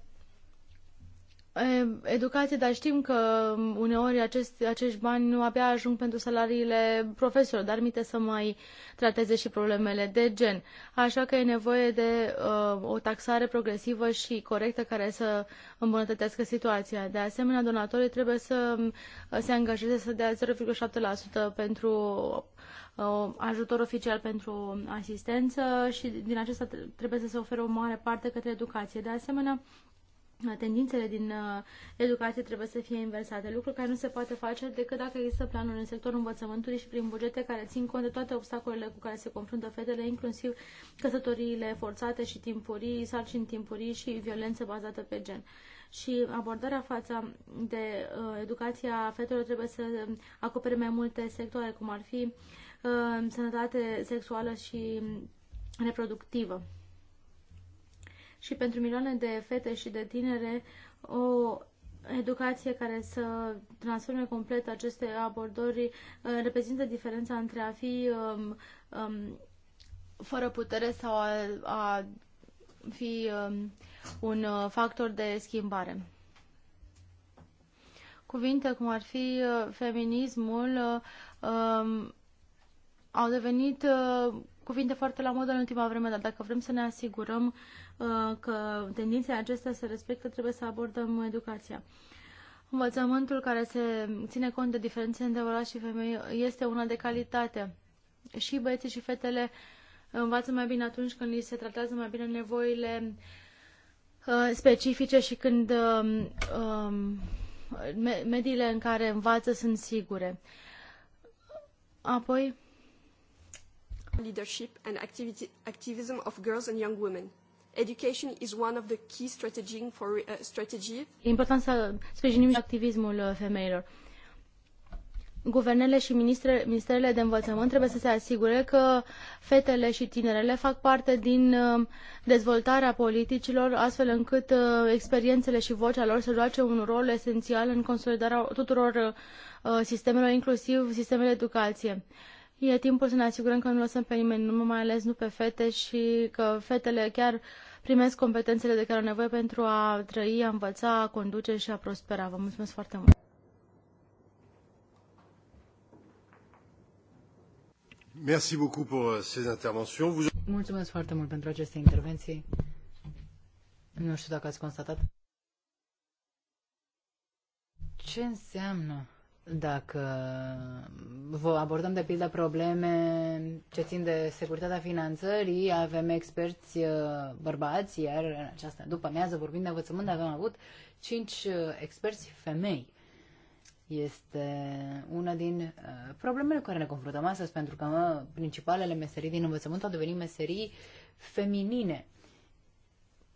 educație, dar știm că um, uneori acest, acești bani nu abia ajung pentru salariile profesorilor, dar minte să mai trateze și problemele de gen. Așa că e nevoie de uh, o taxare progresivă și corectă care să îmbunătățească situația. De asemenea, donatorii trebuie să um, se angajeze să dea 0,7% pentru uh, ajutor oficial pentru asistență și din acesta trebuie să se ofere o mare parte către educație. De asemenea, tendințele din uh, educație trebuie să fie inversate, lucru care nu se poate face decât dacă există planuri în sectorul învățământului și prin bugete care țin cont de toate obstacolele cu care se confruntă fetele, inclusiv căsătoriile forțate și timpurii, sarcini timpurii și violență bazată pe gen. Și abordarea fața de uh, educația fetelor trebuie să acopere mai multe sectoare, cum ar fi uh, sănătate sexuală și reproductivă și pentru milioane de fete și de tinere o educație care să transforme complet aceste abordări uh, reprezintă diferența între a fi um, um, fără putere sau a, a fi um, un uh, factor de schimbare. Cuvinte cum ar fi uh, feminismul um, au devenit uh, cuvinte foarte la modă în ultima vreme, dar dacă vrem să ne asigurăm uh, că tendințele acestea se respectă, trebuie să abordăm educația. Învățământul care se ține cont de diferențe între bărbați și femei este una de calitate. Și băieții și fetele învață mai bine atunci când li se tratează mai bine nevoile uh, specifice și când uh, uh, mediile în care învață sunt sigure. Apoi, Leadership and activity, activism of girls and young women. Education is one of the key strategy for uh, strategy. E important să sprijinim activismul uh, femeilor. Guvernele și ministerele de învățământ trebuie să se asigure că fetele și tinerele fac parte din uh, dezvoltarea politicilor, astfel încât uh, experiențele și vocea lor să joace un rol esențial în consolidarea tuturor sistemelor, inclusiv sistemele educației. E timpul să ne asigurăm că nu lăsăm pe nimeni, nu mai ales nu pe fete și că fetele chiar primesc competențele de care au nevoie pentru a trăi, a învăța, a conduce și a prospera. Vă mulțumesc foarte mult! Merci beaucoup pour euh, ces interventions. Vous... Mulțumesc foarte mult pentru aceste intervenții. Nu știu dacă ați constatat. Ce înseamnă dacă vă abordăm de pildă probleme ce țin de securitatea finanțării, avem experți uh, bărbați, iar în această după amiază vorbind de învățământ avem avut cinci uh, experți femei. Este una din uh, problemele cu care ne confruntăm astăzi, pentru că mă, principalele meserii din învățământ au devenit meserii feminine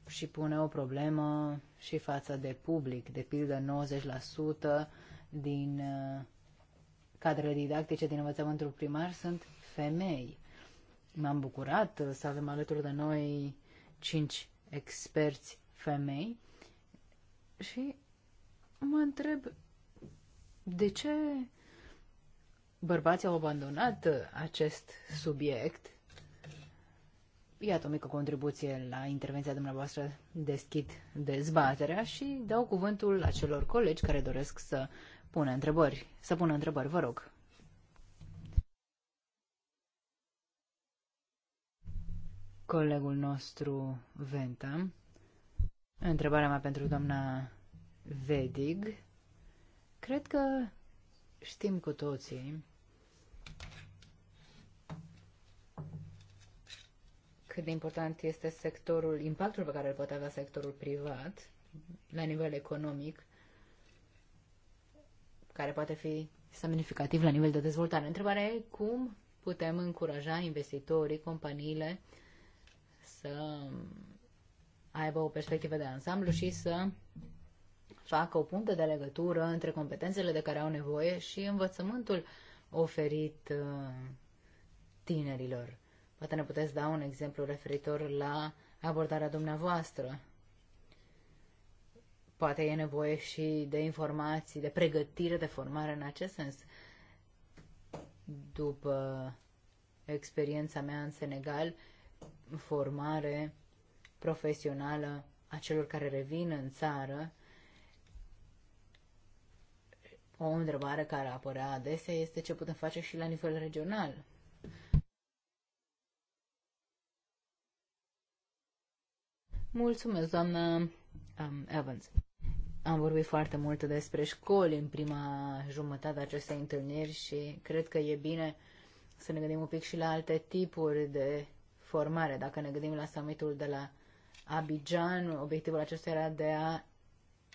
și pune o problemă și față de public. De pildă, 90% din uh, cadrele didactice din învățământul primar sunt femei. M-am bucurat uh, să avem alături de noi cinci experți femei și mă întreb de ce bărbații au abandonat uh, acest subiect. Iată o mică contribuție la intervenția dumneavoastră, deschid dezbaterea și dau cuvântul acelor colegi care doresc să pune întrebări, să pună întrebări, vă rog. Colegul nostru, Venta, întrebarea mea pentru doamna Vedig. Cred că știm cu toții cât de important este sectorul, impactul pe care îl poate avea sectorul privat la nivel economic care poate fi semnificativ la nivel de dezvoltare. Întrebarea e cum putem încuraja investitorii, companiile să aibă o perspectivă de ansamblu și să facă o punte de legătură între competențele de care au nevoie și învățământul oferit uh, tinerilor. Poate ne puteți da un exemplu referitor la abordarea dumneavoastră. Poate e nevoie și de informații, de pregătire, de formare în acest sens. După experiența mea în Senegal, formare profesională a celor care revin în țară, o întrebare care apărea adesea este ce putem face și la nivel regional. Mulțumesc, doamna um, Evans. Am vorbit foarte mult despre școli în prima jumătate a acestei întâlniri și cred că e bine să ne gândim un pic și la alte tipuri de formare. Dacă ne gândim la summitul de la Abidjan, obiectivul acesta era de a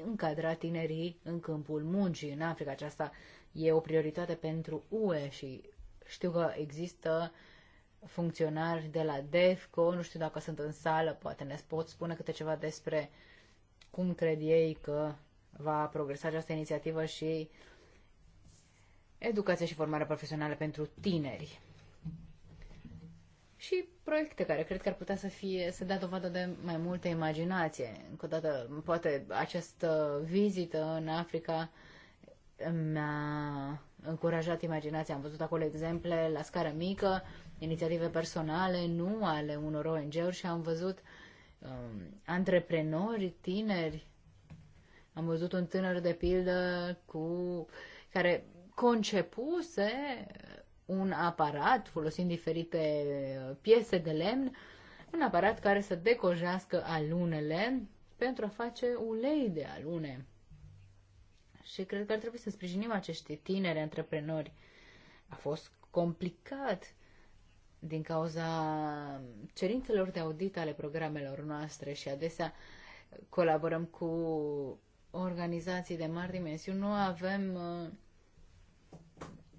încadra tinerii în câmpul muncii în Africa. Aceasta e o prioritate pentru UE și știu că există funcționari de la DEFCO, nu știu dacă sunt în sală, poate ne pot spune câte ceva despre uh, cum cred ei că va progresa această inițiativă și educația și formarea profesională pentru tineri. Și proiecte care cred că ar putea să fie, să dea dovadă de mai multă imaginație. Încă o dată, poate această vizită în Africa mi-a încurajat imaginația. Am văzut acolo exemple la scară mică, inițiative personale, nu ale unor ONG-uri și am văzut uh, um, antreprenori tineri. Am văzut un tânăr de pildă cu care concepuse un aparat folosind diferite piese de lemn, un aparat care să decojească alunele pentru a face ulei de alune. Și cred că ar trebui să sprijinim acești tineri antreprenori. A fost complicat din cauza cerințelor de audit ale programelor noastre și adesea colaborăm cu organizații de mari dimensiuni, nu avem uh,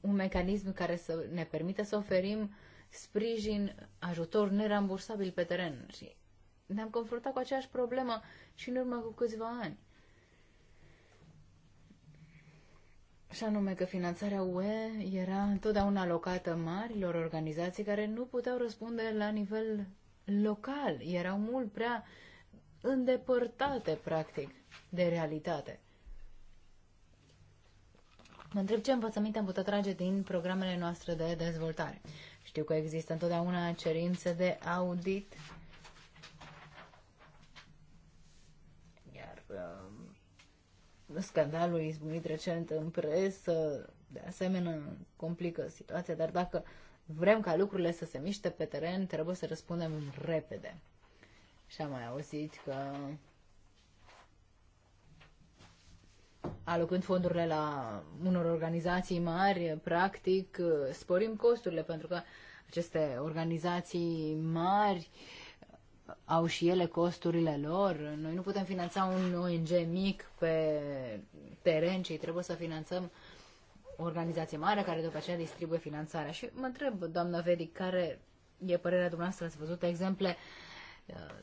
un mecanism care să ne permită să oferim sprijin, ajutor nerambursabil pe teren. Și ne-am confruntat cu aceeași problemă și în urmă cu câțiva ani. și anume că finanțarea UE era întotdeauna alocată marilor organizații care nu puteau răspunde la nivel local, erau mult prea îndepărtate, practic, de realitate. Mă întreb ce învățăminte am putea trage din programele noastre de dezvoltare. Știu că există întotdeauna cerințe de audit scandalul izbunit recent în presă, de asemenea, complică situația, dar dacă vrem ca lucrurile să se miște pe teren, trebuie să răspundem repede. Și am mai auzit că alocând fondurile la unor organizații mari, practic sporim costurile, pentru că aceste organizații mari uh, au și ele costurile lor. Noi nu putem finanța un ONG mic pe teren, ci trebuie să finanțăm o organizație mare care după aceea distribuie finanțarea. Și mă întreb, doamna vedic care e părerea dumneavoastră? Ați văzut exemple uh,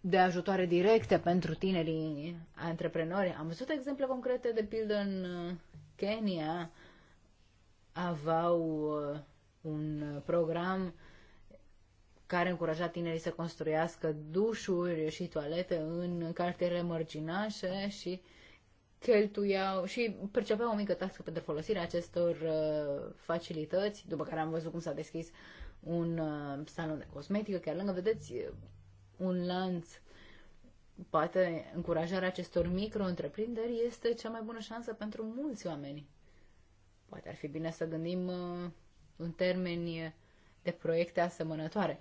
de ajutoare directe pentru tinerii antreprenori. Am văzut exemple concrete, de pildă în uh, Kenya aveau uh, un program uh, care încuraja tinerii să construiască dușuri și toalete în cartiere mărginașe și cheltuiau și percepeau o mică taxă pentru folosirea acestor uh, facilități, după care am văzut cum s-a deschis un uh, salon de cosmetică, chiar lângă, vedeți, un lanț. Poate încurajarea acestor micro-întreprinderi este cea mai bună șansă pentru mulți oameni. Poate ar fi bine să gândim uh, în termeni de proiecte asemănătoare.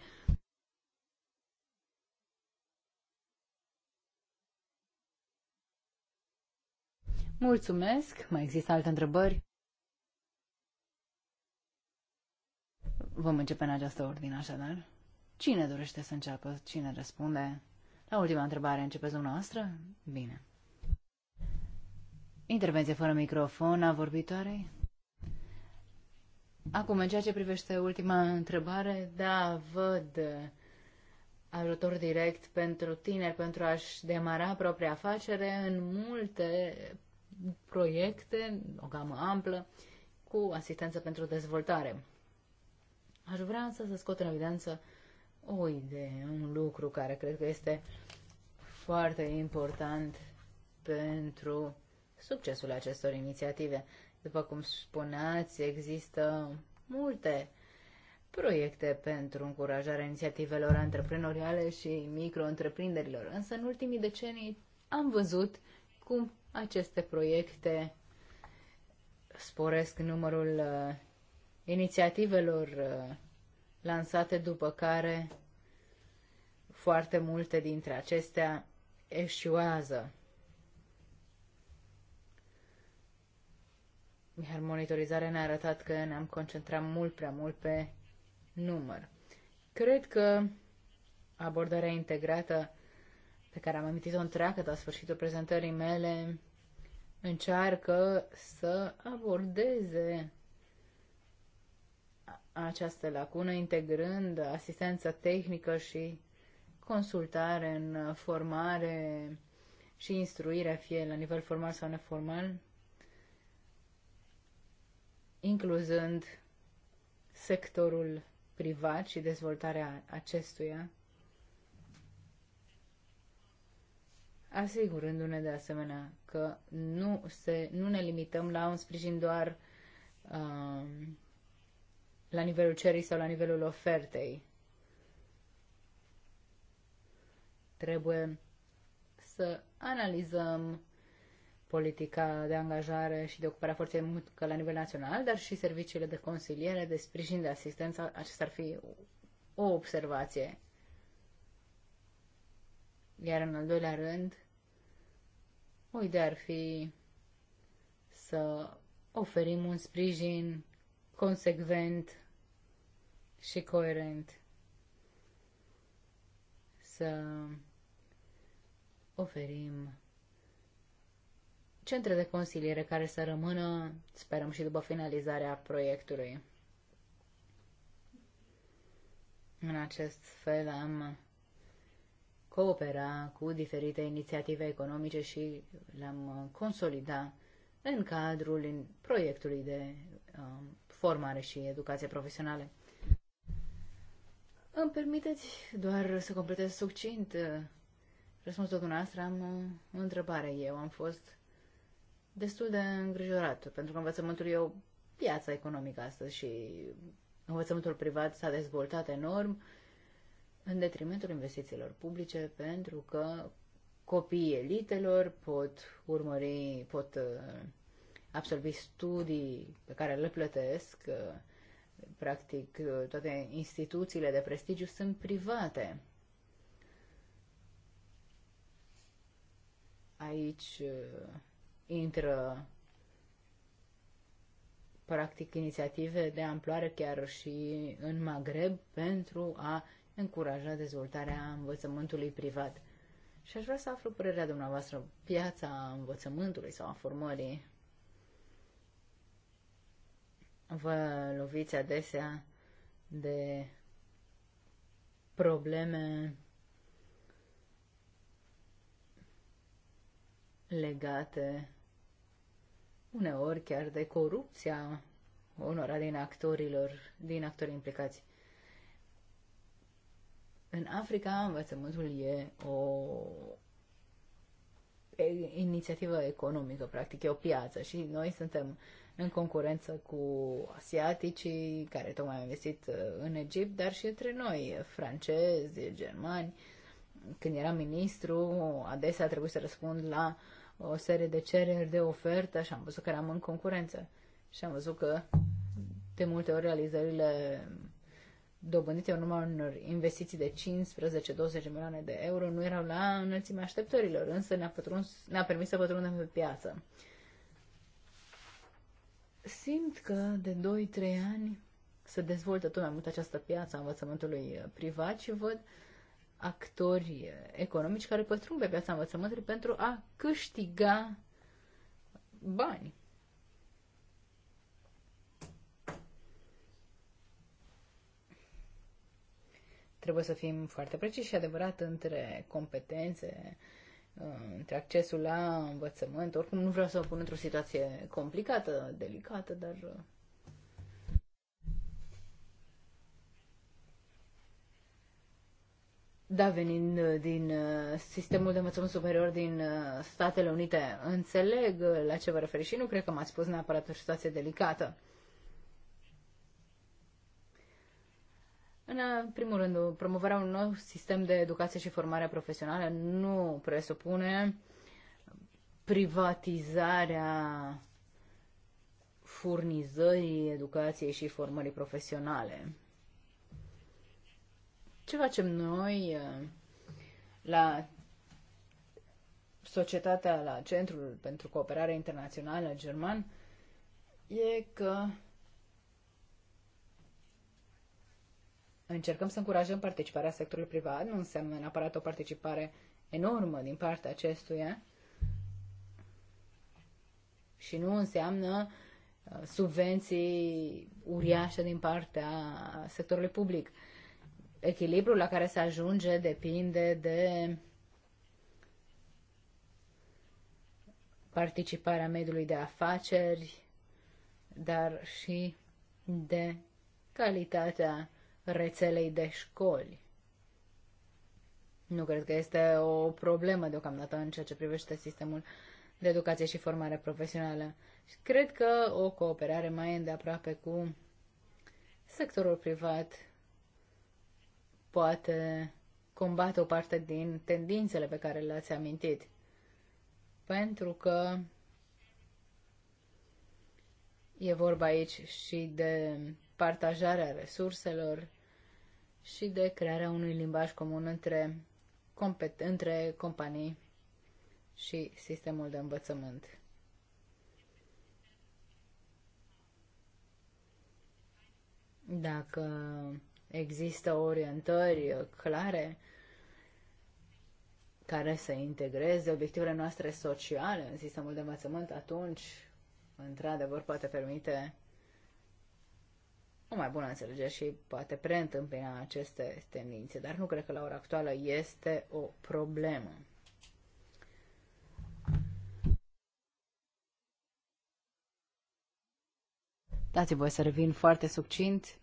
Mulțumesc. Mai există alte întrebări? Vom începe în această ordine, așadar. Cine dorește să înceapă? Cine răspunde? La ultima întrebare începeți dumneavoastră? Bine. Intervenție fără microfon a vorbitoarei. Acum, în ceea ce privește ultima întrebare, da, văd ajutor direct pentru tineri pentru a-și demara propria afacere în multe proiecte, o gamă amplă, cu asistență pentru dezvoltare. Aș vrea însă să scot în evidență o idee, un lucru care cred că este foarte important pentru succesul acestor inițiative. După cum spuneați, există multe proiecte pentru încurajarea inițiativelor antreprenoriale și micro-întreprinderilor, însă în ultimii decenii am văzut cum aceste proiecte sporesc numărul uh, inițiativelor uh, lansate, după care foarte multe dintre acestea eșuează. Iar monitorizarea ne-a arătat că ne-am concentrat mult prea mult pe număr. Cred că abordarea integrată pe care am amintit-o întreagă la sfârșitul prezentării mele încearcă să abordeze această lacună integrând asistență tehnică și consultare în formare și instruire fie la nivel formal sau neformal, incluzând sectorul privat și dezvoltarea acestuia, asigurându-ne de asemenea că nu, se, nu ne limităm la un sprijin doar uh, la nivelul cerii sau la nivelul ofertei. Trebuie să analizăm politica de angajare și de ocupare a forței muncă la nivel național, dar și serviciile de consiliere, de sprijin, de asistență. Acesta ar fi o observație iar în al doilea rând, o idee ar fi să oferim un sprijin consecvent și coerent. Să oferim centre de consiliere care să rămână, sperăm și după finalizarea proiectului. În acest fel am coopera cu diferite inițiative economice și le-am uh, consolidat în cadrul proiectului de um, formare și educație profesională. Îmi permiteți doar să completez succint uh, răspunsul dumneavoastră, am uh, o întrebare. Eu am fost destul de îngrijorat, pentru că învățământul e o piață economică astăzi și învățământul privat s-a dezvoltat enorm, în detrimentul investițiilor publice pentru că copiii elitelor pot urmări, pot uh, absolvi studii pe care le plătesc. Uh, practic, uh, toate instituțiile de prestigiu sunt private. Aici intră practic inițiative de amploare chiar și în Maghreb pentru a încuraja dezvoltarea învățământului privat. Și aș vrea să aflu părerea dumneavoastră, piața învățământului sau a formării. Vă loviți adesea de probleme legate uneori chiar de corupția unora din actorilor, din actorii implicați. În Africa, învățământul e o inițiativă economică, practic e o piață și noi suntem în concurență cu asiaticii care tocmai au investit uh, în Egipt, dar și între noi, francezi, germani. Când eram ministru, adesea a trebuit să răspund la o serie de cereri de ofertă și am văzut că eram în concurență. Și am văzut că de multe ori realizările dobândite în urma unor investiții de 15-20 milioane de euro nu erau la înălțimea așteptărilor, însă ne-a, pătruns, ne-a permis să pătrundem pe piață. Simt că de 2-3 ani se dezvoltă tot mai mult această piață a învățământului privat și văd actori economici care pătrund pe piața învățământului pentru a câștiga bani. Trebuie să fim foarte preciși și adevărat între competențe, între accesul la învățământ. Oricum nu vreau să o pun într-o situație complicată, delicată, dar Da, venind din uh, sistemul de învățământ superior din uh, Statele Unite, înțeleg uh, la ce vă referi și nu cred că m-ați spus neapărat o situație delicată. În primul rând, promovarea unui nou sistem de educație și formare profesională nu presupune privatizarea furnizării educației și formării profesionale. Ce facem noi uh, la societatea, la Centrul pentru Cooperare Internațională German, e că încercăm să încurajăm participarea sectorului privat, nu înseamnă neapărat o participare enormă din partea acestuia și nu înseamnă uh, subvenții uriașe din partea sectorului public. Echilibrul la care se ajunge depinde de participarea mediului de afaceri, dar și de calitatea rețelei de școli. Nu cred că este o problemă deocamdată în ceea ce privește sistemul de educație și formare profesională. Și cred că o cooperare mai îndeaproape cu sectorul privat poate combate o parte din tendințele pe care le-ați amintit. Pentru că e vorba aici și de partajarea resurselor, și de crearea unui limbaj comun între, între companii și sistemul de învățământ. Dacă există orientări clare care să integreze obiectivele noastre sociale în sistemul de învățământ, atunci, într-adevăr, poate permite o mai bună înțelegere și poate preîntâmpina aceste tendințe, dar nu cred că la ora actuală este o problemă. Dați-mi voi să revin foarte succint.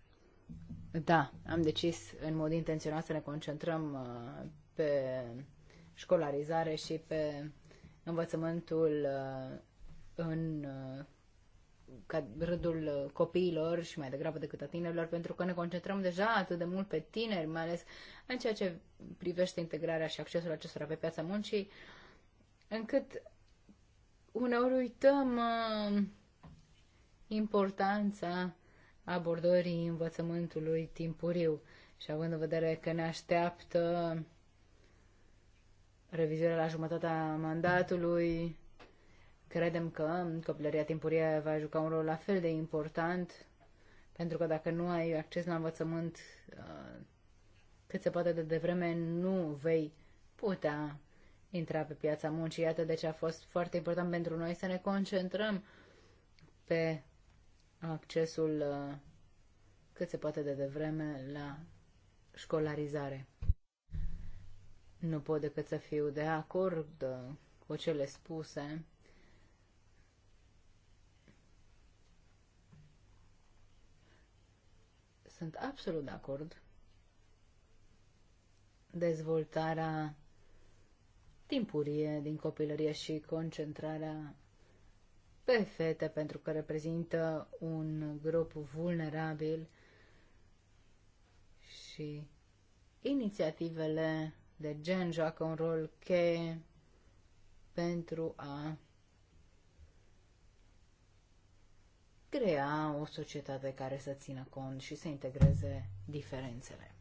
Da, am decis în mod intenționat să ne concentrăm uh, pe școlarizare și pe învățământul uh, în uh, ca rândul uh, copiilor și mai degrabă decât a tinerilor, pentru că ne concentrăm deja atât de mult pe tineri, mai ales în ceea ce privește integrarea și accesul acestora pe piața muncii, încât uneori uităm uh, importanța abordării învățământului timpuriu și având în vedere că ne așteaptă revizuirea la jumătatea mandatului, Credem că copilăria timpurie va juca un rol la fel de important, pentru că dacă nu ai acces la învățământ uh, cât se poate de devreme, nu vei putea intra pe piața muncii. Iată de ce a fost foarte important pentru noi să ne concentrăm pe accesul uh, cât se poate de devreme la școlarizare. Nu pot decât să fiu de acord uh, cu cele spuse sunt absolut de acord. Dezvoltarea timpurie din copilărie și concentrarea pe fete pentru că reprezintă un grup vulnerabil și inițiativele de gen joacă un rol cheie pentru a crea o societate care să țină cont și să integreze diferențele.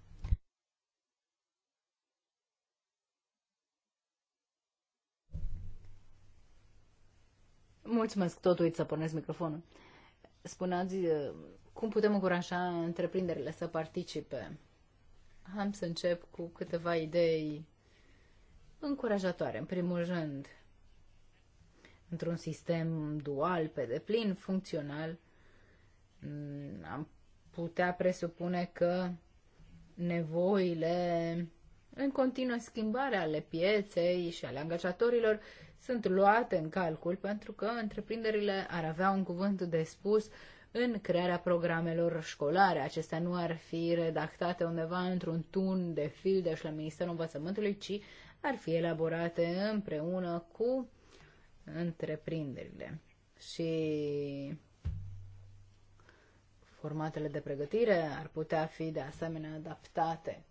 Mulțumesc, tot uit să pornesc microfonul. Spuneați, uh, cum putem încuraja întreprinderile să participe? Am să încep cu câteva idei încurajatoare. În primul rând, într-un sistem dual, pe deplin, funcțional, mm, am putea presupune că nevoile în continuă schimbare ale pieței și ale angajatorilor sunt luate în calcul pentru că întreprinderile ar avea un cuvânt de spus în crearea programelor școlare. Acestea nu ar fi redactate undeva într-un tun de fildeș la Ministerul Învățământului, ci ar fi elaborate împreună cu întreprinderile și formatele de pregătire ar putea fi de asemenea adaptate.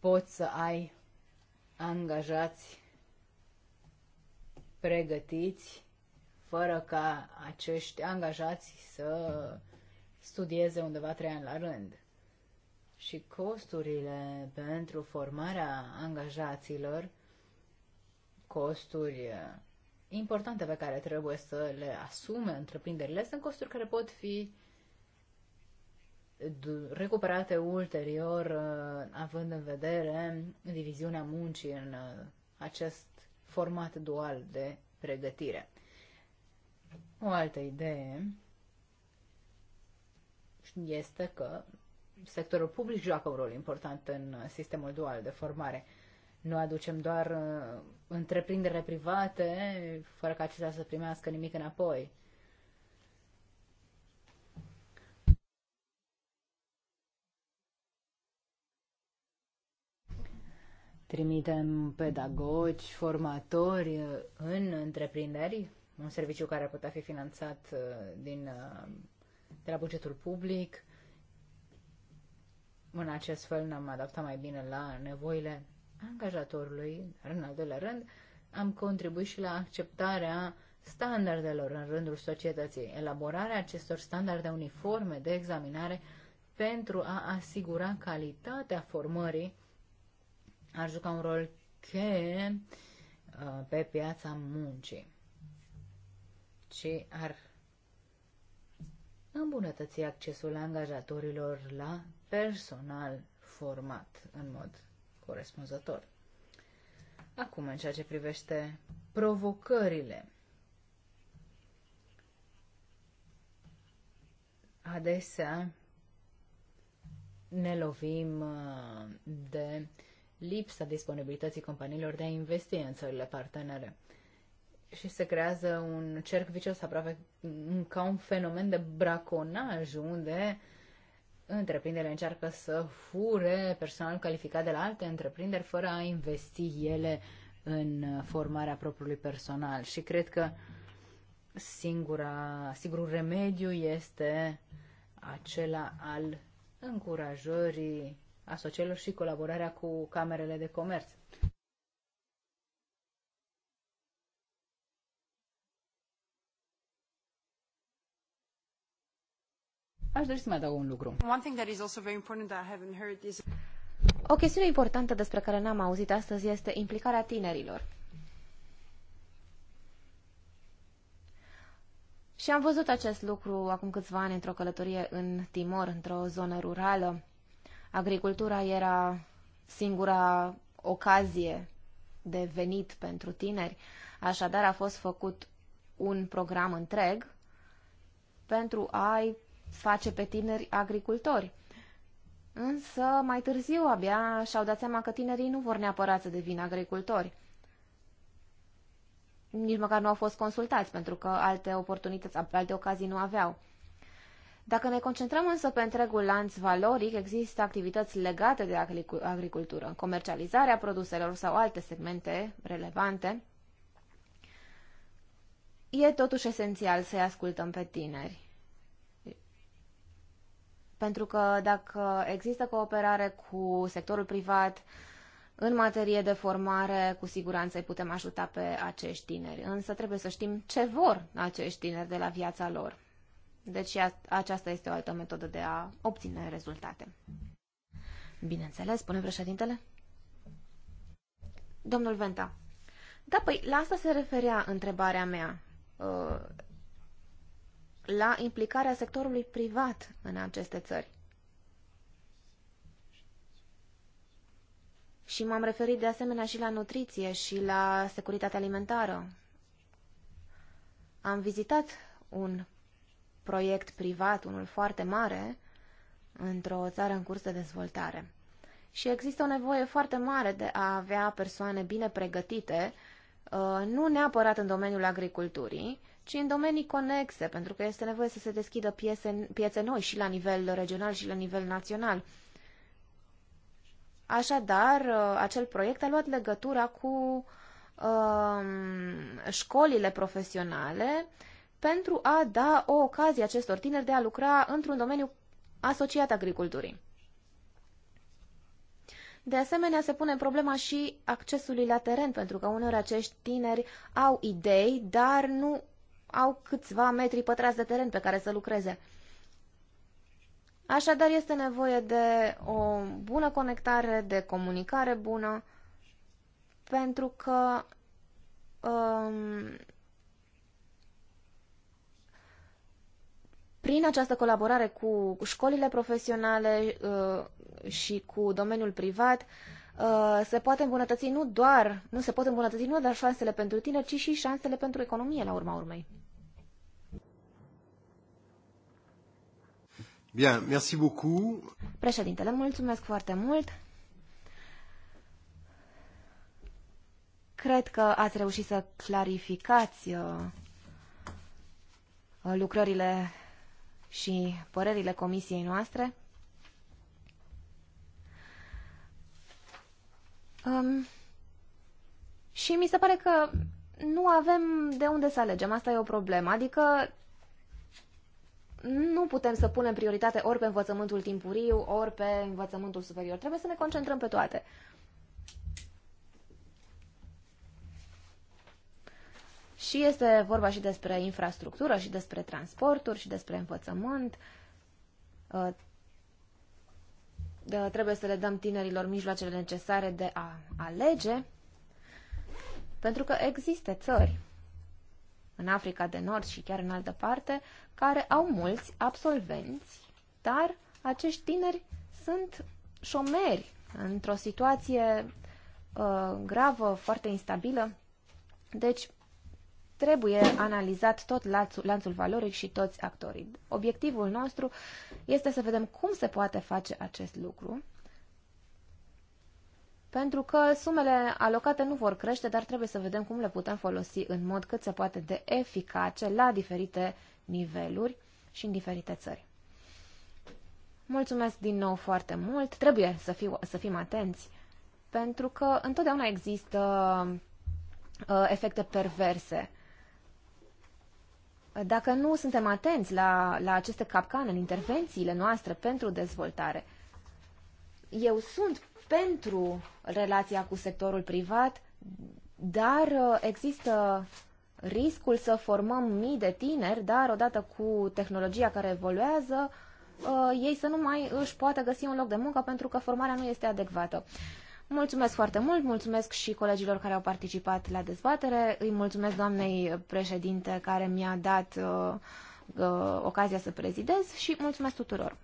Poți să ai angajați pregătiți fără ca acești angajați să studieze undeva trei ani la rând. Și costurile pentru formarea angajaților costuri eh, importante pe care trebuie să le asume întreprinderile. Sunt costuri care pot fi recuperate ulterior, eh, având în vedere diviziunea muncii în eh, acest format dual de pregătire. O altă idee este că sectorul public joacă un rol important în sistemul dual de formare. Nu aducem doar întreprindere private fără ca acestea să primească nimic înapoi. Trimitem pedagogi, formatori uh, în întreprinderi, un serviciu care ar putea fi finanțat uh, din, uh, de la bugetul public. În acest fel ne-am adaptat mai bine la nevoile angajatorului, dar în al doilea rând, am contribuit și la acceptarea standardelor în rândul societății, elaborarea acestor standarde uniforme de examinare pentru a asigura calitatea formării ar juca un rol cheie uh, pe piața muncii și ar îmbunătăți accesul angajatorilor la personal format în mod corespunzător. Acum, în ceea ce privește provocările, adesea ne lovim uh, de lipsa disponibilității companiilor de a investi în țările partenere. Și se creează un cerc vicios aproape ca un fenomen de braconaj, unde întreprindere încearcă să fure personal calificat de la alte întreprinderi fără a investi ele în formarea propriului personal. Și cred că singura, singurul remediu este acela al încurajării asocierilor și colaborarea cu camerele de comerț. Aș dori să mai adaug un lucru. O chestiune importantă despre care n-am auzit astăzi este implicarea tinerilor. Și am văzut acest lucru acum câțiva ani într-o călătorie în Timor, într-o zonă rurală. Agricultura era singura ocazie de venit pentru tineri, așadar a fost făcut un program întreg pentru a-i face pe tineri agricultori. Însă, mai târziu abia și-au dat seama că tinerii nu vor neapărat să devină agricultori. Nici măcar nu au fost consultați, pentru că alte oportunități, alte ocazii nu aveau. Dacă ne concentrăm însă pe întregul lanț valoric, există activități legate de agricultură, comercializarea produselor sau alte segmente relevante. E totuși esențial să-i ascultăm pe tineri pentru că dacă există cooperare cu sectorul privat în materie de formare, cu siguranță îi putem ajuta pe acești tineri. Însă trebuie să știm ce vor acești tineri de la viața lor. Deci aceasta este o altă metodă de a obține rezultate. Bineînțeles, spune președintele. Domnul Venta. Da, păi la asta se referea întrebarea mea. Uh, la implicarea sectorului privat în aceste țări. Și m-am referit de asemenea și la nutriție și la securitatea alimentară. Am vizitat un proiect privat, unul foarte mare, într-o țară în curs de dezvoltare. Și există o nevoie foarte mare de a avea persoane bine pregătite, uh, nu neapărat în domeniul agriculturii, ci în domenii conexe, pentru că este nevoie să se deschidă piese, piețe noi și la nivel regional și la nivel național. Așadar, uh, acel proiect a luat legătura cu um, școlile profesionale pentru a da o ocazie acestor tineri de a lucra într-un domeniu asociat agriculturii. De asemenea, se pune problema și accesului la teren, pentru că uneori acești tineri au idei, dar nu au câțiva metri pătrați de teren pe care să lucreze. Așadar, este nevoie de o bună conectare, de comunicare bună, pentru că um, prin această colaborare cu școlile profesionale uh, și cu domeniul privat, uh, Uh, se poate îmbunătăți nu doar, nu se pot îmbunătăți nu doar șansele pentru tine, ci și șansele pentru economie la urma urmei. Bien, merci beaucoup. Președintele, mulțumesc foarte mult. Cred că ați reușit să clarificați uh, lucrările și părerile comisiei noastre. Um, și mi se pare că nu avem de unde să alegem. Asta e o problemă. Adică nu putem să punem prioritate ori pe învățământul timpuriu, ori pe învățământul superior. Trebuie să ne concentrăm pe toate. Și este vorba și despre infrastructură, și despre transporturi, și despre învățământ trebuie să le dăm tinerilor mijloacele necesare de a alege, pentru că există țări în Africa de Nord și chiar în altă parte, care au mulți absolvenți, dar acești tineri sunt șomeri într-o situație uh, gravă, foarte instabilă. Deci, trebuie analizat tot lanțul, lanțul valoric și toți actorii. Obiectivul nostru este să vedem cum se poate face acest lucru, pentru că sumele alocate nu vor crește, dar trebuie să vedem cum le putem folosi în mod cât se poate de eficace la diferite niveluri și în diferite țări. Mulțumesc din nou foarte mult. Trebuie să, fiu, să fim atenți, pentru că întotdeauna există uh, efecte perverse dacă nu suntem atenți la, la aceste capcane în intervențiile noastre pentru dezvoltare. Eu sunt pentru relația cu sectorul privat, dar uh, există riscul să formăm mii de tineri, dar odată cu tehnologia care evoluează, uh, ei să nu mai își poată găsi un loc de muncă pentru că formarea nu este adecvată. Mulțumesc foarte mult, mulțumesc și colegilor care au participat la dezbatere, îi mulțumesc doamnei președinte care mi-a dat uh, uh, ocazia să prezidez și mulțumesc tuturor.